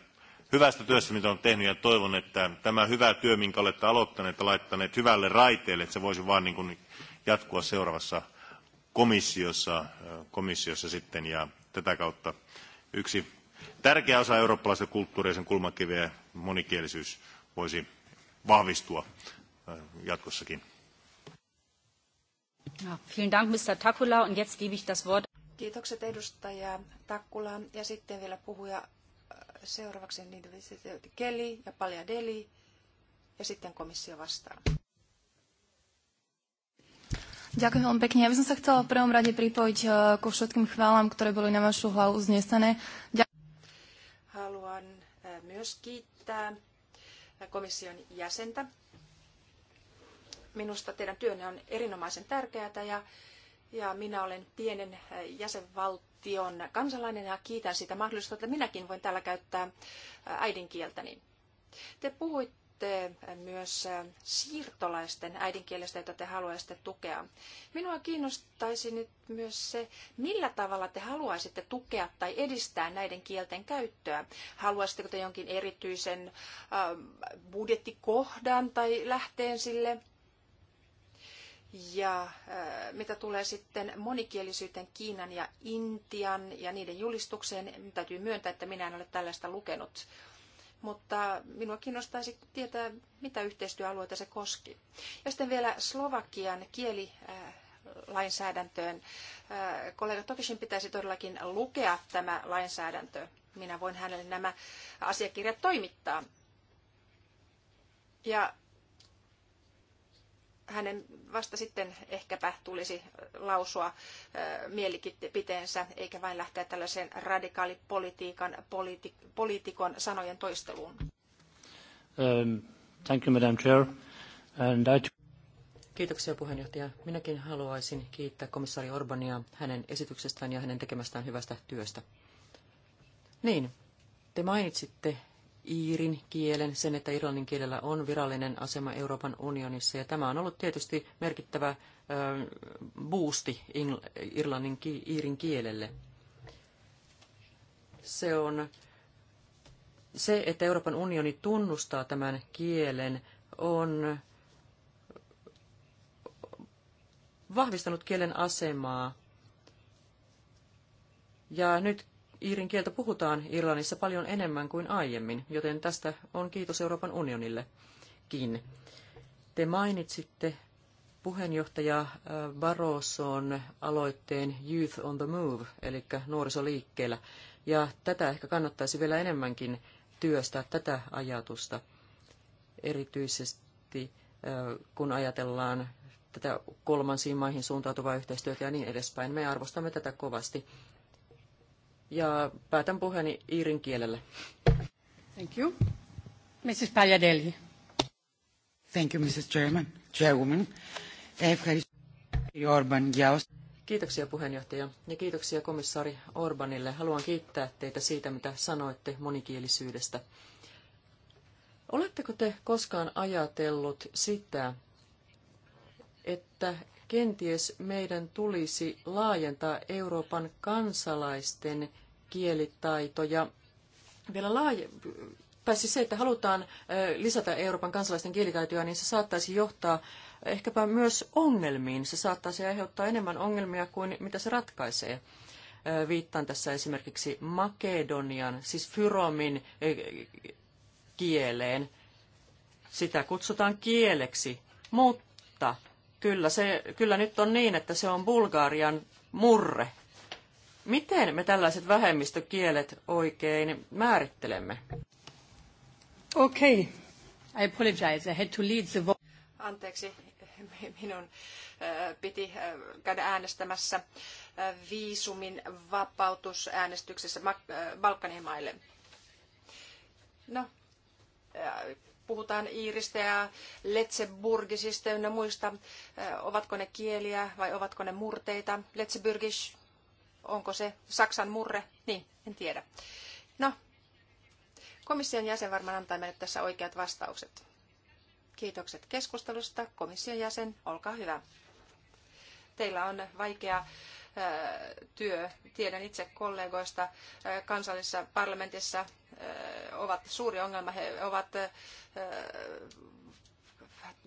hyvästä työstä, mitä on tehnyt ja toivon, että tämä hyvä työ, minkä olette aloittaneet ja laittaneet hyvälle raiteelle, että se voisi vaan niin kuin jatkua seuraavassa komissiossa, äh, komissiossa sitten ja tätä kautta yksi tärkeä osa eurooppalaista kulttuuria, sen kulmakiveä monikielisyys voisi vahvistua äh, jatkossakin. Ja, vielen Dank, Mr. Takula. Und jetzt gebe ich das Wort. Kiitokset edustaja Takkula ja sitten vielä puhuja Seuraavaksi niitä oli Kelly ja Palja Deli ja sitten komissio vastaa. Ďakujem veľmi pekne. Ja by som sa chcela v prvom rade pripojiť eh, ku všetkým chválam, ktoré boli na vašu hlavu znesené. Haluan eh, myös kiittää eh, komission jäsentä. Minusta teidän työnne on erinomaisen tärkeää ja, ja minä olen pienen jäsenvaltio valtion kansalainen ja kiitän sitä mahdollisuutta, että minäkin voin täällä käyttää äidinkieltäni. Te puhuitte myös siirtolaisten äidinkielestä, jota te haluaisitte tukea. Minua kiinnostaisi nyt myös se, millä tavalla te haluaisitte tukea tai edistää näiden kielten käyttöä. Haluaisitteko te jonkin erityisen budjettikohdan tai lähteen sille? Ja äh, mitä tulee sitten monikielisyyteen Kiinan ja Intian ja niiden julistukseen, täytyy myöntää, että minä en ole tällaista lukenut. Mutta minua kiinnostaisi tietää, mitä yhteistyöalueita se koski. Ja sitten vielä Slovakian kielilainsäädäntöön äh, äh, Kollega Tokisin pitäisi todellakin lukea tämä lainsäädäntö. Minä voin hänelle nämä asiakirjat toimittaa. Ja hänen vasta sitten ehkäpä tulisi lausua mielipiteensä, eikä vain lähteä tällaiseen radikaalipolitiikan poliitikon sanojen toisteluun. Um, thank you, Madam Chair. And I... Kiitoksia puheenjohtaja. Minäkin haluaisin kiittää komissaari Orbania hänen esityksestään ja hänen tekemästään hyvästä työstä. Niin, te mainitsitte Iirin kielen, sen, että irlannin kielellä on virallinen asema Euroopan unionissa. Ja tämä on ollut tietysti merkittävä boosti Irlannin, Iirin kielelle. Se on se, että Euroopan unioni tunnustaa tämän kielen, on vahvistanut kielen asemaa. Ja nyt Iirin kieltä puhutaan Irlannissa paljon enemmän kuin aiemmin, joten tästä on kiitos Euroopan unionillekin. Te mainitsitte puheenjohtaja äh, Barroson aloitteen Youth on the Move, eli nuorisoliikkeellä. Ja tätä ehkä kannattaisi vielä enemmänkin työstää, tätä ajatusta, erityisesti äh, kun ajatellaan tätä kolmansiin maihin suuntautuvaa yhteistyötä ja niin edespäin. Me arvostamme tätä kovasti ja päätän puheeni Iirin kielellä. Thank you. Mrs. Pagliadelli. Thank you, Mrs. Chairman. Chairwoman. Orban Kiitoksia puheenjohtaja ja kiitoksia komissaari Orbanille. Haluan kiittää teitä siitä, mitä sanoitte monikielisyydestä. Oletteko te koskaan ajatellut sitä, että kenties meidän tulisi laajentaa Euroopan kansalaisten kielitaitoja. vielä laaja, tai siis se, että halutaan lisätä Euroopan kansalaisten kielitaitoja, niin se saattaisi johtaa ehkäpä myös ongelmiin. Se saattaisi aiheuttaa enemmän ongelmia kuin mitä se ratkaisee. Viittaan tässä esimerkiksi Makedonian, siis Fyromin kieleen. Sitä kutsutaan kieleksi, mutta kyllä, se, kyllä nyt on niin, että se on Bulgarian murre. Miten me tällaiset vähemmistökielet oikein määrittelemme? Okei. Okay. I apologize. I had to lead the vote. Anteeksi, minun piti käydä äänestämässä viisumin vapautusäänestyksessä Balkanin maille. No, puhutaan Iiristä ja Letseburgisista ja muista. Ovatko ne kieliä vai ovatko ne murteita? Letseburgish Onko se Saksan murre? Niin, en tiedä. No, komission jäsen varmaan antaa meille tässä oikeat vastaukset. Kiitokset keskustelusta. Komission jäsen, olkaa hyvä. Teillä on vaikea äh, työ. Tiedän itse kollegoista äh, kansallisessa parlamentissa äh, ovat suuri ongelma. He ovat,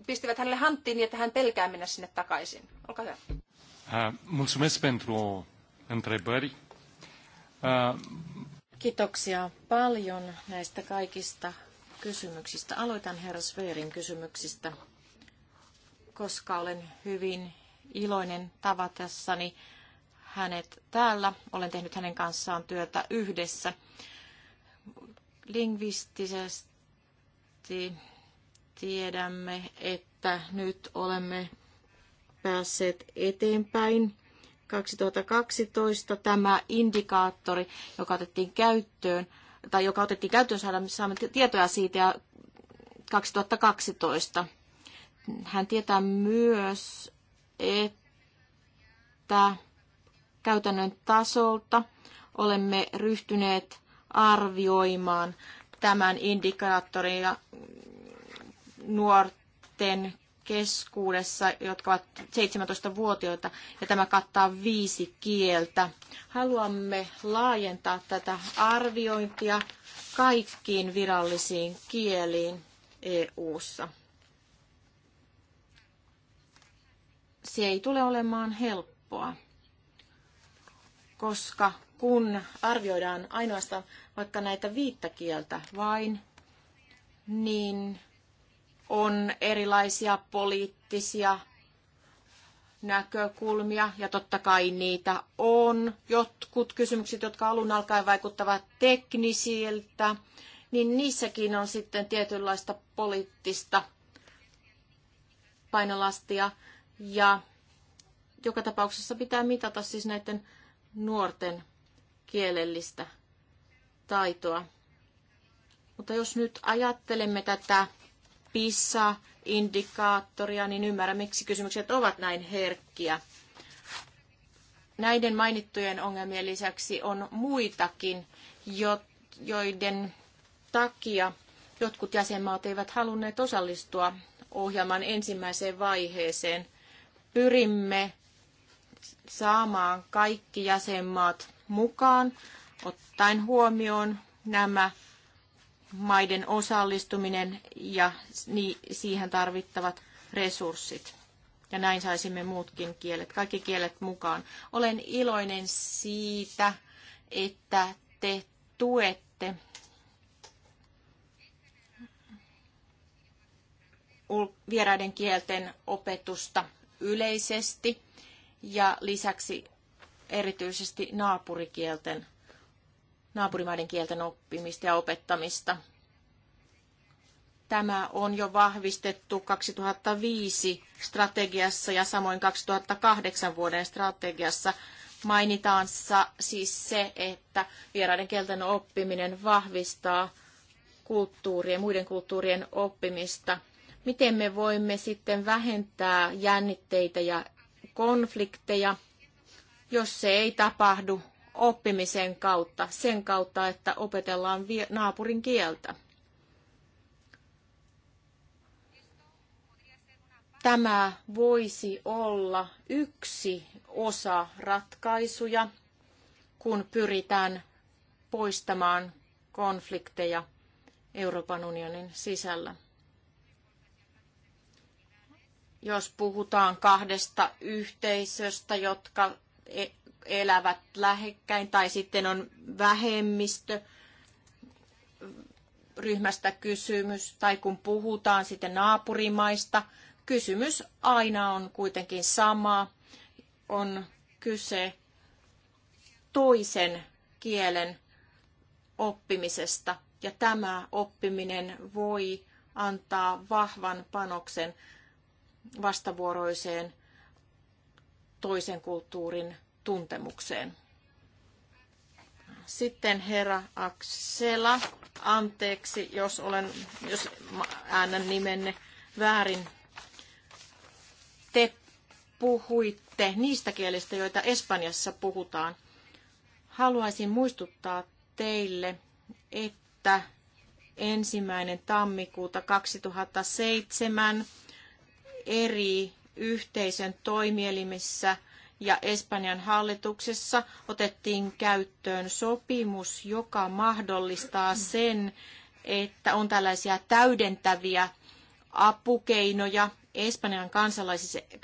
pistivät hänelle hanttiin niin, että hän pelkää mennä sinne takaisin. Olkaa hyvä. Mulțumesc pentru întrebări. Uh, Kiitoksia paljon näistä kaikista kysymyksistä. Aloitan herra Sveerin kysymyksistä, koska olen hyvin iloinen tavatessani hänet täällä. Olen tehnyt hänen kanssaan työtä yhdessä. Lingvistisesti tiedämme, että nyt olemme päässeet eteenpäin 2012 tämä indikaattori, joka otettiin käyttöön, tai joka otettiin käyttöön, saamme tietoja siitä ja 2012. Hän tietää myös, että käytännön tasolta olemme ryhtyneet arvioimaan tämän indikaattorin ja nuorten keskuudessa, jotka ovat 17-vuotiaita, ja tämä kattaa viisi kieltä. Haluamme laajentaa tätä arviointia kaikkiin virallisiin kieliin EU:ssa. Se ei tule olemaan helppoa, koska kun arvioidaan ainoastaan vaikka näitä viittä kieltä vain, niin on erilaisia poliittisia näkökulmia, ja totta kai niitä on. Jotkut kysymykset, jotka alun alkaen vaikuttavat teknisiltä, niin niissäkin on sitten tietynlaista poliittista painolastia. Ja joka tapauksessa pitää mitata siis näiden nuorten kielellistä taitoa. Mutta jos nyt ajattelemme tätä PISA-indikaattoria, niin ymmärrän, miksi kysymykset ovat näin herkkiä. Näiden mainittujen ongelmien lisäksi on muitakin, joiden takia jotkut jäsenmaat eivät halunneet osallistua ohjelman ensimmäiseen vaiheeseen. Pyrimme saamaan kaikki jäsenmaat mukaan, ottaen huomioon nämä maiden osallistuminen ja siihen tarvittavat resurssit. Ja näin saisimme muutkin kielet, kaikki kielet mukaan. Olen iloinen siitä, että te tuette vieraiden kielten opetusta yleisesti ja lisäksi erityisesti naapurikielten naapurimaiden kielten oppimista ja opettamista. Tämä on jo vahvistettu 2005 strategiassa ja samoin 2008 vuoden strategiassa mainitaan siis se, että vieraiden kielten oppiminen vahvistaa kulttuurien, muiden kulttuurien oppimista. Miten me voimme sitten vähentää jännitteitä ja konflikteja, jos se ei tapahdu oppimisen kautta, sen kautta, että opetellaan naapurin kieltä. Tämä voisi olla yksi osa ratkaisuja, kun pyritään poistamaan konflikteja Euroopan unionin sisällä jos puhutaan kahdesta yhteisöstä, jotka elävät lähekkäin tai sitten on vähemmistö ryhmästä kysymys tai kun puhutaan sitten naapurimaista, kysymys aina on kuitenkin sama. On kyse toisen kielen oppimisesta ja tämä oppiminen voi antaa vahvan panoksen vastavuoroiseen toisen kulttuurin tuntemukseen. Sitten herra Aksela, anteeksi, jos, olen, jos äänän nimenne väärin. Te puhuitte niistä kielistä, joita Espanjassa puhutaan. Haluaisin muistuttaa teille, että ensimmäinen tammikuuta 2007 eri yhteisön toimielimissä – ja Espanjan hallituksessa otettiin käyttöön sopimus, joka mahdollistaa sen, että on tällaisia täydentäviä apukeinoja Espanjan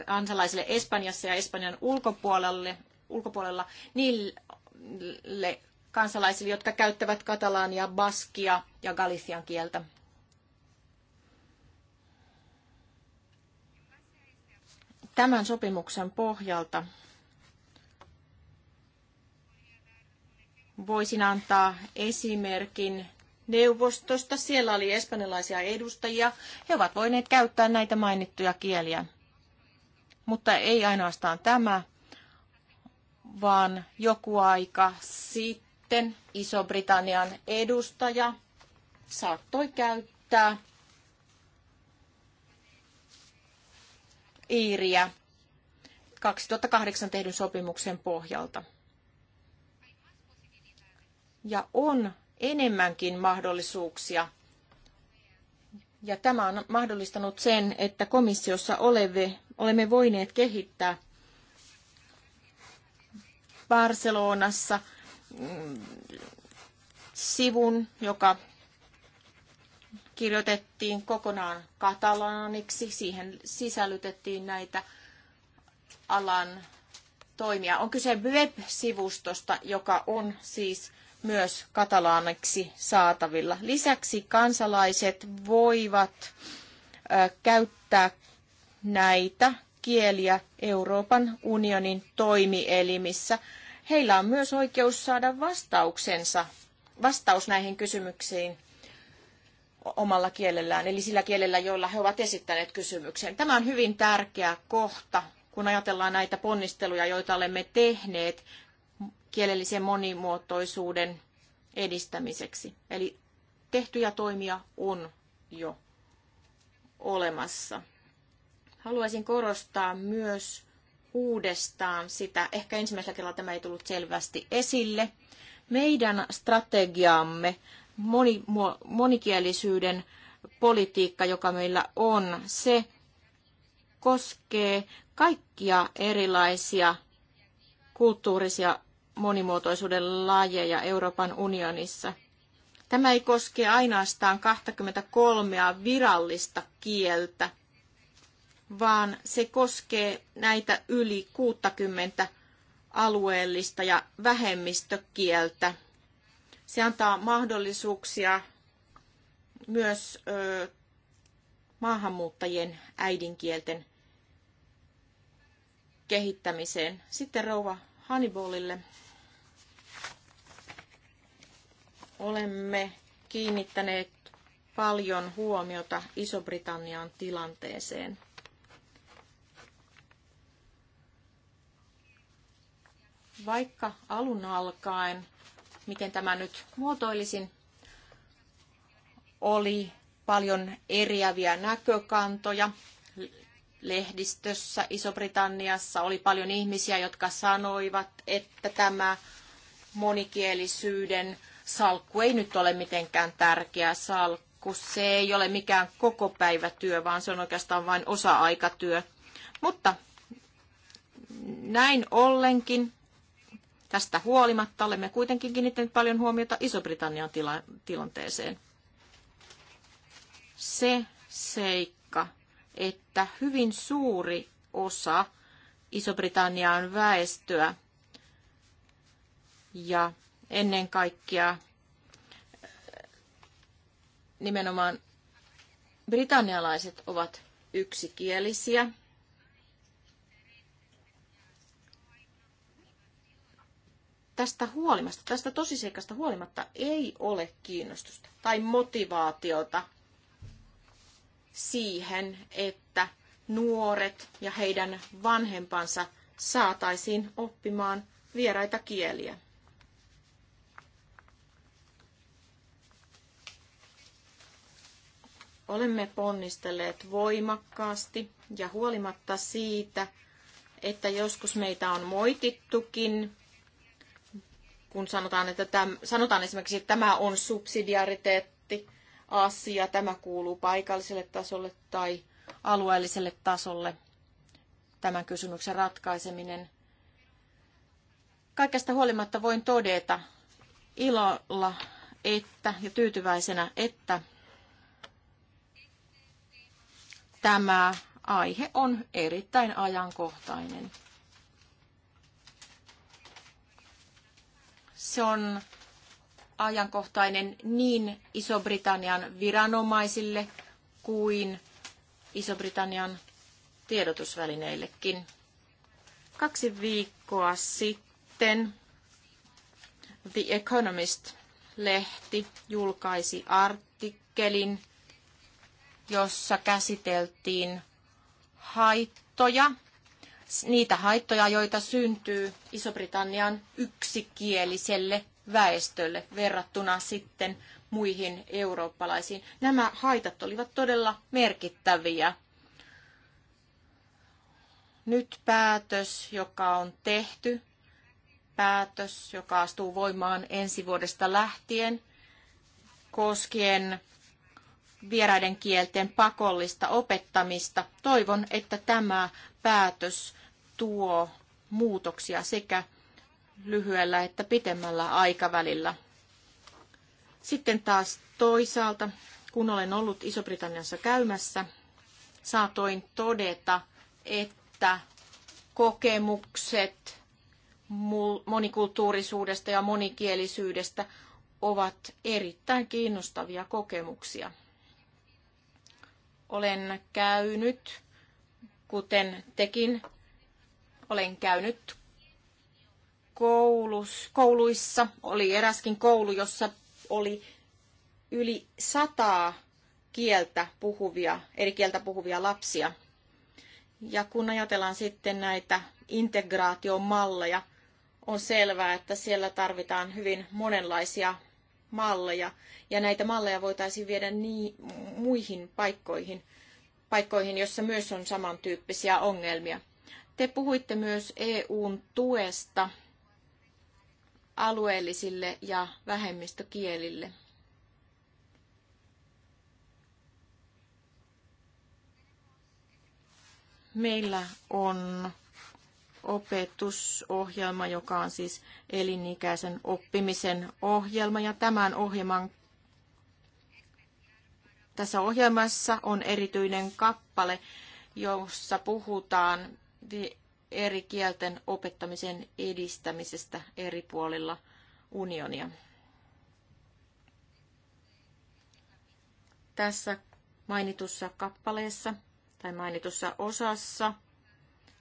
kansalaisille, Espanjassa ja Espanjan ulkopuolelle, ulkopuolella niille kansalaisille, jotka käyttävät katalaania, baskia ja galician kieltä. Tämän sopimuksen pohjalta voisin antaa esimerkin neuvostosta. Siellä oli espanjalaisia edustajia. He ovat voineet käyttää näitä mainittuja kieliä. Mutta ei ainoastaan tämä, vaan joku aika sitten Iso-Britannian edustaja saattoi käyttää iiriä 2008 tehdyn sopimuksen pohjalta ja on enemmänkin mahdollisuuksia. Ja tämä on mahdollistanut sen, että komissiossa oleve, olemme voineet kehittää Barcelonassa mm, sivun, joka kirjoitettiin kokonaan katalaniksi. Siihen sisällytettiin näitä alan toimia. On kyse web-sivustosta, joka on siis myös katalaaniksi saatavilla. Lisäksi kansalaiset voivat käyttää näitä kieliä Euroopan unionin toimielimissä. Heillä on myös oikeus saada vastauksensa, vastaus näihin kysymyksiin omalla kielellään, eli sillä kielellä, jolla he ovat esittäneet kysymyksen. Tämä on hyvin tärkeä kohta, kun ajatellaan näitä ponnisteluja, joita olemme tehneet kielellisen monimuotoisuuden edistämiseksi. Eli tehtyjä toimia on jo olemassa. Haluaisin korostaa myös uudestaan sitä, ehkä ensimmäisellä kerralla tämä ei tullut selvästi esille, meidän strategiamme moni, monikielisyyden politiikka, joka meillä on, se koskee kaikkia erilaisia kulttuurisia monimuotoisuuden lajeja Euroopan unionissa. Tämä ei koske ainoastaan 23 virallista kieltä, vaan se koskee näitä yli 60 alueellista ja vähemmistökieltä. Se antaa mahdollisuuksia myös ö, maahanmuuttajien äidinkielten kehittämiseen. Sitten rouva Hannibalille Olemme kiinnittäneet paljon huomiota Iso-Britannian tilanteeseen. Vaikka alun alkaen, miten tämä nyt muotoilisin, oli paljon eriäviä näkökantoja. Lehdistössä Iso-Britanniassa oli paljon ihmisiä, jotka sanoivat, että tämä monikielisyyden salkku ei nyt ole mitenkään tärkeä salkku. Se ei ole mikään koko päivätyö, vaan se on oikeastaan vain osa-aikatyö. Mutta näin ollenkin tästä huolimatta olemme kuitenkin kiinnittäneet paljon huomiota Iso-Britannian tila- tilanteeseen. Se seikka, että hyvin suuri osa Iso-Britannian väestöä ja ennen kaikkea nimenomaan britannialaiset ovat yksikielisiä. Tästä huolimatta, tästä tosiseikasta huolimatta ei ole kiinnostusta tai motivaatiota siihen, että nuoret ja heidän vanhempansa saataisiin oppimaan vieraita kieliä. Olemme ponnistelleet voimakkaasti ja huolimatta siitä, että joskus meitä on moitittukin, kun sanotaan, että täm, sanotaan esimerkiksi, että tämä on subsidiariteetti asia, tämä kuuluu paikalliselle tasolle tai alueelliselle tasolle, tämän kysymyksen ratkaiseminen. Kaikesta huolimatta voin todeta ilolla että, ja tyytyväisenä, että tämä aihe on erittäin ajankohtainen. Se on ajankohtainen niin Iso-Britannian viranomaisille kuin Iso-Britannian tiedotusvälineillekin. Kaksi viikkoa sitten The Economist-lehti julkaisi artikkelin jossa käsiteltiin haittoja, niitä haittoja, joita syntyy Iso-Britannian yksikieliselle väestölle verrattuna sitten muihin eurooppalaisiin. Nämä haitat olivat todella merkittäviä. Nyt päätös, joka on tehty, päätös, joka astuu voimaan ensi vuodesta lähtien, koskien vieraiden kielten pakollista opettamista. Toivon, että tämä päätös tuo muutoksia sekä lyhyellä että pitemmällä aikavälillä. Sitten taas toisaalta, kun olen ollut Iso-Britanniassa käymässä, saatoin todeta, että kokemukset monikulttuurisuudesta ja monikielisyydestä ovat erittäin kiinnostavia kokemuksia olen käynyt, kuten tekin, olen käynyt koulus, kouluissa. Oli eräskin koulu, jossa oli yli sataa kieltä puhuvia, eri kieltä puhuvia lapsia. Ja kun ajatellaan sitten näitä integraatiomalleja, on selvää, että siellä tarvitaan hyvin monenlaisia malleja, ja näitä malleja voitaisiin viedä niin, muihin paikkoihin, paikkoihin, jossa myös on samantyyppisiä ongelmia. Te puhuitte myös EUn tuesta alueellisille ja vähemmistökielille. Meillä on opetusohjelma, joka on siis elinikäisen oppimisen ohjelma. Ja tämän ohjelman tässä ohjelmassa on erityinen kappale, jossa puhutaan eri kielten opettamisen edistämisestä eri puolilla unionia. Tässä mainitussa kappaleessa tai mainitussa osassa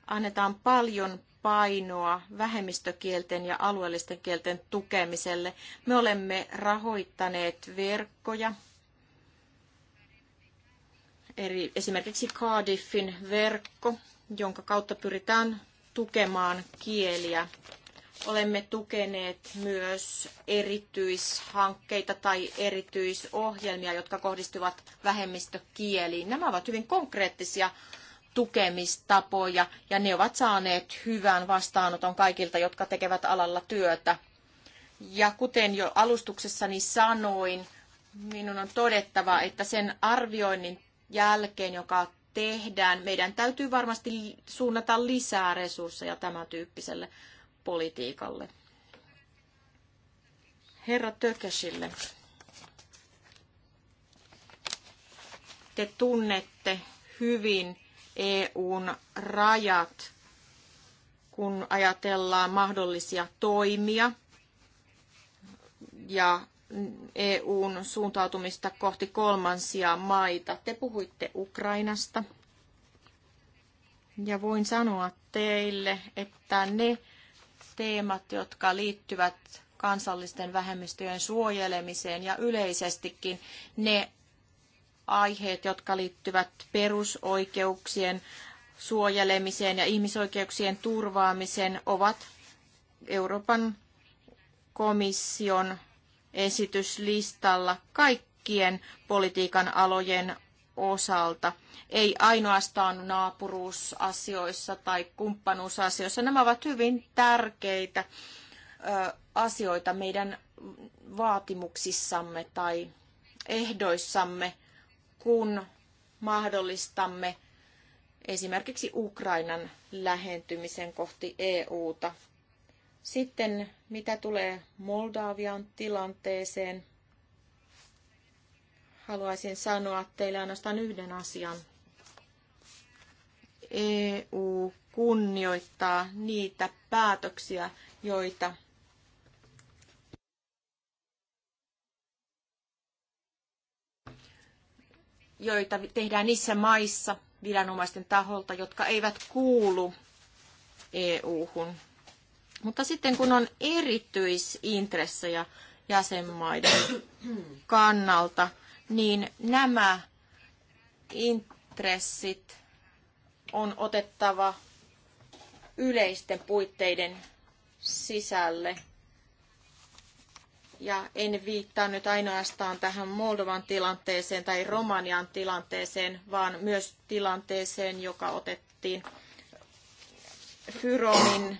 annetaan paljon painoa vähemmistökielten ja alueellisten kielten tukemiselle. Me olemme rahoittaneet verkkoja, eri, esimerkiksi Cardiffin verkko, jonka kautta pyritään tukemaan kieliä. Olemme tukeneet myös erityishankkeita tai erityisohjelmia, jotka kohdistuvat vähemmistökieliin. Nämä ovat hyvin konkreettisia tukemistapoja ja ne ovat saaneet hyvän vastaanoton kaikilta, jotka tekevät alalla työtä. Ja kuten jo alustuksessani sanoin, minun on todettava, että sen arvioinnin jälkeen, joka tehdään, meidän täytyy varmasti suunnata lisää resursseja tämän tyyppiselle politiikalle. Herra Tökesille. Te tunnette hyvin EUn rajat, kun ajatellaan mahdollisia toimia ja EUn suuntautumista kohti kolmansia maita. Te puhuitte Ukrainasta. Ja voin sanoa teille, että ne teemat, jotka liittyvät kansallisten vähemmistöjen suojelemiseen ja yleisestikin, ne aiheet, jotka liittyvät perusoikeuksien suojelemiseen ja ihmisoikeuksien turvaamiseen, ovat Euroopan komission esityslistalla kaikkien politiikan alojen osalta, ei ainoastaan naapuruusasioissa tai kumppanuusasioissa. Nämä ovat hyvin tärkeitä asioita meidän vaatimuksissamme tai ehdoissamme kun mahdollistamme esimerkiksi Ukrainan lähentymisen kohti EUta. Sitten mitä tulee Moldavian tilanteeseen, haluaisin sanoa teille ainoastaan yhden asian. EU kunnioittaa niitä päätöksiä, joita joita tehdään niissä maissa viranomaisten taholta, jotka eivät kuulu EU-hun. Mutta sitten kun on erityisintressejä jäsenmaiden kannalta, niin nämä intressit on otettava yleisten puitteiden sisälle – ja en viittaa nyt ainoastaan tähän Moldovan tilanteeseen tai Romanian tilanteeseen, vaan myös tilanteeseen, joka otettiin Fyromin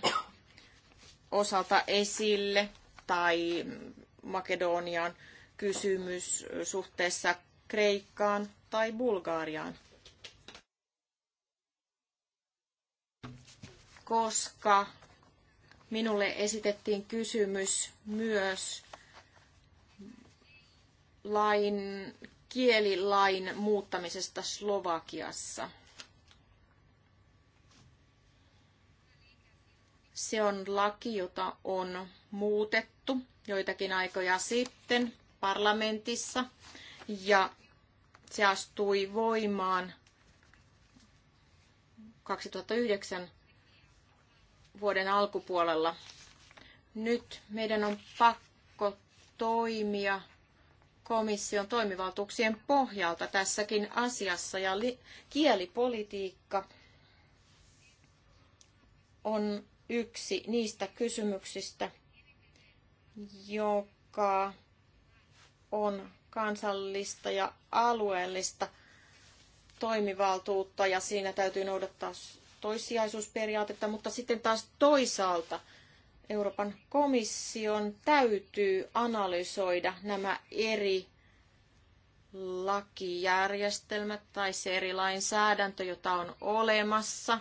osalta esille tai Makedonian kysymys suhteessa Kreikkaan tai Bulgaariaan. Koska minulle esitettiin kysymys myös lain, kielilain muuttamisesta Slovakiassa. Se on laki, jota on muutettu joitakin aikoja sitten parlamentissa ja se astui voimaan 2009 vuoden alkupuolella. Nyt meidän on pakko toimia komission toimivaltuuksien pohjalta tässäkin asiassa ja kielipolitiikka on yksi niistä kysymyksistä, joka on kansallista ja alueellista toimivaltuutta ja siinä täytyy noudattaa toissijaisuusperiaatetta, mutta sitten taas toisaalta Euroopan komission täytyy analysoida nämä eri lakijärjestelmät tai se eri lainsäädäntö, jota on olemassa,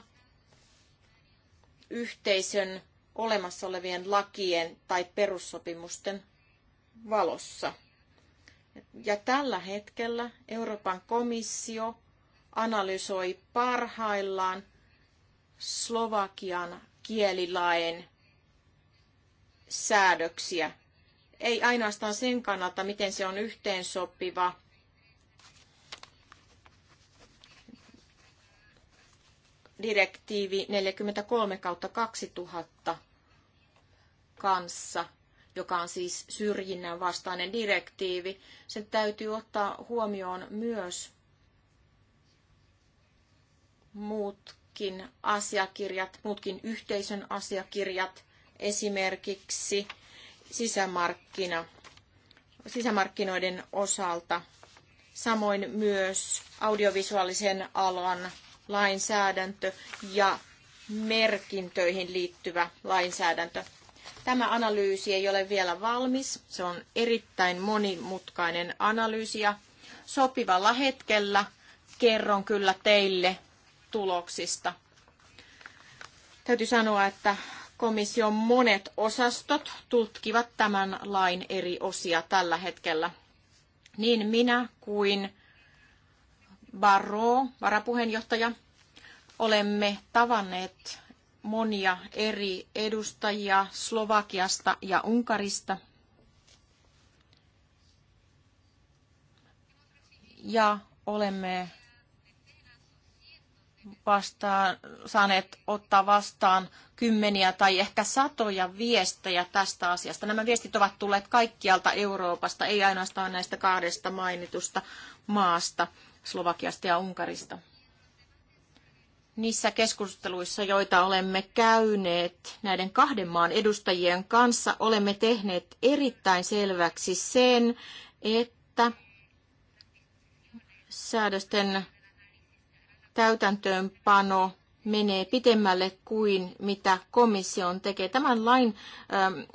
yhteisön olemassa olevien lakien tai perussopimusten valossa. Ja tällä hetkellä Euroopan komissio analysoi parhaillaan Slovakian kielilain säädöksiä. Ei ainoastaan sen kannalta, miten se on yhteensopiva direktiivi 43 kautta 2000 kanssa, joka on siis syrjinnän vastainen direktiivi. Sen täytyy ottaa huomioon myös muutkin asiakirjat, muutkin yhteisön asiakirjat, esimerkiksi sisämarkkina, sisämarkkinoiden osalta, samoin myös audiovisuaalisen alan lainsäädäntö ja merkintöihin liittyvä lainsäädäntö. Tämä analyysi ei ole vielä valmis. Se on erittäin monimutkainen analyysi ja sopivalla hetkellä kerron kyllä teille tuloksista. Täytyy sanoa, että Komission monet osastot tutkivat tämän lain eri osia tällä hetkellä. Niin minä kuin Barro, varapuheenjohtaja, olemme tavanneet monia eri edustajia Slovakiasta ja Unkarista. Ja olemme vastaan, saaneet ottaa vastaan kymmeniä tai ehkä satoja viestejä tästä asiasta. Nämä viestit ovat tulleet kaikkialta Euroopasta, ei ainoastaan näistä kahdesta mainitusta maasta, Slovakiasta ja Unkarista. Niissä keskusteluissa, joita olemme käyneet näiden kahden maan edustajien kanssa, olemme tehneet erittäin selväksi sen, että säädösten täytäntöönpano menee pitemmälle kuin mitä komission tekee. Tämän lain äm,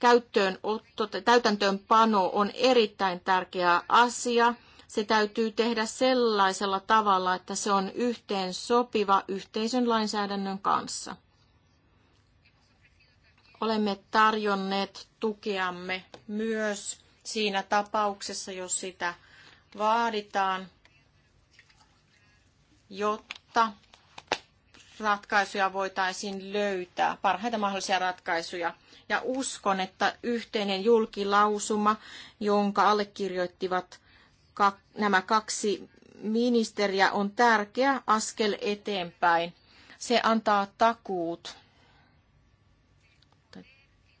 käyttöönotto, täytäntöönpano on erittäin tärkeä asia. Se täytyy tehdä sellaisella tavalla, että se on yhteen sopiva yhteisön lainsäädännön kanssa. Olemme tarjonneet tukeamme myös siinä tapauksessa, jos sitä vaaditaan jotta ratkaisuja voitaisiin löytää, parhaita mahdollisia ratkaisuja. Ja uskon, että yhteinen julkilausuma, jonka allekirjoittivat nämä kaksi ministeriä, on tärkeä askel eteenpäin. Se antaa takuut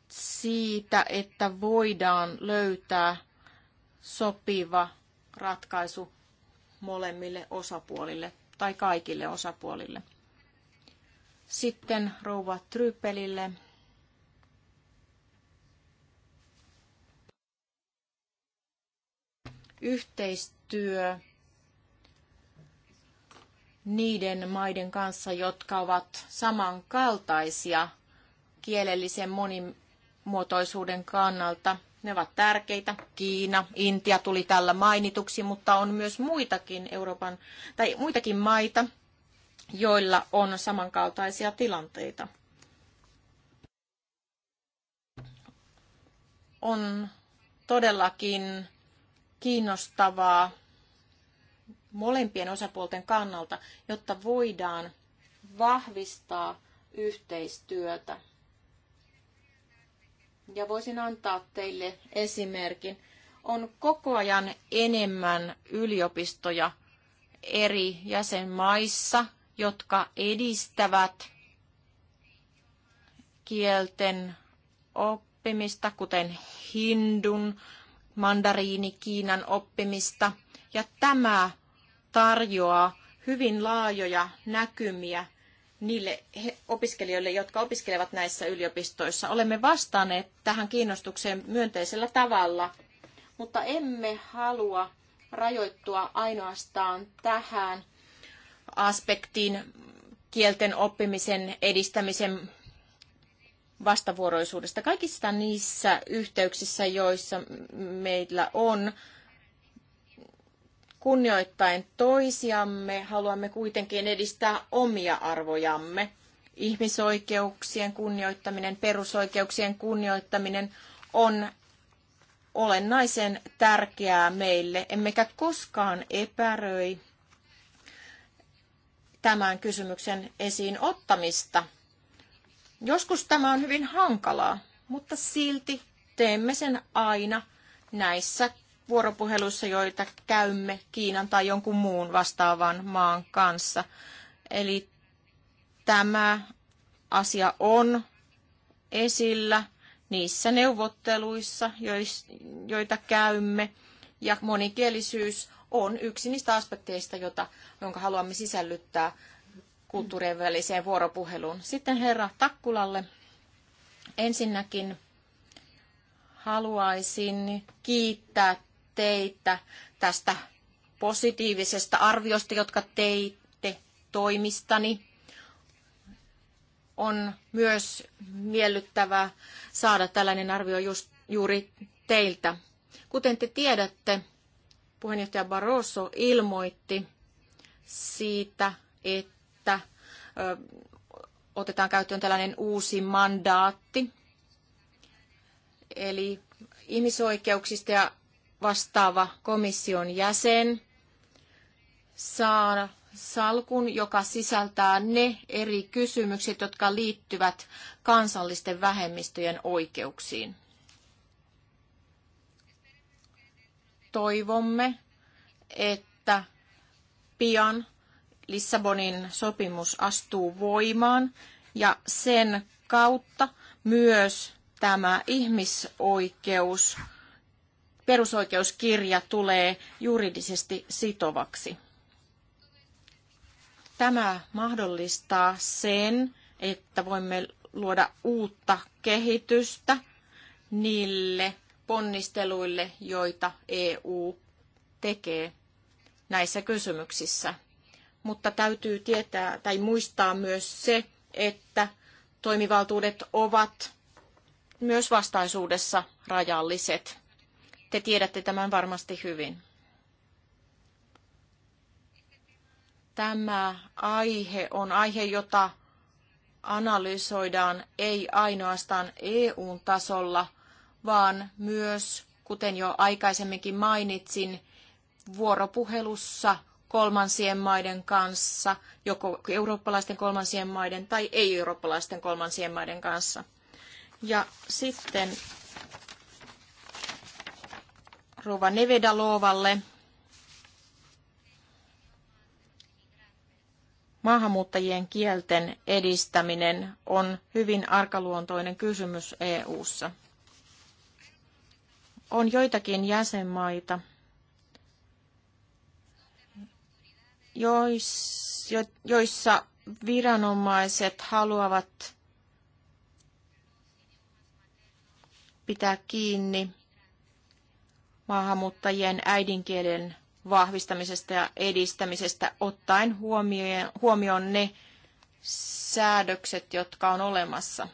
siitä, että voidaan löytää sopiva ratkaisu molemmille osapuolille tai kaikille osapuolille. Sitten rouva Trypelille. Yhteistyö niiden maiden kanssa, jotka ovat samankaltaisia kielellisen monimuotoisuuden kannalta – ne ovat tärkeitä. Kiina, Intia tuli tällä mainituksi, mutta on myös muitakin Euroopan tai muitakin maita, joilla on samankaltaisia tilanteita. On todellakin kiinnostavaa molempien osapuolten kannalta, jotta voidaan vahvistaa yhteistyötä ja voisin antaa teille esimerkin. On koko ajan enemmän yliopistoja eri jäsenmaissa, jotka edistävät kielten oppimista, kuten hindun, mandariini Kiinan oppimista. Ja tämä tarjoaa hyvin laajoja näkymiä niille opiskelijoille, jotka opiskelevat näissä yliopistoissa. Olemme vastanneet tähän kiinnostukseen myönteisellä tavalla, mutta emme halua rajoittua ainoastaan tähän aspektiin kielten oppimisen edistämisen vastavuoroisuudesta. Kaikissa niissä yhteyksissä, joissa meillä on Kunnioittain toisiamme haluamme kuitenkin edistää omia arvojamme. Ihmisoikeuksien kunnioittaminen, perusoikeuksien kunnioittaminen on olennaisen tärkeää meille, emmekä koskaan epäröi tämän kysymyksen esiin ottamista. Joskus tämä on hyvin hankalaa, mutta silti teemme sen aina näissä vuoropuheluissa, joita käymme Kiinan tai jonkun muun vastaavan maan kanssa. Eli tämä asia on esillä niissä neuvotteluissa, joita käymme. Ja monikielisyys on yksi niistä aspekteista, jota, jonka haluamme sisällyttää kulttuurien väliseen vuoropuheluun. Sitten herra Takkulalle. Ensinnäkin haluaisin kiittää teitä tästä positiivisesta arviosta, jotka teitte toimistani. On myös miellyttävää saada tällainen arvio just, juuri teiltä. Kuten te tiedätte, puheenjohtaja Barroso ilmoitti siitä, että ö, otetaan käyttöön tällainen uusi mandaatti, eli ihmisoikeuksista ja vastaava komission jäsen saa salkun, joka sisältää ne eri kysymykset, jotka liittyvät kansallisten vähemmistöjen oikeuksiin. Toivomme, että pian Lissabonin sopimus astuu voimaan ja sen kautta myös tämä ihmisoikeus perusoikeuskirja tulee juridisesti sitovaksi. Tämä mahdollistaa sen, että voimme luoda uutta kehitystä niille ponnisteluille, joita EU tekee näissä kysymyksissä. Mutta täytyy tietää tai muistaa myös se, että toimivaltuudet ovat myös vastaisuudessa rajalliset. Te tiedätte tämän varmasti hyvin. Tämä aihe on aihe, jota analysoidaan ei ainoastaan EUn tasolla, vaan myös, kuten jo aikaisemminkin mainitsin, vuoropuhelussa kolmansien maiden kanssa, joko eurooppalaisten kolmansien maiden tai ei-eurooppalaisten kolmansien maiden kanssa. Ja sitten rouva Nevedalovalle maahanmuuttajien kielten edistäminen on hyvin arkaluontoinen kysymys EU:ssa. On joitakin jäsenmaita, joissa viranomaiset haluavat pitää kiinni maahanmuuttajien äidinkielen vahvistamisesta ja edistämisestä ottaen huomioon ne säädökset, jotka on olemassa.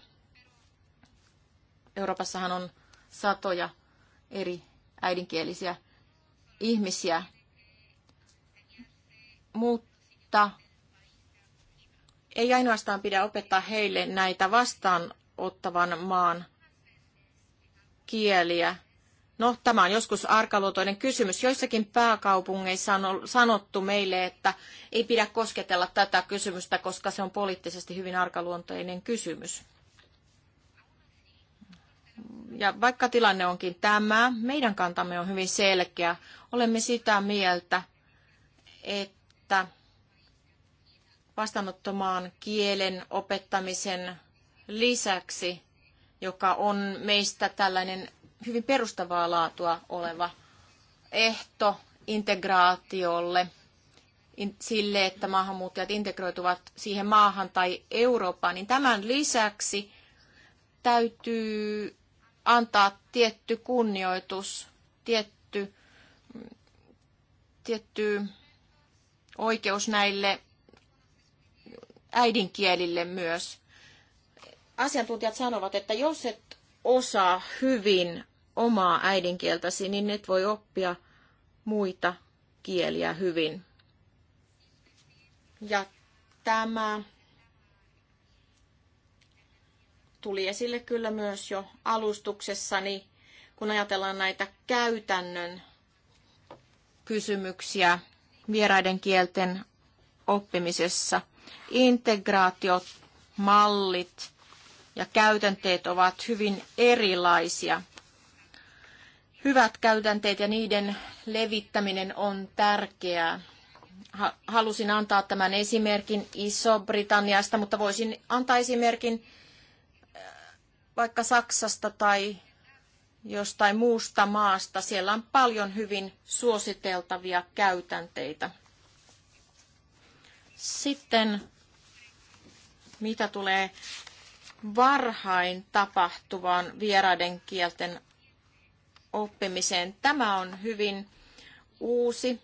Euroopassahan on satoja eri äidinkielisiä ihmisiä, mutta ei ainoastaan pidä opettaa heille näitä vastaanottavan maan kieliä, No, tämä on joskus arkaluotoinen kysymys. Joissakin pääkaupungeissa on sanottu meille, että ei pidä kosketella tätä kysymystä, koska se on poliittisesti hyvin arkaluontoinen kysymys. Ja vaikka tilanne onkin tämä, meidän kantamme on hyvin selkeä. Olemme sitä mieltä, että vastaanottomaan kielen opettamisen lisäksi, joka on meistä tällainen hyvin perustavaa laatua oleva ehto integraatiolle, sille, että maahanmuuttajat integroituvat siihen maahan tai Eurooppaan, niin tämän lisäksi täytyy antaa tietty kunnioitus, tietty, tietty oikeus näille äidinkielille myös. Asiantuntijat sanovat, että jos et osaa hyvin omaa äidinkieltäsi, niin et voi oppia muita kieliä hyvin. Ja tämä tuli esille kyllä myös jo alustuksessani, kun ajatellaan näitä käytännön kysymyksiä vieraiden kielten oppimisessa. integraatiot, mallit ja käytänteet ovat hyvin erilaisia. Hyvät käytänteet ja niiden levittäminen on tärkeää. Halusin antaa tämän esimerkin Iso-Britanniasta, mutta voisin antaa esimerkin äh, vaikka Saksasta tai jostain muusta maasta. Siellä on paljon hyvin suositeltavia käytänteitä. Sitten mitä tulee varhain tapahtuvaan vieraiden kielten oppimiseen. Tämä on hyvin uusi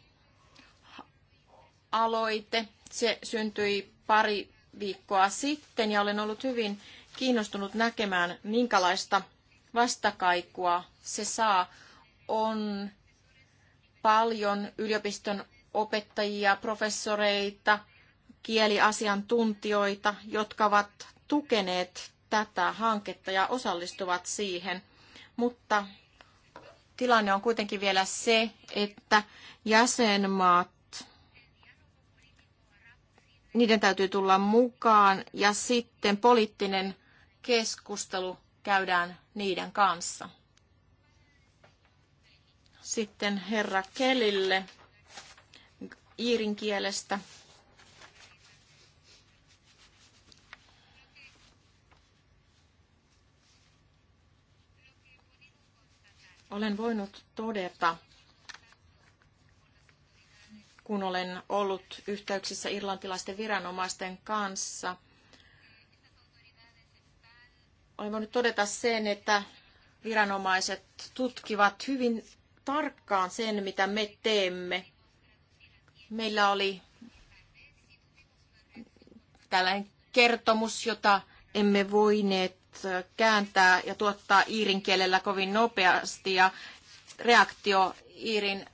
aloite. Se syntyi pari viikkoa sitten ja olen ollut hyvin kiinnostunut näkemään, minkälaista vastakaikua se saa. On paljon yliopiston opettajia, professoreita, kieliasiantuntijoita, jotka ovat tukeneet tätä hanketta ja osallistuvat siihen, mutta tilanne on kuitenkin vielä se, että jäsenmaat, niiden täytyy tulla mukaan ja sitten poliittinen keskustelu käydään niiden kanssa. Sitten herra Kelille iirin kielestä. Olen voinut todeta, kun olen ollut yhteyksissä irlantilaisten viranomaisten kanssa, olen voinut todeta sen, että viranomaiset tutkivat hyvin tarkkaan sen, mitä me teemme. Meillä oli tällainen kertomus, jota emme voineet kääntää ja tuottaa Iirin kielellä kovin nopeasti ja reaktio Iirin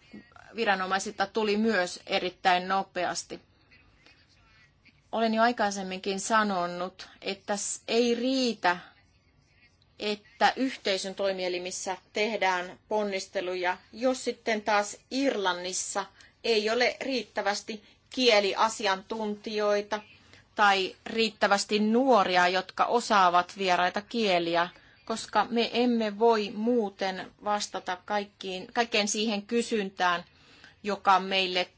viranomaisilta tuli myös erittäin nopeasti. Olen jo aikaisemminkin sanonut, että ei riitä, että yhteisön toimielimissä tehdään ponnisteluja, jos sitten taas Irlannissa ei ole riittävästi kieliasiantuntijoita tai riittävästi nuoria, jotka osaavat vieraita kieliä, koska me emme voi muuten vastata kaikkiin, kaikkeen siihen kysyntään, joka meille,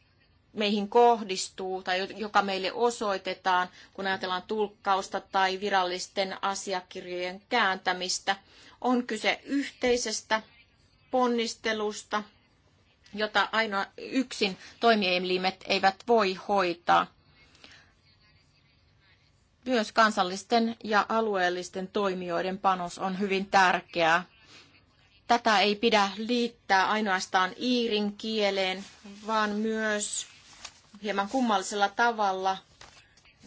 meihin kohdistuu tai joka meille osoitetaan, kun ajatellaan tulkkausta tai virallisten asiakirjojen kääntämistä. On kyse yhteisestä ponnistelusta, jota aina yksin toimielimet eivät voi hoitaa myös kansallisten ja alueellisten toimijoiden panos on hyvin tärkeää. Tätä ei pidä liittää ainoastaan iirin kieleen, vaan myös hieman kummallisella tavalla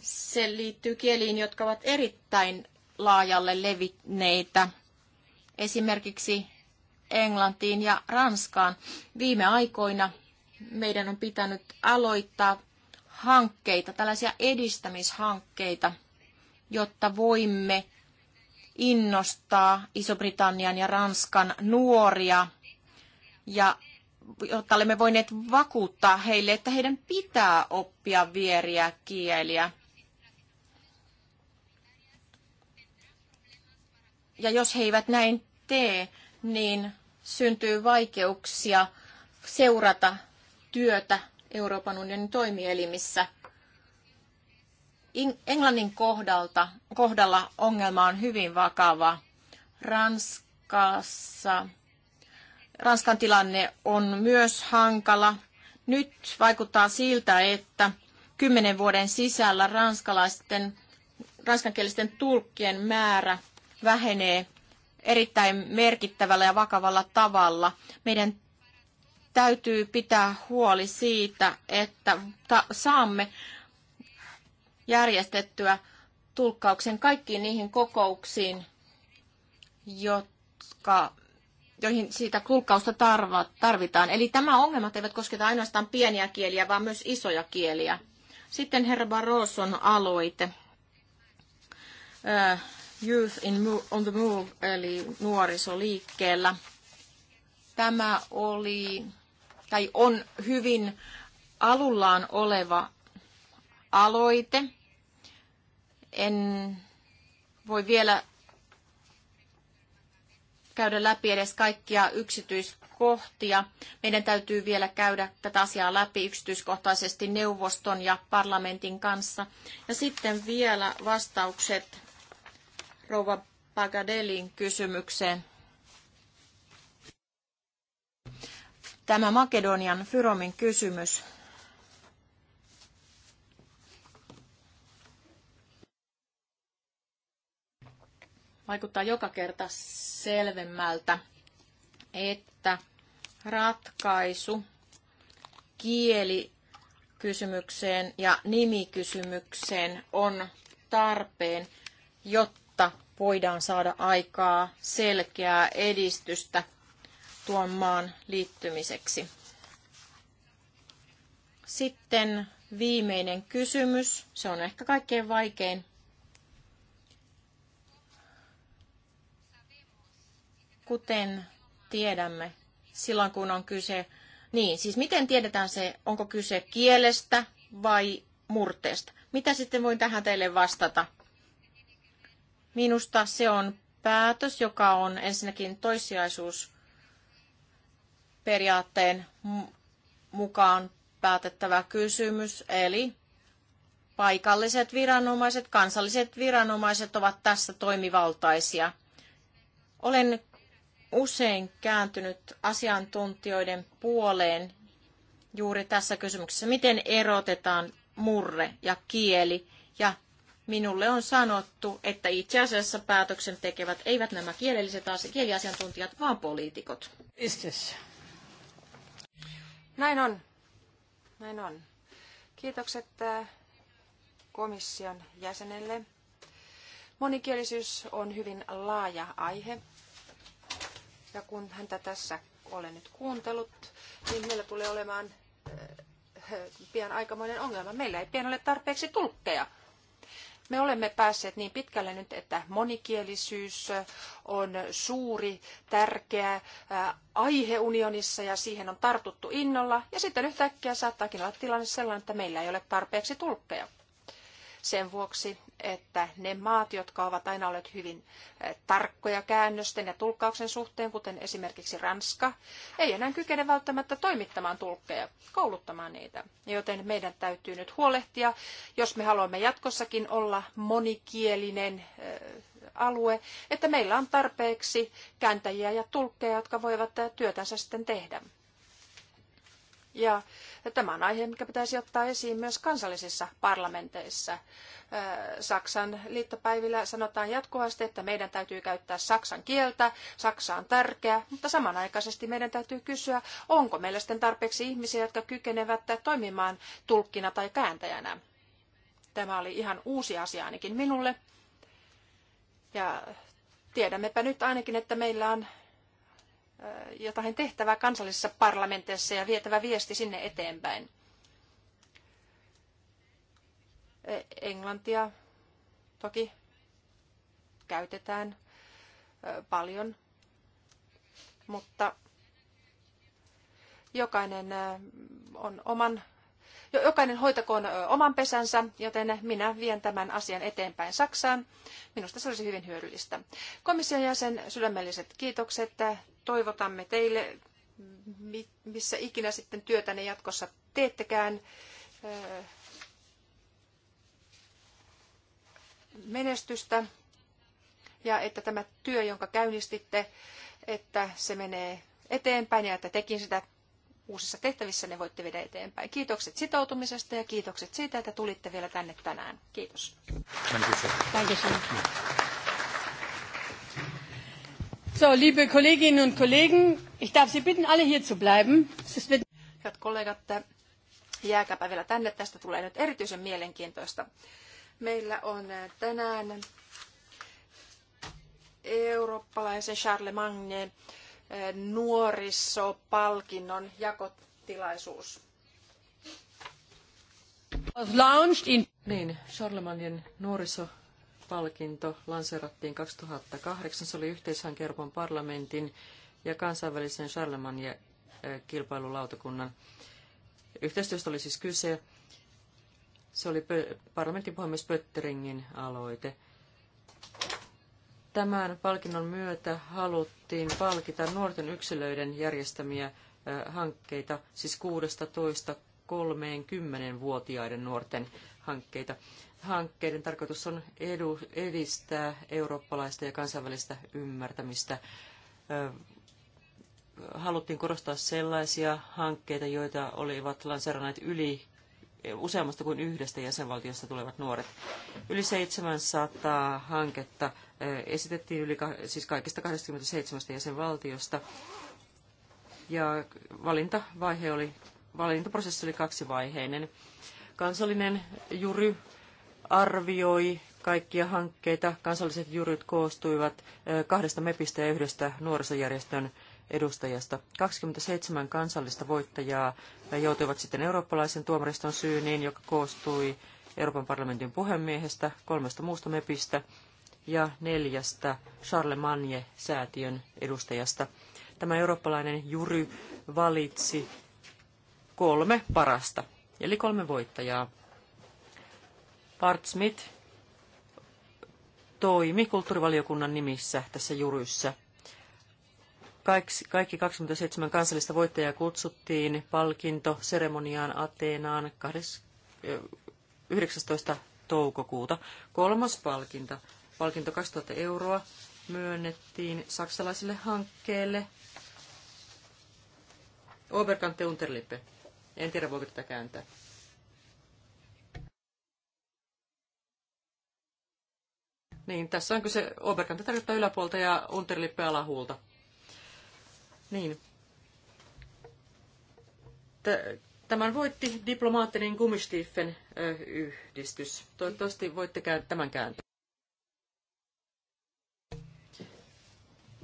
se liittyy kieliin, jotka ovat erittäin laajalle levinneitä, esimerkiksi Englantiin ja Ranskaan. Viime aikoina meidän on pitänyt aloittaa hankkeita, tällaisia edistämishankkeita – jotta voimme innostaa Iso-Britannian ja Ranskan nuoria ja jotta olemme voineet vakuuttaa heille, että heidän pitää oppia vieriä kieliä. Ja jos he eivät näin tee, niin syntyy vaikeuksia seurata työtä Euroopan unionin toimielimissä. Englannin kohdalta, kohdalla ongelma on hyvin vakava. Ranskassa, Ranskan tilanne on myös hankala. Nyt vaikuttaa siltä, että kymmenen vuoden sisällä ranskalaisten, ranskankielisten tulkkien määrä vähenee erittäin merkittävällä ja vakavalla tavalla. Meidän täytyy pitää huoli siitä, että saamme järjestettyä tulkkauksen kaikkiin niihin kokouksiin, jotka, joihin siitä tulkkausta tarvitaan. Eli tämä ongelmat eivät kosketa ainoastaan pieniä kieliä, vaan myös isoja kieliä. Sitten herra Barroson aloite. Uh, Youth in on the Move, eli nuorisoliikkeellä. Tämä oli, tai on hyvin alullaan oleva aloite. En voi vielä käydä läpi edes kaikkia yksityiskohtia. Meidän täytyy vielä käydä tätä asiaa läpi yksityiskohtaisesti neuvoston ja parlamentin kanssa. Ja sitten vielä vastaukset rouva Pagadelin kysymykseen. Tämä Makedonian Fyromin kysymys vaikuttaa joka kerta selvemmältä, että ratkaisu kielikysymykseen ja nimikysymykseen on tarpeen, jotta voidaan saada aikaa selkeää edistystä tuon maan liittymiseksi. Sitten viimeinen kysymys. Se on ehkä kaikkein vaikein Kuten tiedämme, silloin kun on kyse, niin siis miten tiedetään se, onko kyse kielestä vai murteesta? Mitä sitten voin tähän teille vastata? Minusta se on päätös, joka on ensinnäkin toissijaisuusperiaatteen mukaan päätettävä kysymys, eli paikalliset viranomaiset, kansalliset viranomaiset ovat tässä toimivaltaisia. Olen usein kääntynyt asiantuntijoiden puoleen juuri tässä kysymyksessä, miten erotetaan murre ja kieli. Ja minulle on sanottu, että itse asiassa päätöksen tekevät eivät nämä kielelliset kieliasiantuntijat, vaan poliitikot. Istes. Näin on. Näin on. Kiitokset äh, komission jäsenelle. Monikielisyys on hyvin laaja aihe ja kun häntä tässä olen nyt kuuntelut, niin meillä tulee olemaan eh, eh, pian aikamoinen ongelma. Meillä ei pian ole tarpeeksi tulkkeja. Me olemme päässeet niin pitkälle nyt, että monikielisyys eh, on suuri, tärkeä aihe unionissa ja siihen on tartuttu innolla. Ja sitten yhtäkkiä saattaakin olla tilanne sellainen, että meillä ei ole tarpeeksi tulkkeja. Sen vuoksi että ne maat, jotka ovat aina olleet hyvin eh, tarkkoja käännösten ja tulkkauksen suhteen, kuten esimerkiksi Ranska, ei enää kykene välttämättä toimittamaan tulkkeja, kouluttamaan niitä. Joten meidän täytyy nyt huolehtia, jos me haluamme jatkossakin olla monikielinen eh, alue, että meillä on tarpeeksi kääntäjiä ja tulkkeja, jotka voivat eh, työtänsä sitten tehdä. Ja ja tämä on aihe, mikä pitäisi ottaa esiin myös kansallisissa parlamenteissa. Saksan liittopäivillä sanotaan jatkuvasti, että meidän täytyy käyttää saksan kieltä, saksa on tärkeä, mutta samanaikaisesti meidän täytyy kysyä, onko meillä sitten tarpeeksi ihmisiä, jotka kykenevät toimimaan tulkkina tai kääntäjänä. Tämä oli ihan uusi asia ainakin minulle. Ja tiedämmepä nyt ainakin, että meillä on jotain tehtävää kansallisissa parlamenteissa ja vietävä viesti sinne eteenpäin. Englantia toki käytetään paljon, mutta jokainen on oman Jokainen hoitakoon oman pesänsä, joten minä vien tämän asian eteenpäin Saksaan. Minusta se olisi hyvin hyödyllistä. Komission jäsen, sydämelliset kiitokset toivotamme teille, missä ikinä sitten työtänne jatkossa teettekään, menestystä ja että tämä työ, jonka käynnistitte, että se menee eteenpäin ja että tekin sitä uusissa tehtävissä ne voitte viedä eteenpäin. Kiitokset sitoutumisesta ja kiitokset siitä, että tulitte vielä tänne tänään. Kiitos. Thank you, So, liebe Kolleginnen und Kollegen, ich darf Sie bitten, alle hier zu bleiben. Hyvät kollegat, jääkääpä vielä tänne. Tästä tulee nyt erityisen mielenkiintoista. Meillä on eh, tänään eurooppalaisen Charlemagne eh, nuorisopalkinnon jakotilaisuus. Launched in... Niin, nuoriso palkinto lanseerattiin 2008. Se oli yhteishanke Euroopan parlamentin ja kansainvälisen Charlemagne äh, kilpailulautakunnan. Yhteistyöstä oli siis kyse. Se oli parlamentin puhemies Pötteringin aloite. Tämän palkinnon myötä haluttiin palkita nuorten yksilöiden järjestämiä äh, hankkeita, siis 16-30-vuotiaiden nuorten hankkeita hankkeiden tarkoitus on edu, edistää eurooppalaista ja kansainvälistä ymmärtämistä. Haluttiin korostaa sellaisia hankkeita, joita olivat lanseeranneet yli useammasta kuin yhdestä jäsenvaltiosta tulevat nuoret. Yli 700 hanketta esitettiin yli, siis kaikista 27 jäsenvaltiosta. Ja valintavaihe oli, valintaprosessi oli kaksivaiheinen. Kansallinen jury arvioi kaikkia hankkeita. Kansalliset juryt koostuivat kahdesta MEPistä ja yhdestä nuorisojärjestön edustajasta. 27 kansallista voittajaa joutuivat sitten eurooppalaisen tuomariston syyniin, joka koostui Euroopan parlamentin puhemiehestä, kolmesta muusta MEPistä ja neljästä Charlemagne-säätiön edustajasta. Tämä eurooppalainen jury valitsi kolme parasta, eli kolme voittajaa. Bart Smith toimi kulttuurivaliokunnan nimissä tässä juryssä. Kaikki, kaikki 27 kansallista voittajaa kutsuttiin palkinto seremoniaan Ateenaan 19. toukokuuta. Kolmas palkinto, palkinto 2000 euroa, myönnettiin saksalaisille hankkeelle Oberkante Unterlippe. En tiedä, voiko tätä kääntää. Niin, tässä on kyse Oberkanta yläpuolta ja Unterlippe alahuulta. Niin. Tämän voitti diplomaattinen Gummistiefen yhdistys. Toivottavasti voitte tämän kääntää.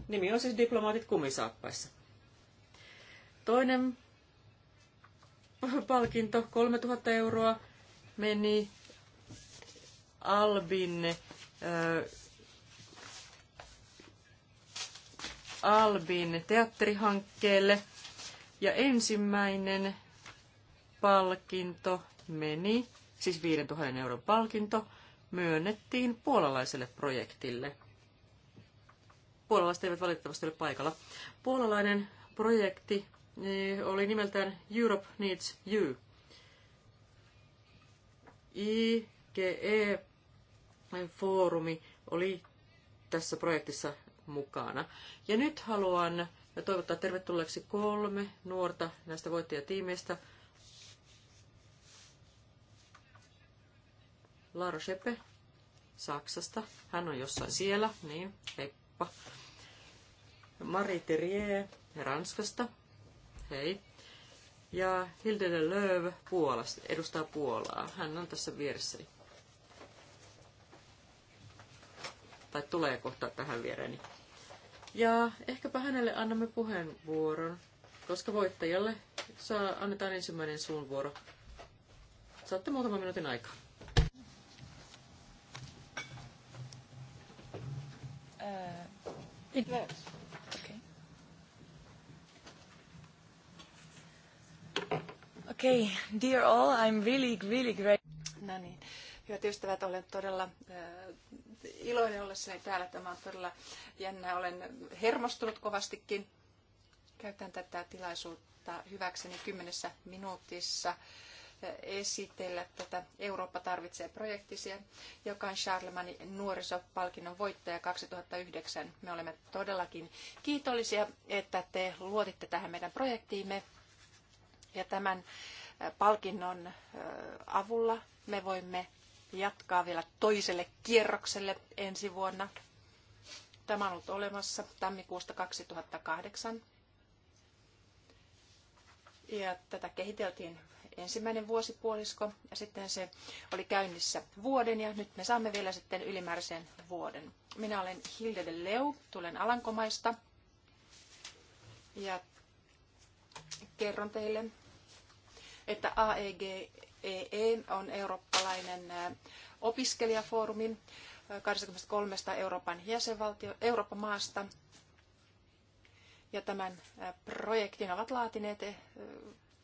Nimi on siis diplomaatit kumisaappaissa. Toinen palkinto, 3000 euroa, meni Albinne. Albin teatterihankkeelle. Ja ensimmäinen palkinto meni, siis 5000 euron palkinto, myönnettiin puolalaiselle projektille. Puolalaiset eivät valitettavasti ole paikalla. Puolalainen projekti eh, oli nimeltään Europe Needs You. IGE foorumi oli tässä projektissa mukana. Ja nyt haluan toivottaa tervetulleeksi kolme nuorta näistä voittajatiimeistä. Laaro Sheppe Saksasta. Hän on jossain siellä, niin heippa. Marie Terrier Ranskasta. Hei. Ja Hilde de Lööv Puolasta, edustaa Puolaa. Hän on tässä vieressäni. tai tulee kohta tähän viereeni. Ja ehkäpä hänelle annamme puheenvuoron, koska voittajalle saa, annetaan ensimmäinen suun vuoro. Saatte muutaman minuutin aikaa. Uh, Okay. Okay, dear all, I'm really, really great. No niin. Hyvät ystävät, olen todella iloinen ollessani täällä. Tämä on todella jännä. Olen hermostunut kovastikin. Käytän tätä tilaisuutta hyväkseni kymmenessä minuutissa esitellä tätä Eurooppa tarvitsee projektisia, joka on Charlemagne nuorisopalkinnon voittaja 2009. Me olemme todellakin kiitollisia, että te luotitte tähän meidän projektiimme ja tämän palkinnon avulla me voimme jatkaa vielä toiselle kierrokselle ensi vuonna. Tämä on ollut olemassa tammikuusta 2008. Ja tätä kehiteltiin ensimmäinen vuosipuolisko ja sitten se oli käynnissä vuoden ja nyt me saamme vielä sitten ylimääräisen vuoden. Minä olen Hilde de Leu, tulen Alankomaista ja kerron teille, että AEG EE on eurooppalainen opiskelijafoorumi 23 Euroopan jäsenvaltio, Euroopan maasta. Ja tämän projektin ovat laatineet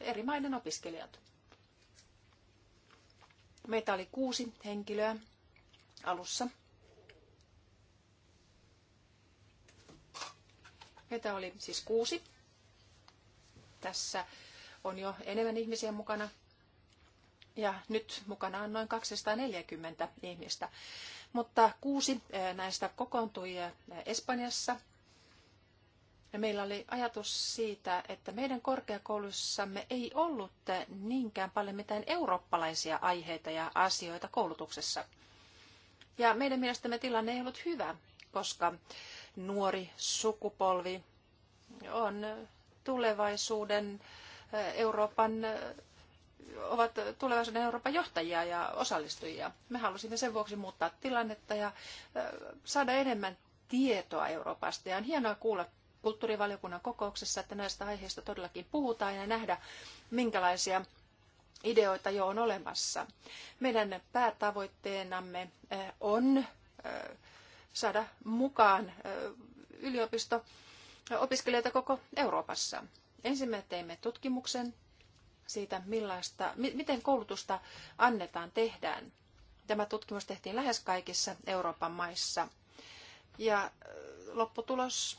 eri maiden opiskelijat. Meitä oli kuusi henkilöä alussa. Meitä oli siis kuusi. Tässä on jo enemmän ihmisiä mukana ja nyt mukana on noin 240 ihmistä. Mutta kuusi eh, näistä kokoontui eh, Espanjassa. Ja meillä oli ajatus siitä, että meidän korkeakoulussamme ei ollut eh, niinkään paljon mitään eurooppalaisia aiheita ja asioita koulutuksessa. Ja meidän mielestämme tilanne ei ollut hyvä, koska nuori sukupolvi on tulevaisuuden Euroopan ovat tulevaisuuden Euroopan johtajia ja osallistujia. Me halusimme sen vuoksi muuttaa tilannetta ja saada enemmän tietoa Euroopasta. Ja on hienoa kuulla kulttuurivaliokunnan kokouksessa, että näistä aiheista todellakin puhutaan ja nähdä, minkälaisia ideoita jo on olemassa. Meidän päätavoitteenamme on saada mukaan yliopisto opiskelijoita koko Euroopassa. Ensin me teimme tutkimuksen siitä, millaista, miten koulutusta annetaan, tehdään. Tämä tutkimus tehtiin lähes kaikissa Euroopan maissa. Ja äh, lopputulos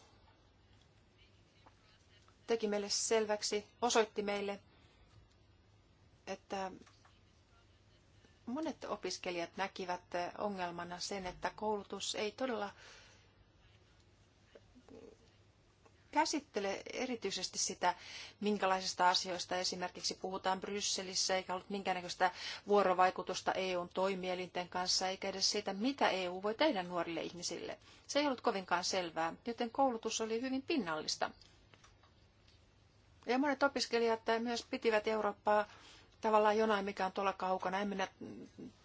teki meille selväksi, osoitti meille, että monet opiskelijat näkivät ongelmana sen, että koulutus ei todella käsittele erityisesti sitä, minkälaisista asioista esimerkiksi puhutaan Brysselissä, eikä ollut minkäännäköistä vuorovaikutusta EUn toimielinten kanssa, eikä edes siitä, mitä EU voi tehdä nuorille ihmisille. Se ei ollut kovinkaan selvää, joten koulutus oli hyvin pinnallista. Ja monet opiskelijat myös pitivät Eurooppaa tavallaan jonain, mikä on tuolla kaukana. En minä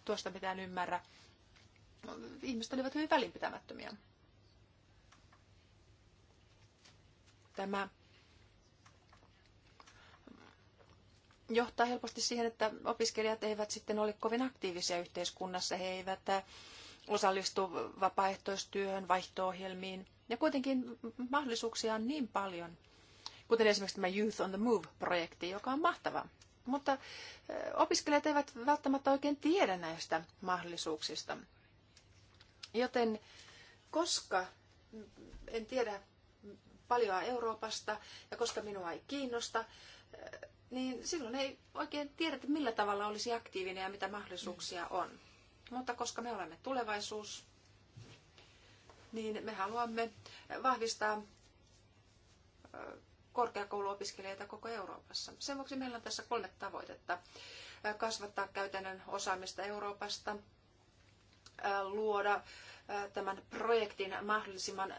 tuosta mitään ymmärrä. Ihmiset olivat hyvin välinpitämättömiä. tämä johtaa helposti siihen, että opiskelijat eivät sitten ole kovin aktiivisia yhteiskunnassa. He eivät äh, osallistu vapaaehtoistyöhön, vaihto-ohjelmiin. Ja kuitenkin mahdollisuuksia on niin paljon, kuten esimerkiksi tämä Youth on the Move-projekti, joka on mahtava. Mutta äh, opiskelijat eivät välttämättä oikein tiedä näistä mahdollisuuksista. Joten koska, en tiedä paljon Euroopasta ja koska minua ei kiinnosta, niin silloin ei oikein tiedetä, millä tavalla olisi aktiivinen ja mitä mahdollisuuksia on. Mutta koska me olemme tulevaisuus, niin me haluamme vahvistaa korkeakouluopiskelijoita koko Euroopassa. Sen vuoksi meillä on tässä kolme tavoitetta. Kasvattaa käytännön osaamista Euroopasta, luoda tämän projektin mahdollisimman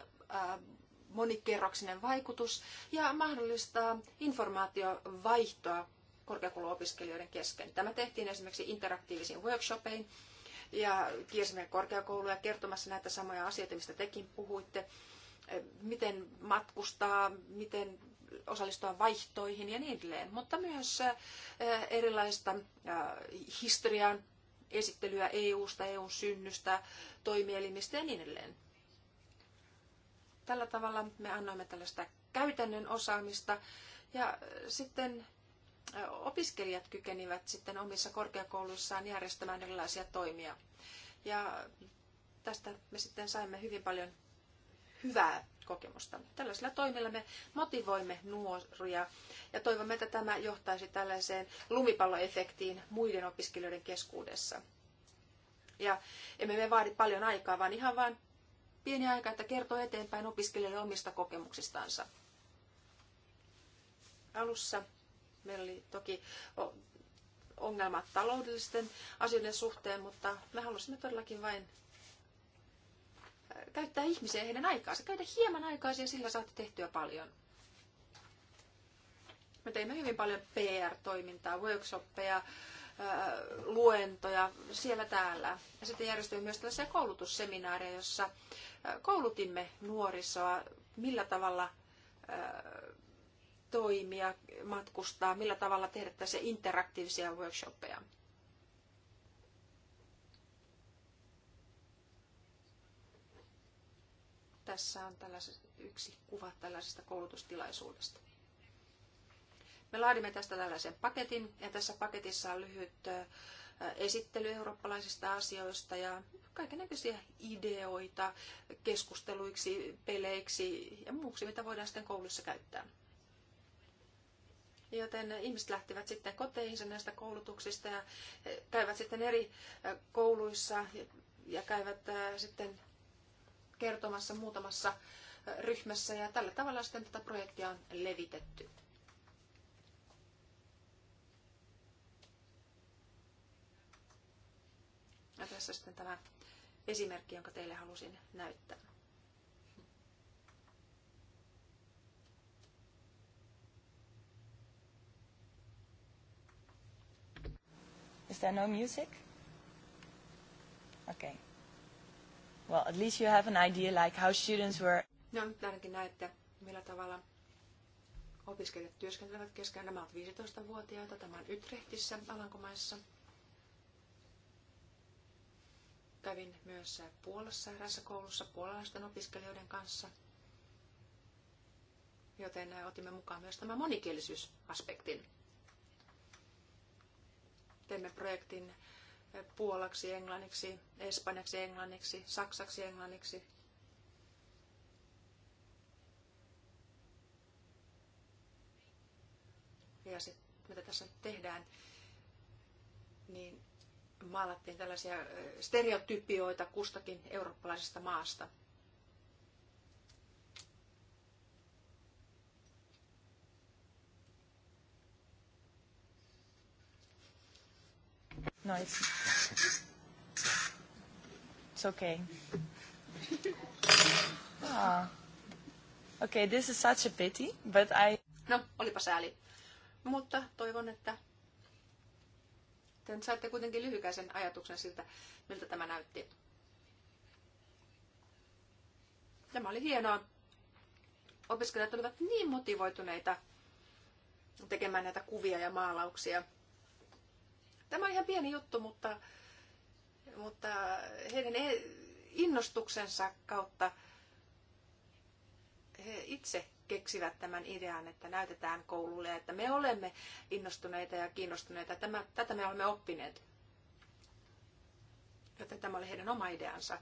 monikerroksinen vaikutus ja mahdollistaa informaatiovaihtoa korkeakouluopiskelijoiden kesken. Tämä tehtiin esimerkiksi interaktiivisiin workshopeihin ja kiesimme korkeakouluja kertomassa näitä samoja asioita, mistä tekin puhuitte, miten matkustaa, miten osallistua vaihtoihin ja niin edelleen, mutta myös äh, erilaista äh, historian esittelyä EU-sta, EUn synnystä, toimielimistä ja niin edelleen. Tällä tavalla me annoimme tällaista käytännön osaamista ja äh, sitten äh, opiskelijat kykenivät sitten omissa korkeakouluissaan järjestämään erilaisia toimia. Ja äh, tästä me sitten saimme hyvin paljon hyvää kokemusta. Tällaisilla toimilla me motivoimme nuoria ja toivomme, että tämä johtaisi tällaiseen lumipalloefektiin muiden opiskelijoiden keskuudessa. Ja emme me vaadi paljon aikaa, vaan ihan vain pieni aika, että kertoo eteenpäin opiskelijoille omista kokemuksistansa. Alussa meillä oli toki ongelmat taloudellisten asioiden suhteen, mutta me halusimme todellakin vain äh, käyttää ihmisiä heidän aikaansa. Käytä hieman aikaa ja sillä saatte tehtyä paljon. Me teimme hyvin paljon PR-toimintaa, workshoppeja, äh, luentoja siellä täällä. Ja sitten järjestyi myös tällaisia koulutusseminaareja, jossa koulutimme nuorisoa, millä tavalla toimia, matkustaa, millä tavalla tehdä tässä interaktiivisia workshoppeja. Tässä on yksi kuva tällaisesta koulutustilaisuudesta. Me laadimme tästä tällaisen paketin ja tässä paketissa on lyhyt esittely eurooppalaisista asioista ja kaiken näköisiä ideoita keskusteluiksi, peleiksi ja muuksi, mitä voidaan sitten koulussa käyttää. Joten ihmiset lähtivät sitten koteihinsa näistä koulutuksista ja käyvät sitten eri kouluissa ja käyvät sitten kertomassa muutamassa ryhmässä ja tällä tavalla sitten tätä projektia on levitetty. Ja tässä sitten tämä esimerkki, jonka teille halusin näyttää. Is there no music? Okay. Well, at least you have an idea like how students were... No nyt ainakin näette, millä tavalla opiskelijat työskentelevät keskään. Nämä ovat 15-vuotiaita. Tämä on Ytrehtissä, Alankomaissa. Kävin myös Puolassa eräässä koulussa puolalaisten opiskelijoiden kanssa, joten otimme mukaan myös tämä monikielisyysaspektin. Teemme projektin puolaksi, englanniksi, espanjaksi, englanniksi, saksaksi, englanniksi. Ja sitten mitä tässä nyt tehdään, niin maalattiin tällaisia stereotypioita kustakin eurooppalaisesta maasta. No, it's, it's okay. Ah. Okay, this is such a pity, but I... No, olipa sääli. Mutta toivon, että te saitte kuitenkin lyhykäisen ajatuksen siltä, miltä tämä näytti. Tämä oli hienoa. Opiskelijat olivat niin motivoituneita tekemään näitä kuvia ja maalauksia. Tämä on ihan pieni juttu, mutta, mutta heidän e- innostuksensa kautta he itse keksivät tämän idean, että näytetään koululle, että me olemme innostuneita ja kiinnostuneita. Tämä, tätä me olemme oppineet. Joten tämä oli heidän oma ideansa.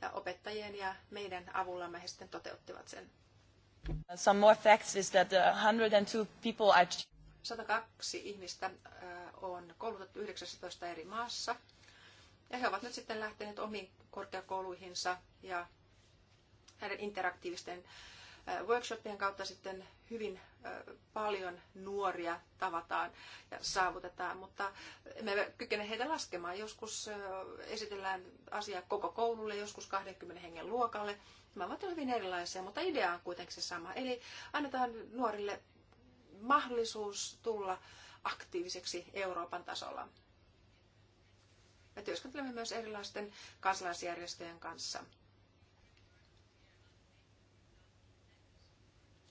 Ja opettajien ja meidän avullamme he sitten toteuttivat sen. Some more facts is that 102 uh, people are... 102 ihmistä uh, on koulutettu 19 eri maassa. Ja he ovat nyt sitten lähteneet omiin korkeakouluihinsa ja näiden interaktiivisten workshoppien kautta sitten hyvin paljon nuoria tavataan ja saavutetaan, mutta me kykene heitä laskemaan. Joskus esitellään asia koko koululle, joskus 20 hengen luokalle. Nämä ovat hyvin erilaisia, mutta idea on kuitenkin se sama. Eli annetaan nuorille mahdollisuus tulla aktiiviseksi Euroopan tasolla. Me työskentelemme myös erilaisten kansalaisjärjestöjen kanssa.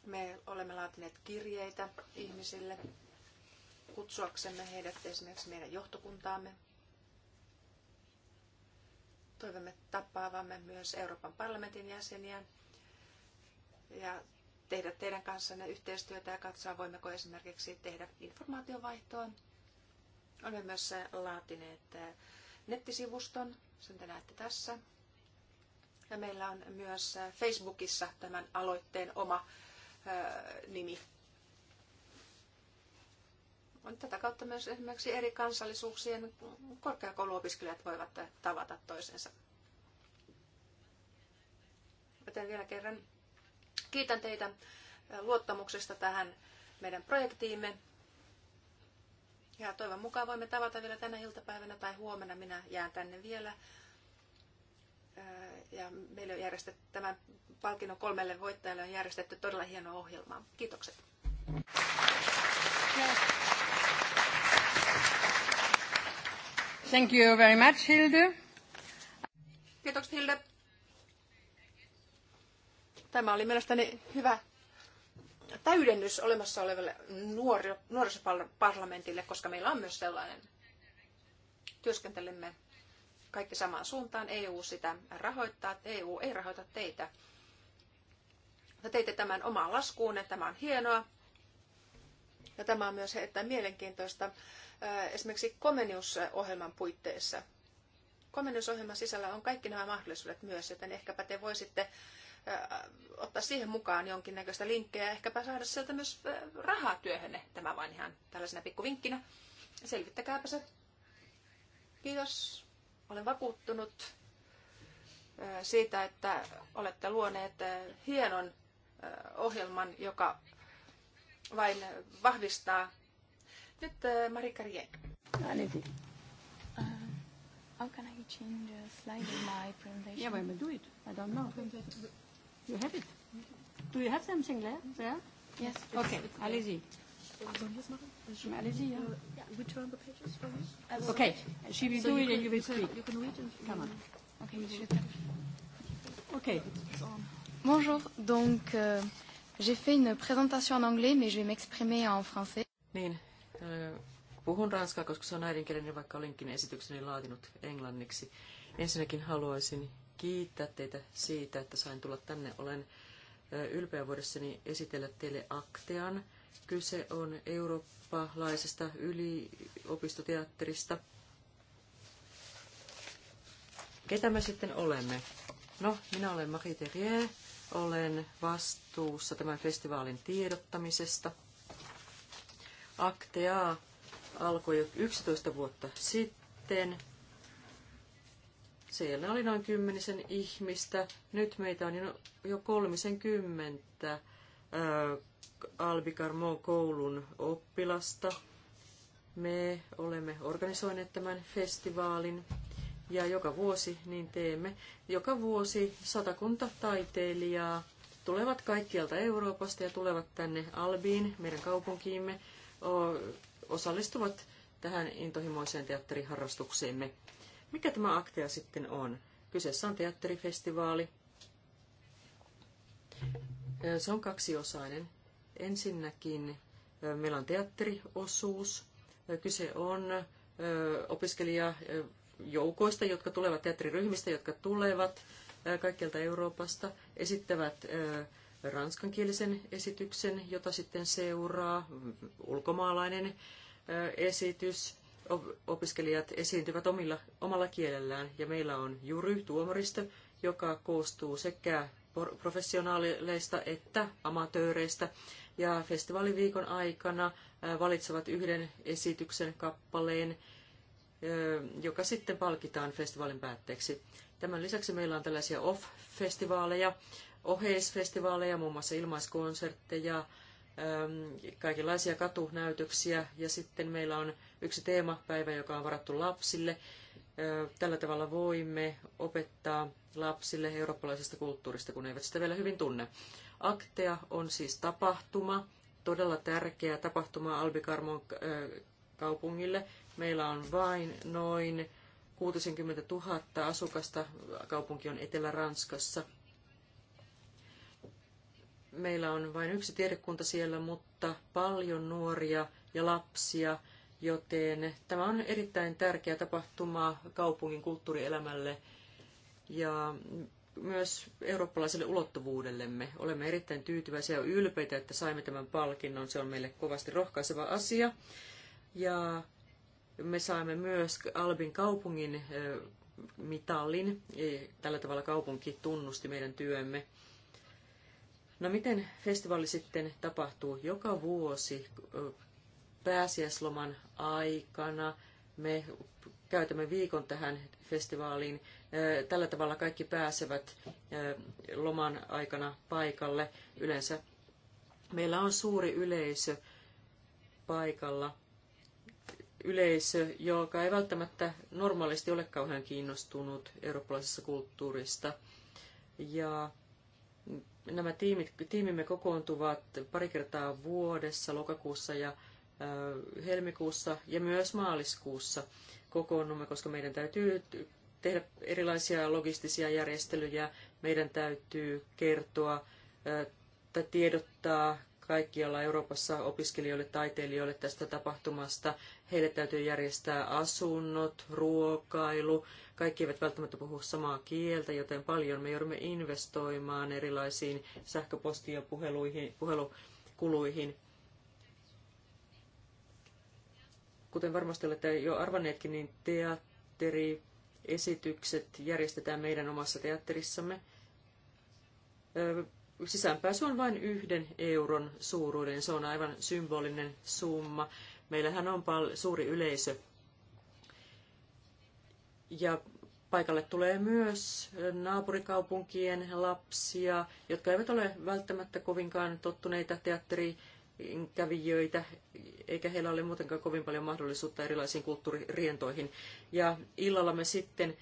Me olemme laatineet kirjeitä ihmisille kutsuaksemme heidät esimerkiksi meidän johtokuntaamme. Toivomme tapaavamme myös Euroopan parlamentin jäseniä ja tehdä teidän kanssanne yhteistyötä ja katsoa, voimmeko esimerkiksi tehdä informaatiovaihtoa. Olemme myös laatineet eh, nettisivuston, sen te näette tässä. Ja meillä on myös eh, Facebookissa tämän aloitteen oma nimi. On tätä kautta myös esimerkiksi eri kansallisuuksien korkeakouluopiskelijat voivat tavata toisensa. Joten vielä kerran kiitän teitä luottamuksesta tähän meidän projektiimme. Ja toivon mukaan voimme tavata vielä tänä iltapäivänä tai huomenna. Minä jään tänne vielä ja meille on järjestetty tämän palkinnon kolmelle voittajalle on järjestetty todella hieno ohjelma. Kiitokset. Thank you very much, Hilde. Kiitokset, Hilde. Tämä oli mielestäni hyvä täydennys olemassa olevalle nuori, nuorisoparlamentille, koska meillä on myös sellainen. Työskentelemme kaikki samaan suuntaan. EU sitä rahoittaa, EU ei rahoita teitä. Te teitte tämän omaan laskuun, että tämä on hienoa. Ja tämä on myös että mielenkiintoista äh, esimerkiksi Komenius-ohjelman puitteissa. Komenius-ohjelman sisällä on kaikki nämä mahdollisuudet myös, joten ehkäpä te voisitte äh, ottaa siihen mukaan jonkinnäköistä linkkejä ja ehkäpä saada sieltä myös äh, rahaa työhönne. Tämä vain ihan tällaisena pikkuvinkkinä. Selvittäkääpä se. Kiitos. Olen vakuuttunut siitä, että olette luoneet hienon ohjelman, joka vain vahvistaa. Nyt Marika Rien. Niin. Uh, how can I change a slide in my presentation? Yeah, but do it. I don't know. You have it. Do you have something there? Yes. Okay, allez-y. Wollen machen? allez Ja. We the pages for you. Uh, okay. She will so do it and you will speak. You can read and Come on. Okay. Okay. Bonjour. Donc, euh, j'ai fait une présentation en anglais, mais je vais m'exprimer en français. Niin. Äh, puhun ranskaa, koska se on äidinkieleni, vaikka olinkin esitykseni laatinut englanniksi. Ensinnäkin haluaisin kiittää teitä siitä, että sain tulla tänne. Olen äh, ylpeä vuodessani esitellä teille Aktean Kyse on eurooppalaisesta yliopistoteatterista. Ketä me sitten olemme? No, minä olen Marie Terrier, olen vastuussa tämän festivaalin tiedottamisesta. Aktea alkoi jo 11 vuotta sitten. Siellä oli noin kymmenisen ihmistä. Nyt meitä on jo kolmisen kymmentä Albikarmon koulun oppilasta. Me olemme organisoineet tämän festivaalin ja joka vuosi niin teemme. Joka vuosi satakunta taiteilijaa tulevat kaikkialta Euroopasta ja tulevat tänne Albiin, meidän kaupunkiimme, osallistuvat tähän intohimoiseen teatteriharrastukseemme. Mikä tämä Aktea sitten on? Kyseessä on teatterifestivaali, se on kaksiosainen. Ensinnäkin meillä on teatteriosuus. Kyse on opiskelijajoukoista, jotka tulevat teatteriryhmistä, jotka tulevat kaikkialta Euroopasta, esittävät ranskankielisen esityksen, jota sitten seuraa mm, ulkomaalainen esitys. Opiskelijat esiintyvät omilla, omalla kielellään ja meillä on jury, tuomaristo, joka koostuu sekä professionaaleista että amatööreistä. Ja festivaaliviikon aikana valitsevat yhden esityksen kappaleen, joka sitten palkitaan festivaalin päätteeksi. Tämän lisäksi meillä on tällaisia off-festivaaleja, oheisfestivaaleja, muun muassa ilmaiskonsertteja, kaikenlaisia katunäytöksiä ja sitten meillä on yksi teemapäivä, joka on varattu lapsille Tällä tavalla voimme opettaa lapsille eurooppalaisesta kulttuurista, kun eivät sitä vielä hyvin tunne. Aktea on siis tapahtuma, todella tärkeä tapahtuma Albikarmon kaupungille. Meillä on vain noin 60 000 asukasta. Kaupunki on Etelä-Ranskassa. Meillä on vain yksi tiedekunta siellä, mutta paljon nuoria ja lapsia – Joten tämä on erittäin tärkeä tapahtuma kaupungin kulttuurielämälle ja myös eurooppalaiselle ulottuvuudellemme. Olemme erittäin tyytyväisiä ja ylpeitä, että saimme tämän palkinnon. Se on meille kovasti rohkaiseva asia. Ja me saimme myös Albin kaupungin mitallin. E, tällä tavalla kaupunki tunnusti meidän työmme. No miten festivaali sitten tapahtuu? Joka vuosi pääsiäisloman aikana. Me käytämme viikon tähän festivaaliin. Tällä tavalla kaikki pääsevät loman aikana paikalle. Yleensä meillä on suuri yleisö paikalla. Yleisö, joka ei välttämättä normaalisti ole kauhean kiinnostunut eurooppalaisesta kulttuurista. Ja nämä tiimit, tiimimme kokoontuvat pari kertaa vuodessa, lokakuussa ja helmikuussa ja myös maaliskuussa kokoonnumme, koska meidän täytyy tehdä erilaisia logistisia järjestelyjä, meidän täytyy kertoa tai tiedottaa kaikkialla Euroopassa opiskelijoille, taiteilijoille tästä tapahtumasta. Heille täytyy järjestää asunnot, ruokailu. Kaikki eivät välttämättä puhu samaa kieltä, joten paljon me joudumme investoimaan erilaisiin sähköpostiin ja puheluihin, puhelukuluihin. Kuten varmasti olette jo arvanneetkin, niin teatteriesitykset järjestetään meidän omassa teatterissamme. Sisäänpääsy on vain yhden euron suuruinen. Se on aivan symbolinen summa. Meillähän on pal- suuri yleisö. Ja paikalle tulee myös naapurikaupunkien lapsia, jotka eivät ole välttämättä kovinkaan tottuneita teatteriin kävijöitä, eikä heillä ole muutenkaan kovin paljon mahdollisuutta erilaisiin kulttuuririentoihin. Ja illalla me sitten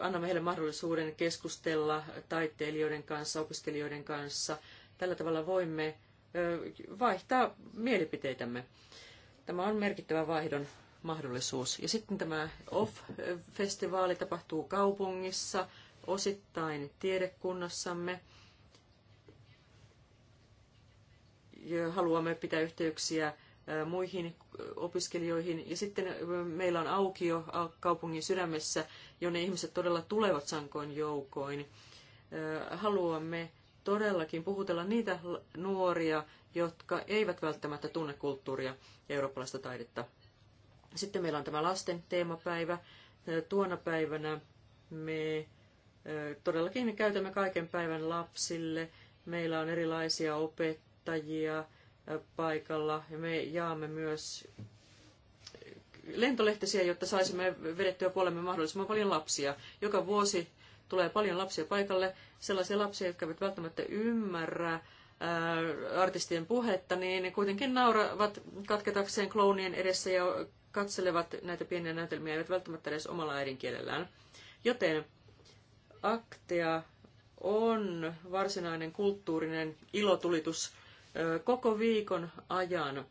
annamme heille mahdollisuuden keskustella taiteilijoiden kanssa, opiskelijoiden kanssa. Tällä tavalla voimme vaihtaa mielipiteitämme. Tämä on merkittävä vaihdon mahdollisuus. Ja sitten tämä OFF-festivaali tapahtuu kaupungissa, osittain tiedekunnassamme. haluamme pitää yhteyksiä muihin opiskelijoihin. Ja sitten meillä on aukio kaupungin sydämessä, jonne ihmiset todella tulevat sankoin joukoin. Haluamme todellakin puhutella niitä nuoria, jotka eivät välttämättä tunne kulttuuria ja eurooppalaista taidetta. Sitten meillä on tämä lasten teemapäivä. Tuona päivänä me todellakin käytämme kaiken päivän lapsille. Meillä on erilaisia opettajia toimittajia paikalla ja me jaamme myös lentolehtisiä, jotta saisimme vedettyä puolemme mahdollisimman paljon lapsia. Joka vuosi tulee paljon lapsia paikalle, sellaisia lapsia, jotka eivät välttämättä ymmärrä artistien puhetta, niin ne kuitenkin nauravat katketakseen kloonien edessä ja katselevat näitä pieniä näytelmiä, eivät välttämättä edes omalla äidinkielellään. Joten aktea on varsinainen kulttuurinen ilotulitus koko viikon ajan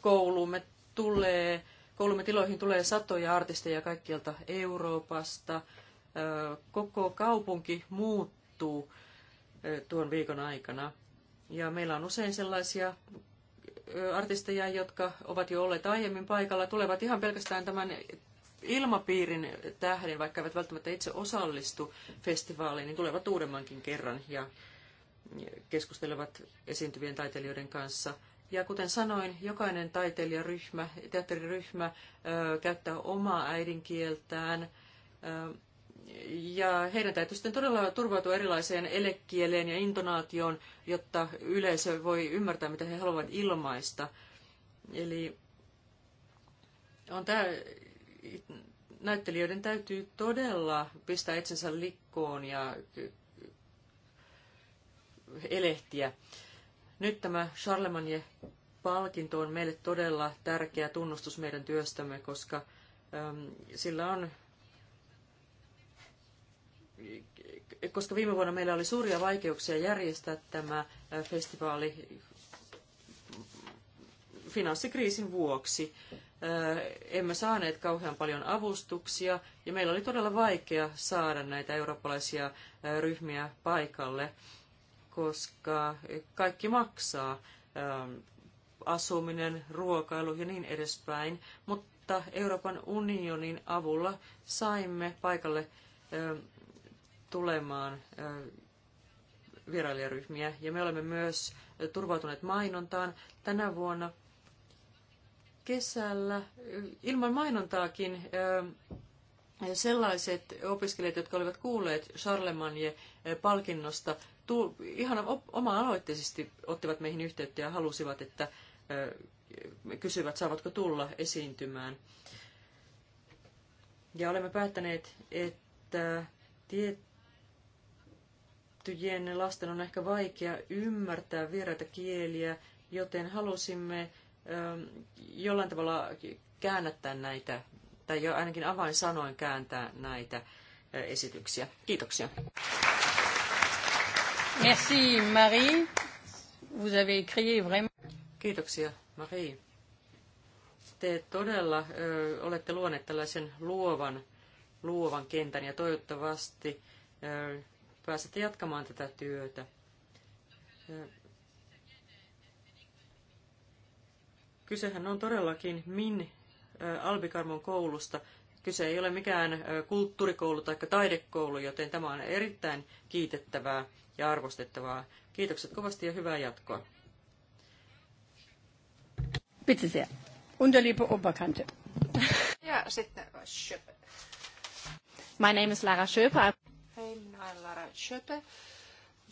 koulumme tulee, koulumme tiloihin tulee satoja artisteja kaikkialta Euroopasta. Koko kaupunki muuttuu tuon viikon aikana. Ja meillä on usein sellaisia artisteja, jotka ovat jo olleet aiemmin paikalla, tulevat ihan pelkästään tämän ilmapiirin tähden, vaikka eivät välttämättä itse osallistu festivaaliin, niin tulevat uudemmankin kerran ja keskustelevat esiintyvien taiteilijoiden kanssa. Ja kuten sanoin, jokainen taiteilijaryhmä, teatteriryhmä käyttää omaa äidinkieltään. Ja heidän täytyy sitten todella turvautua erilaiseen elekieleen ja intonaatioon, jotta yleisö voi ymmärtää, mitä he haluavat ilmaista. Eli on tää, näyttelijöiden täytyy todella pistää itsensä likkoon ja elehtiä. Nyt tämä Charlemagne-palkinto on meille todella tärkeä tunnustus meidän työstämme, koska sillä on koska viime vuonna meillä oli suuria vaikeuksia järjestää tämä festivaali finanssikriisin vuoksi. Emme saaneet kauhean paljon avustuksia ja meillä oli todella vaikea saada näitä eurooppalaisia ryhmiä paikalle koska kaikki maksaa ähm, asuminen, ruokailu ja niin edespäin, mutta Euroopan unionin avulla saimme paikalle ähm, tulemaan äh, vierailijaryhmiä ja me olemme myös turvautuneet mainontaan. Tänä vuonna kesällä äh, ilman mainontaakin ähm, sellaiset opiskelijat, jotka olivat kuulleet Charlemagne-palkinnosta, ihan oma-aloitteisesti ottivat meihin yhteyttä ja halusivat, että kysyvät, saavatko tulla esiintymään. Ja olemme päättäneet, että tiettyjen lasten on ehkä vaikea ymmärtää vieraita kieliä, joten halusimme jollain tavalla käännättää näitä, tai jo ainakin avainsanoin kääntää näitä esityksiä. Kiitoksia. Merci Marie. Vous avez écrit vraiment. Kiitoksia Marie. Te todella ö, olette luoneet tällaisen luovan, luovan kentän ja toivottavasti ö, pääsette jatkamaan tätä työtä. Ö, kysehän on todellakin Min ö, Albikarmon koulusta, kyse ei ole mikään kulttuurikoulu tai taidekoulu, joten tämä on erittäin kiitettävää ja arvostettavaa. Kiitokset kovasti ja hyvää jatkoa. Bitte sehr. Unterliebe Oberkante. Ja sitten äh, Schöpe. My name is Lara Schöpe. Hei, minä olen Lara Schöpe.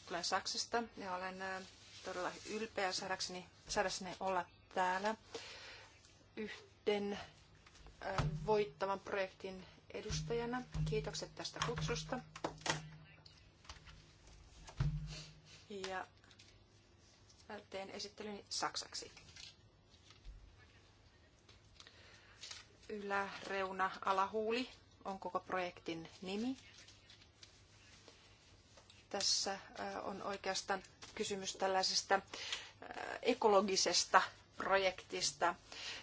Tulen Saksasta ja olen äh, todella ylpeä saadakseni, saadakseni olla täällä yhden äh, voittavan projektin edustajana. Kiitokset tästä kutsusta. ja teen esittelyni saksaksi. Yläreuna alahuuli on koko projektin nimi. Tässä äh, on oikeastaan kysymys tällaisesta äh, ekologisesta projektista,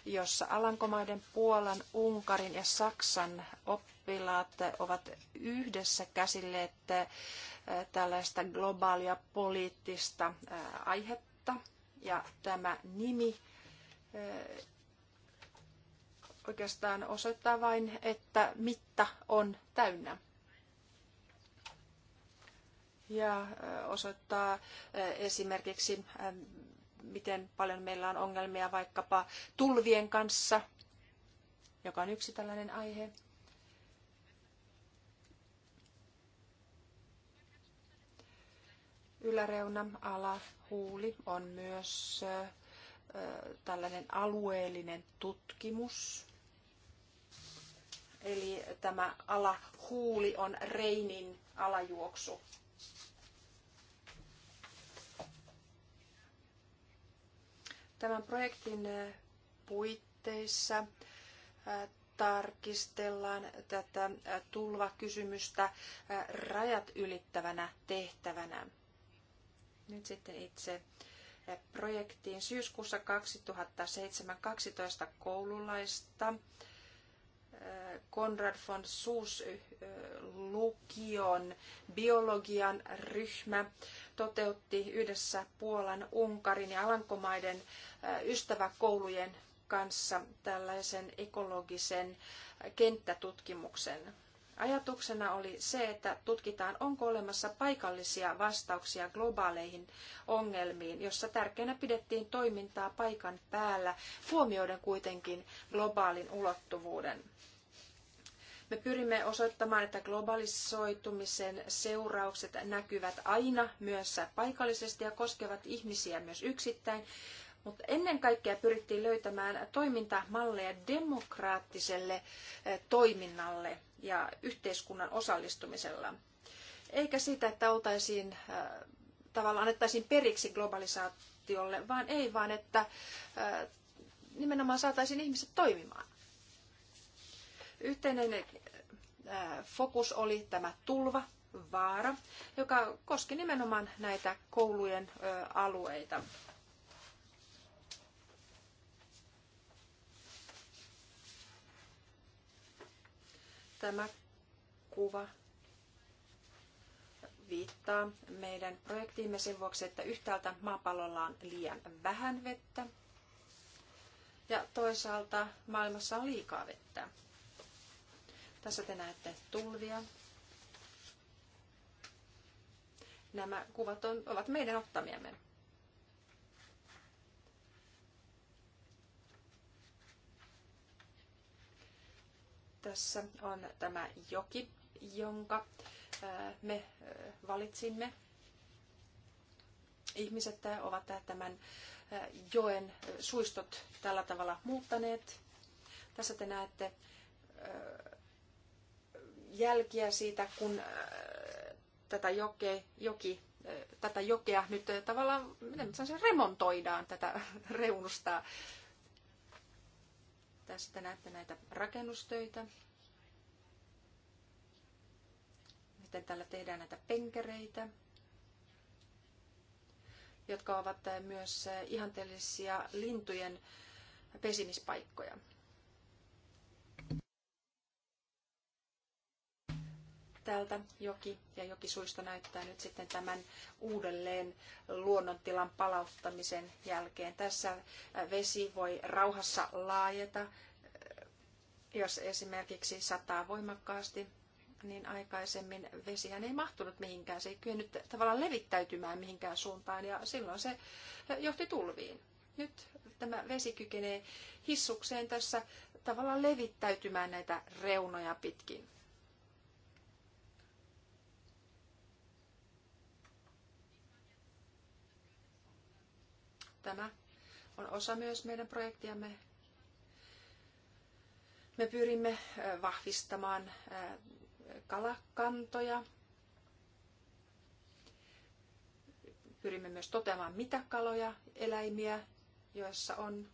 jossa Alankomaiden, Puolan, Unkarin ja Saksan oppilaat ovat yhdessä käsilleet eh, tällaista globaalia poliittista eh, aihetta. Ja tämä nimi eh, oikeastaan osoittaa vain, että mitta on täynnä ja osoittaa esimerkiksi miten paljon meillä on ongelmia vaikkapa tulvien kanssa, joka on yksi tällainen aihe. Yläreuna, ala, huuli on myös tällainen alueellinen tutkimus. Eli tämä alahuuli on Reinin alajuoksu. Tämän projektin eh, puitteissa eh, tarkistellaan tätä eh, tulvakysymystä rajat ylittävänä tehtävänä. Nyt sitten itse projektiin syyskuussa 2007 12 koululaista Konrad von Suus eh, lukion biologian ryhmä toteutti yhdessä Puolan, Unkarin ja Alankomaiden eh, ystäväkoulujen kanssa tällaisen ekologisen eh, kenttätutkimuksen. Ajatuksena oli se, että tutkitaan, onko olemassa paikallisia vastauksia globaaleihin ongelmiin, jossa tärkeänä pidettiin toimintaa paikan päällä, huomioiden kuitenkin globaalin ulottuvuuden. Me pyrimme osoittamaan, että globalisoitumisen seuraukset näkyvät aina myös paikallisesti ja koskevat ihmisiä myös yksittäin. Mutta ennen kaikkea pyrittiin löytämään toimintamalleja demokraattiselle eh, toiminnalle ja yhteiskunnan osallistumisella. Eikä siitä, että oltaisiin, eh, tavallaan annettaisiin periksi globalisaatiolle, vaan ei, vaan että eh, nimenomaan saataisiin ihmiset toimimaan. Yhteinen fokus oli tämä tulva, vaara, joka koski nimenomaan näitä koulujen alueita. Tämä kuva viittaa meidän projektiimme sen vuoksi, että yhtäältä maapallolla on liian vähän vettä ja toisaalta maailmassa on liikaa vettä. Tässä te näette tulvia. Nämä kuvat on, ovat meidän ottamiamme. Tässä on tämä joki, jonka me valitsimme. Ihmiset ovat tämän joen suistot tällä tavalla muuttaneet. Tässä te näette jälkiä siitä, kun äh, tätä, joke, joki, äh, tätä jokea nyt äh, tavallaan, miten sanoisin, remontoidaan tätä reunusta. Tästä näette näitä rakennustöitä. Sitten täällä tehdään näitä penkereitä, jotka ovat myös ihanteellisia lintujen pesimispaikkoja. täältä joki ja jokisuista näyttää nyt sitten tämän uudelleen luonnontilan palauttamisen jälkeen. Tässä vesi voi rauhassa laajeta, jos esimerkiksi sataa voimakkaasti, niin aikaisemmin vesihän ei mahtunut mihinkään. Se ei kyennyt tavallaan levittäytymään mihinkään suuntaan ja silloin se johti tulviin. Nyt tämä vesi kykenee hissukseen tässä tavallaan levittäytymään näitä reunoja pitkin. Tämä on osa myös meidän projektiamme. Me pyrimme vahvistamaan kalakantoja. Pyrimme myös toteamaan, mitä kaloja, eläimiä, joissa on.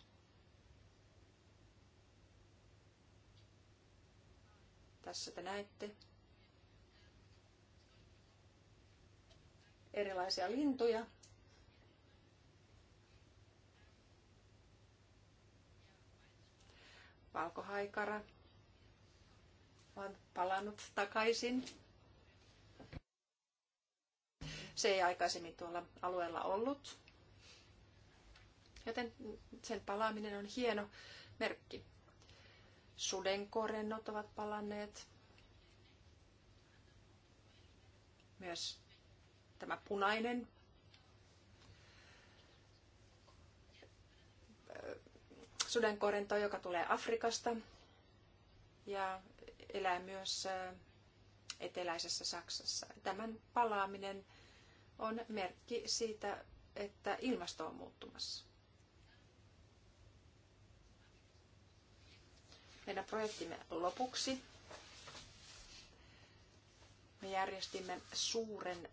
Tässä te näette erilaisia lintuja. valkohaikara on palannut takaisin. Se ei aikaisemmin tuolla alueella ollut. Joten sen palaaminen on hieno merkki. Sudenkorennot ovat palanneet. Myös tämä punainen sudenkorento, joka tulee Afrikasta ja elää myös eteläisessä Saksassa. Tämän palaaminen on merkki siitä, että ilmasto on muuttumassa. Meidän projektimme lopuksi me järjestimme suuren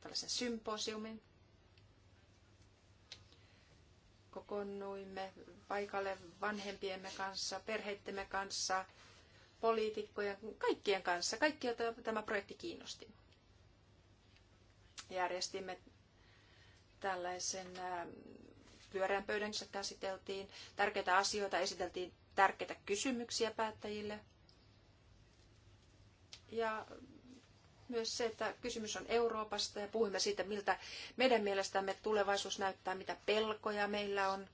tällaisen symposiumin kokoonnuimme paikalle vanhempiemme kanssa, perheittemme kanssa, poliitikkojen, kaikkien kanssa, kaikki, joita tämä projekti kiinnosti. Järjestimme tällaisen ähm, pyöreän pöydän, jossa käsiteltiin tärkeitä asioita, esiteltiin tärkeitä kysymyksiä päättäjille. Ja myös se, että kysymys on Euroopasta ja puhumme siitä, miltä meidän mielestämme tulevaisuus näyttää, mitä pelkoja meillä on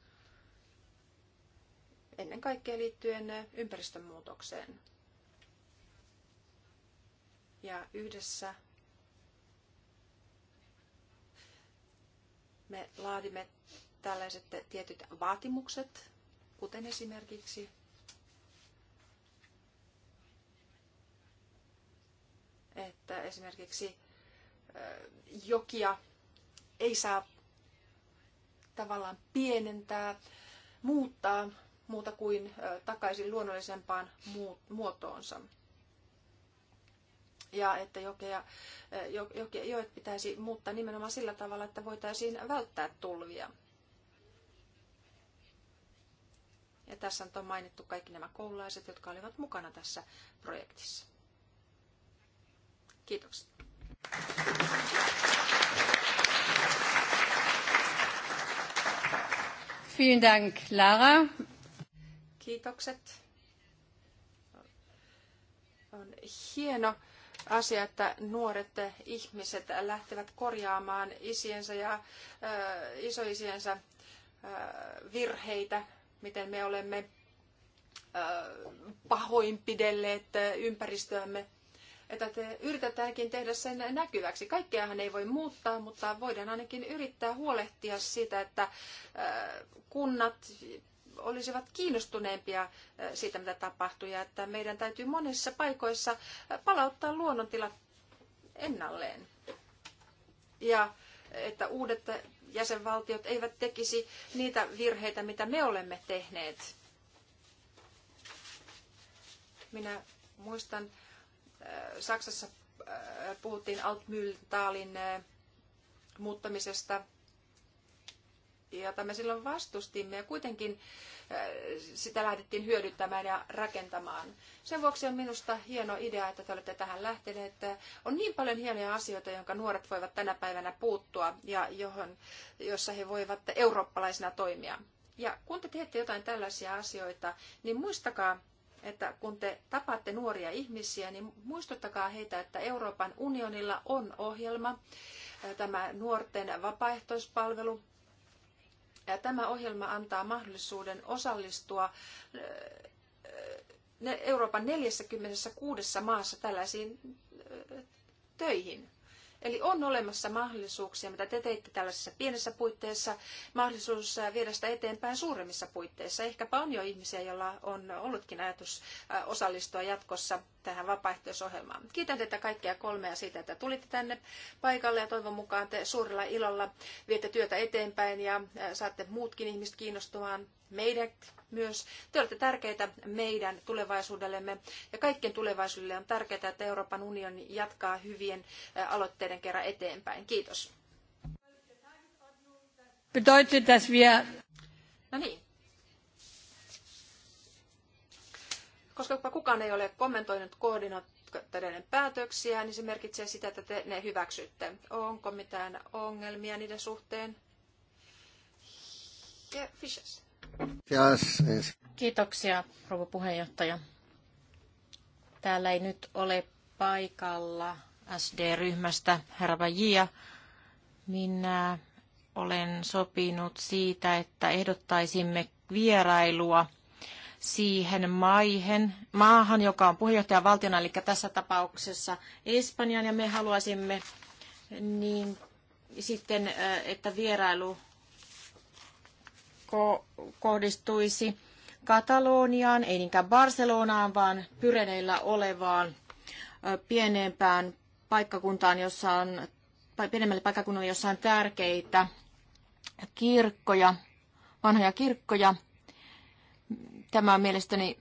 ennen kaikkea liittyen ympäristönmuutokseen. Ja yhdessä me laadimme tällaiset tietyt vaatimukset, kuten esimerkiksi että esimerkiksi jokia ei saa tavallaan pienentää, muuttaa muuta kuin takaisin luonnollisempaan muotoonsa. Ja että jo- jo- joet pitäisi muuttaa nimenomaan sillä tavalla, että voitaisiin välttää tulvia. Ja tässä on mainittu kaikki nämä koululaiset, jotka olivat mukana tässä projektissa. Kiitoksia. Vielen Dank, Lara. Kiitokset. On hieno asia, että nuoret ihmiset lähtevät korjaamaan isiensä ja äh, isoisiensä äh, virheitä, miten me olemme pahoinpidelleet ympäristöämme että te yritetäänkin tehdä sen näkyväksi. Kaikkeahan ei voi muuttaa, mutta voidaan ainakin yrittää huolehtia siitä, että äh, kunnat olisivat kiinnostuneempia äh, siitä, mitä tapahtuu, ja että meidän täytyy monissa paikoissa äh, palauttaa luonnontilat ennalleen. Ja että uudet jäsenvaltiot eivät tekisi niitä virheitä, mitä me olemme tehneet. Minä muistan Saksassa puhuttiin Altmühltaalin muuttamisesta, jota me silloin vastustimme ja kuitenkin sitä lähdettiin hyödyntämään ja rakentamaan. Sen vuoksi on minusta hieno idea, että te olette tähän lähteneet. On niin paljon hienoja asioita, jonka nuoret voivat tänä päivänä puuttua ja johon, jossa he voivat eurooppalaisina toimia. Ja kun te teette jotain tällaisia asioita, niin muistakaa, että kun te tapaatte nuoria ihmisiä, niin muistuttakaa heitä, että Euroopan unionilla on ohjelma, tämä nuorten vapaaehtoispalvelu. Ja tämä ohjelma antaa mahdollisuuden osallistua Euroopan 46 maassa tällaisiin töihin. Eli on olemassa mahdollisuuksia, mitä te teitte tällaisessa pienessä puitteessa, mahdollisuus viedä sitä eteenpäin suuremmissa puitteissa. Ehkäpä on jo ihmisiä, joilla on ollutkin ajatus osallistua jatkossa tähän vapaaehtoisohjelmaan. Kiitän teitä kaikkia kolmea siitä, että tulitte tänne paikalle ja toivon mukaan te suurella ilolla viette työtä eteenpäin ja saatte muutkin ihmiset kiinnostumaan meidät myös. Te olette tärkeitä meidän tulevaisuudellemme ja kaikkien tulevaisuudelle on tärkeää, että Euroopan unioni jatkaa hyvien aloitteiden kerran eteenpäin. Kiitos. Bedeutet, dass wir... No niin. Koska kukaan ei ole kommentoinut koordinaattoreiden päätöksiä, niin se merkitsee sitä, että te ne hyväksytte. Onko mitään ongelmia niiden suhteen? Yeah, fishes. Kiitoksia, rouva puheenjohtaja. Täällä ei nyt ole paikalla SD-ryhmästä herra Bajia. Minä olen sopinut siitä, että ehdottaisimme vierailua siihen maahan, joka on puheenjohtajavaltiona, eli tässä tapauksessa Espanjan, ja me haluaisimme niin sitten, äh, että vierailu ko- kohdistuisi Kataloniaan, ei niinkään Barcelonaan, vaan Pyreneillä olevaan pienempään paikkakuntaan, jossa on, pienemmälle paikkakunnalle, jossa on tärkeitä kirkkoja, vanhoja kirkkoja. Tämä on mielestäni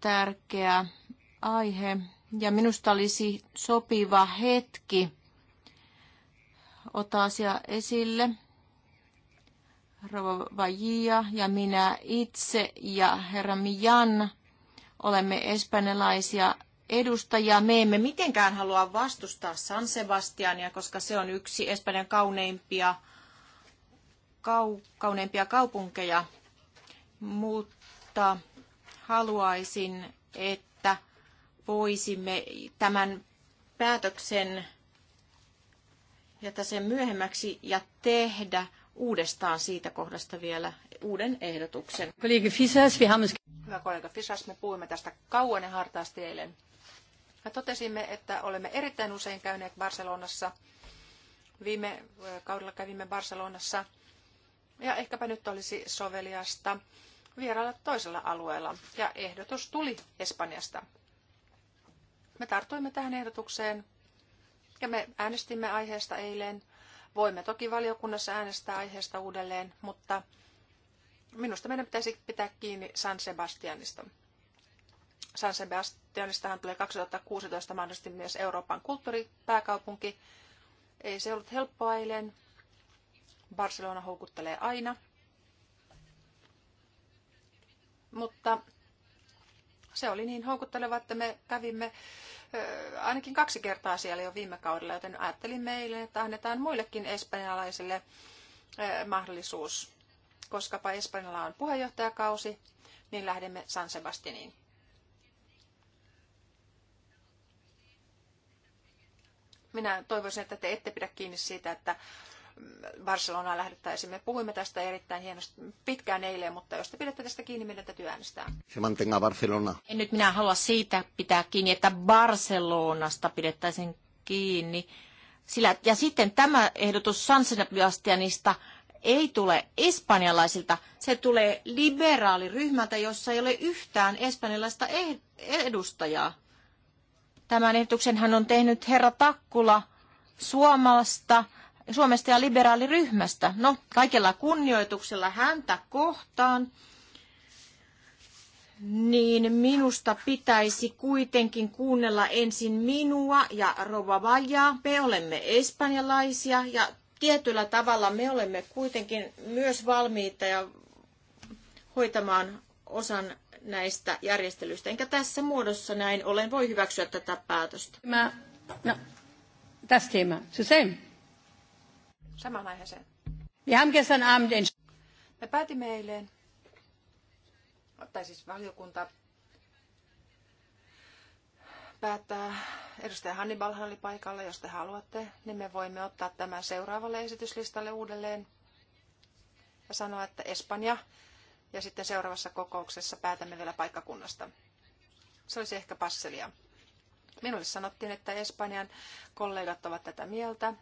tärkeä aihe ja minusta olisi sopiva hetki ottaa asia esille. Rova Vajia ja minä itse ja herra Mijan olemme espanjalaisia edustajia. Me emme mitenkään halua vastustaa San Sebastiania, koska se on yksi Espanjan kauneimpia, kau, kauneimpia kaupunkeja. Mutta haluaisin, että voisimme tämän päätöksen jätä sen myöhemmäksi ja tehdä – uudestaan siitä kohdasta vielä uuden ehdotuksen. Hyvä kollega Fisas, me puhuimme tästä kauan ja hartaasti eilen. Me totesimme, että olemme erittäin usein käyneet Barcelonassa. Viime kaudella kävimme Barcelonassa ja ehkäpä nyt olisi soveliasta vierailla toisella alueella. Ja ehdotus tuli Espanjasta. Me tartuimme tähän ehdotukseen ja me äänestimme aiheesta eilen – Voimme toki valiokunnassa äänestää aiheesta uudelleen, mutta minusta meidän pitäisi pitää kiinni San Sebastianista. San Sebastianistahan tulee 2016 mahdollisesti myös Euroopan kulttuuripääkaupunki. Ei se ollut helppoa eilen. Barcelona houkuttelee aina. Mutta se oli niin houkutteleva, että me kävimme ainakin kaksi kertaa siellä jo viime kaudella, joten ajattelin meille, että annetaan muillekin espanjalaisille mahdollisuus. Koskapa Espanjalla on puheenjohtajakausi, niin lähdemme San Sebastianiin. Minä toivoisin, että te ette pidä kiinni siitä, että Barcelonaan lähdettäisiin. Me puhuimme tästä erittäin hienosti pitkään eilen, mutta jos te pidätte tästä kiinni, meidän täytyy äänestää. Se mantenga Barcelona. En nyt minä halua siitä pitää kiinni, että Barcelonasta pidettäisiin kiinni. Sillä, ja sitten tämä ehdotus San Sebastianista ei tule espanjalaisilta, se tulee liberaaliryhmältä, jossa ei ole yhtään espanjalaista eh, edustajaa. Tämän ehdotuksen hän on tehnyt herra Takkula Suomasta, Suomesta ja liberaaliryhmästä. No, kaikella kunnioituksella häntä kohtaan, niin minusta pitäisi kuitenkin kuunnella ensin minua ja Rova Vajaa. Me olemme espanjalaisia ja tietyllä tavalla me olemme kuitenkin myös valmiita ja hoitamaan osan näistä järjestelyistä. Enkä tässä muodossa näin olen voi hyväksyä tätä päätöstä. Mä, no, that's the same samaan aiheeseen. Me päätimme eilen, tai siis valiokunta päättää, edustaja Hannibal oli paikalla, jos te haluatte, niin me voimme ottaa tämän seuraavalle esityslistalle uudelleen ja sanoa, että Espanja ja sitten seuraavassa kokouksessa päätämme vielä paikkakunnasta. Se olisi ehkä passelia. Minulle sanottiin, että Espanjan kollegat ovat tätä mieltä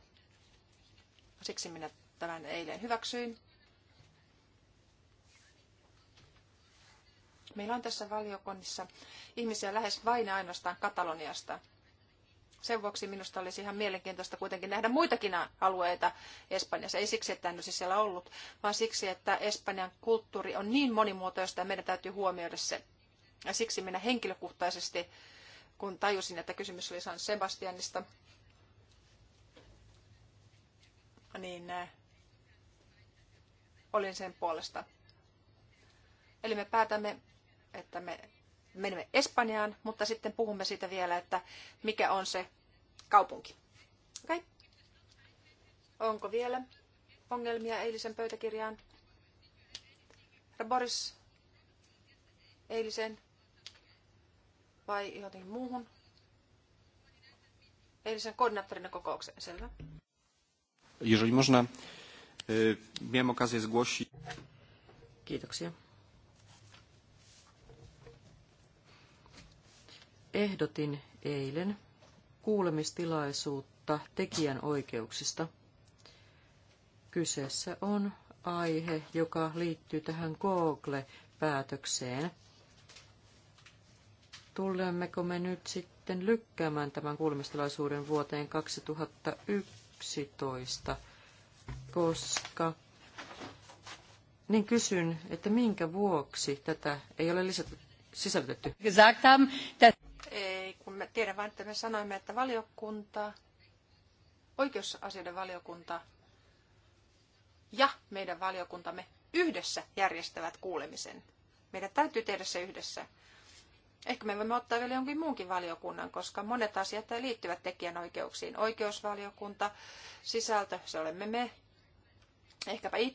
Siksi minä tämän eilen hyväksyin. Meillä on tässä valiokunnissa ihmisiä lähes vain ainoastaan Kataloniasta. Sen vuoksi minusta olisi ihan mielenkiintoista kuitenkin nähdä muitakin alueita Espanjassa. Ei siksi, että en olisi siellä ollut, vaan siksi, että Espanjan kulttuuri on niin monimuotoista ja meidän täytyy huomioida se. Ja siksi minä henkilökohtaisesti, kun tajusin, että kysymys oli San Sebastianista, niin olin sen puolesta. Eli me päätämme, että me menemme Espanjaan, mutta sitten puhumme siitä vielä, että mikä on se kaupunki. Okay. Onko vielä ongelmia eilisen pöytäkirjaan? Boris, eilisen vai jotenkin muuhun? Eilisen koordinaattorina kokoukseen, selvä. Jeżeli można, miałem okazję zgłosić. Kiitoksia. Ehdotin eilen kuulemistilaisuutta tekijänoikeuksista. Kyseessä on aihe, joka liittyy tähän Google-päätökseen. Tulemmeko me nyt sitten lykkäämään tämän kuulemistilaisuuden vuoteen 2001? 11, koska niin kysyn, että minkä vuoksi tätä ei ole lisätty, sisällytetty? Ei, kun me tiedän vain, että me sanoimme, että valiokunta, oikeusasioiden valiokunta ja meidän valiokuntamme yhdessä järjestävät kuulemisen. Meidän täytyy tehdä se yhdessä. Ehkä me voimme ottaa vielä jonkin muunkin valiokunnan, koska monet asiat liittyvät tekijänoikeuksiin. Oikeusvaliokunta, sisältö, se olemme me, ehkäpä itse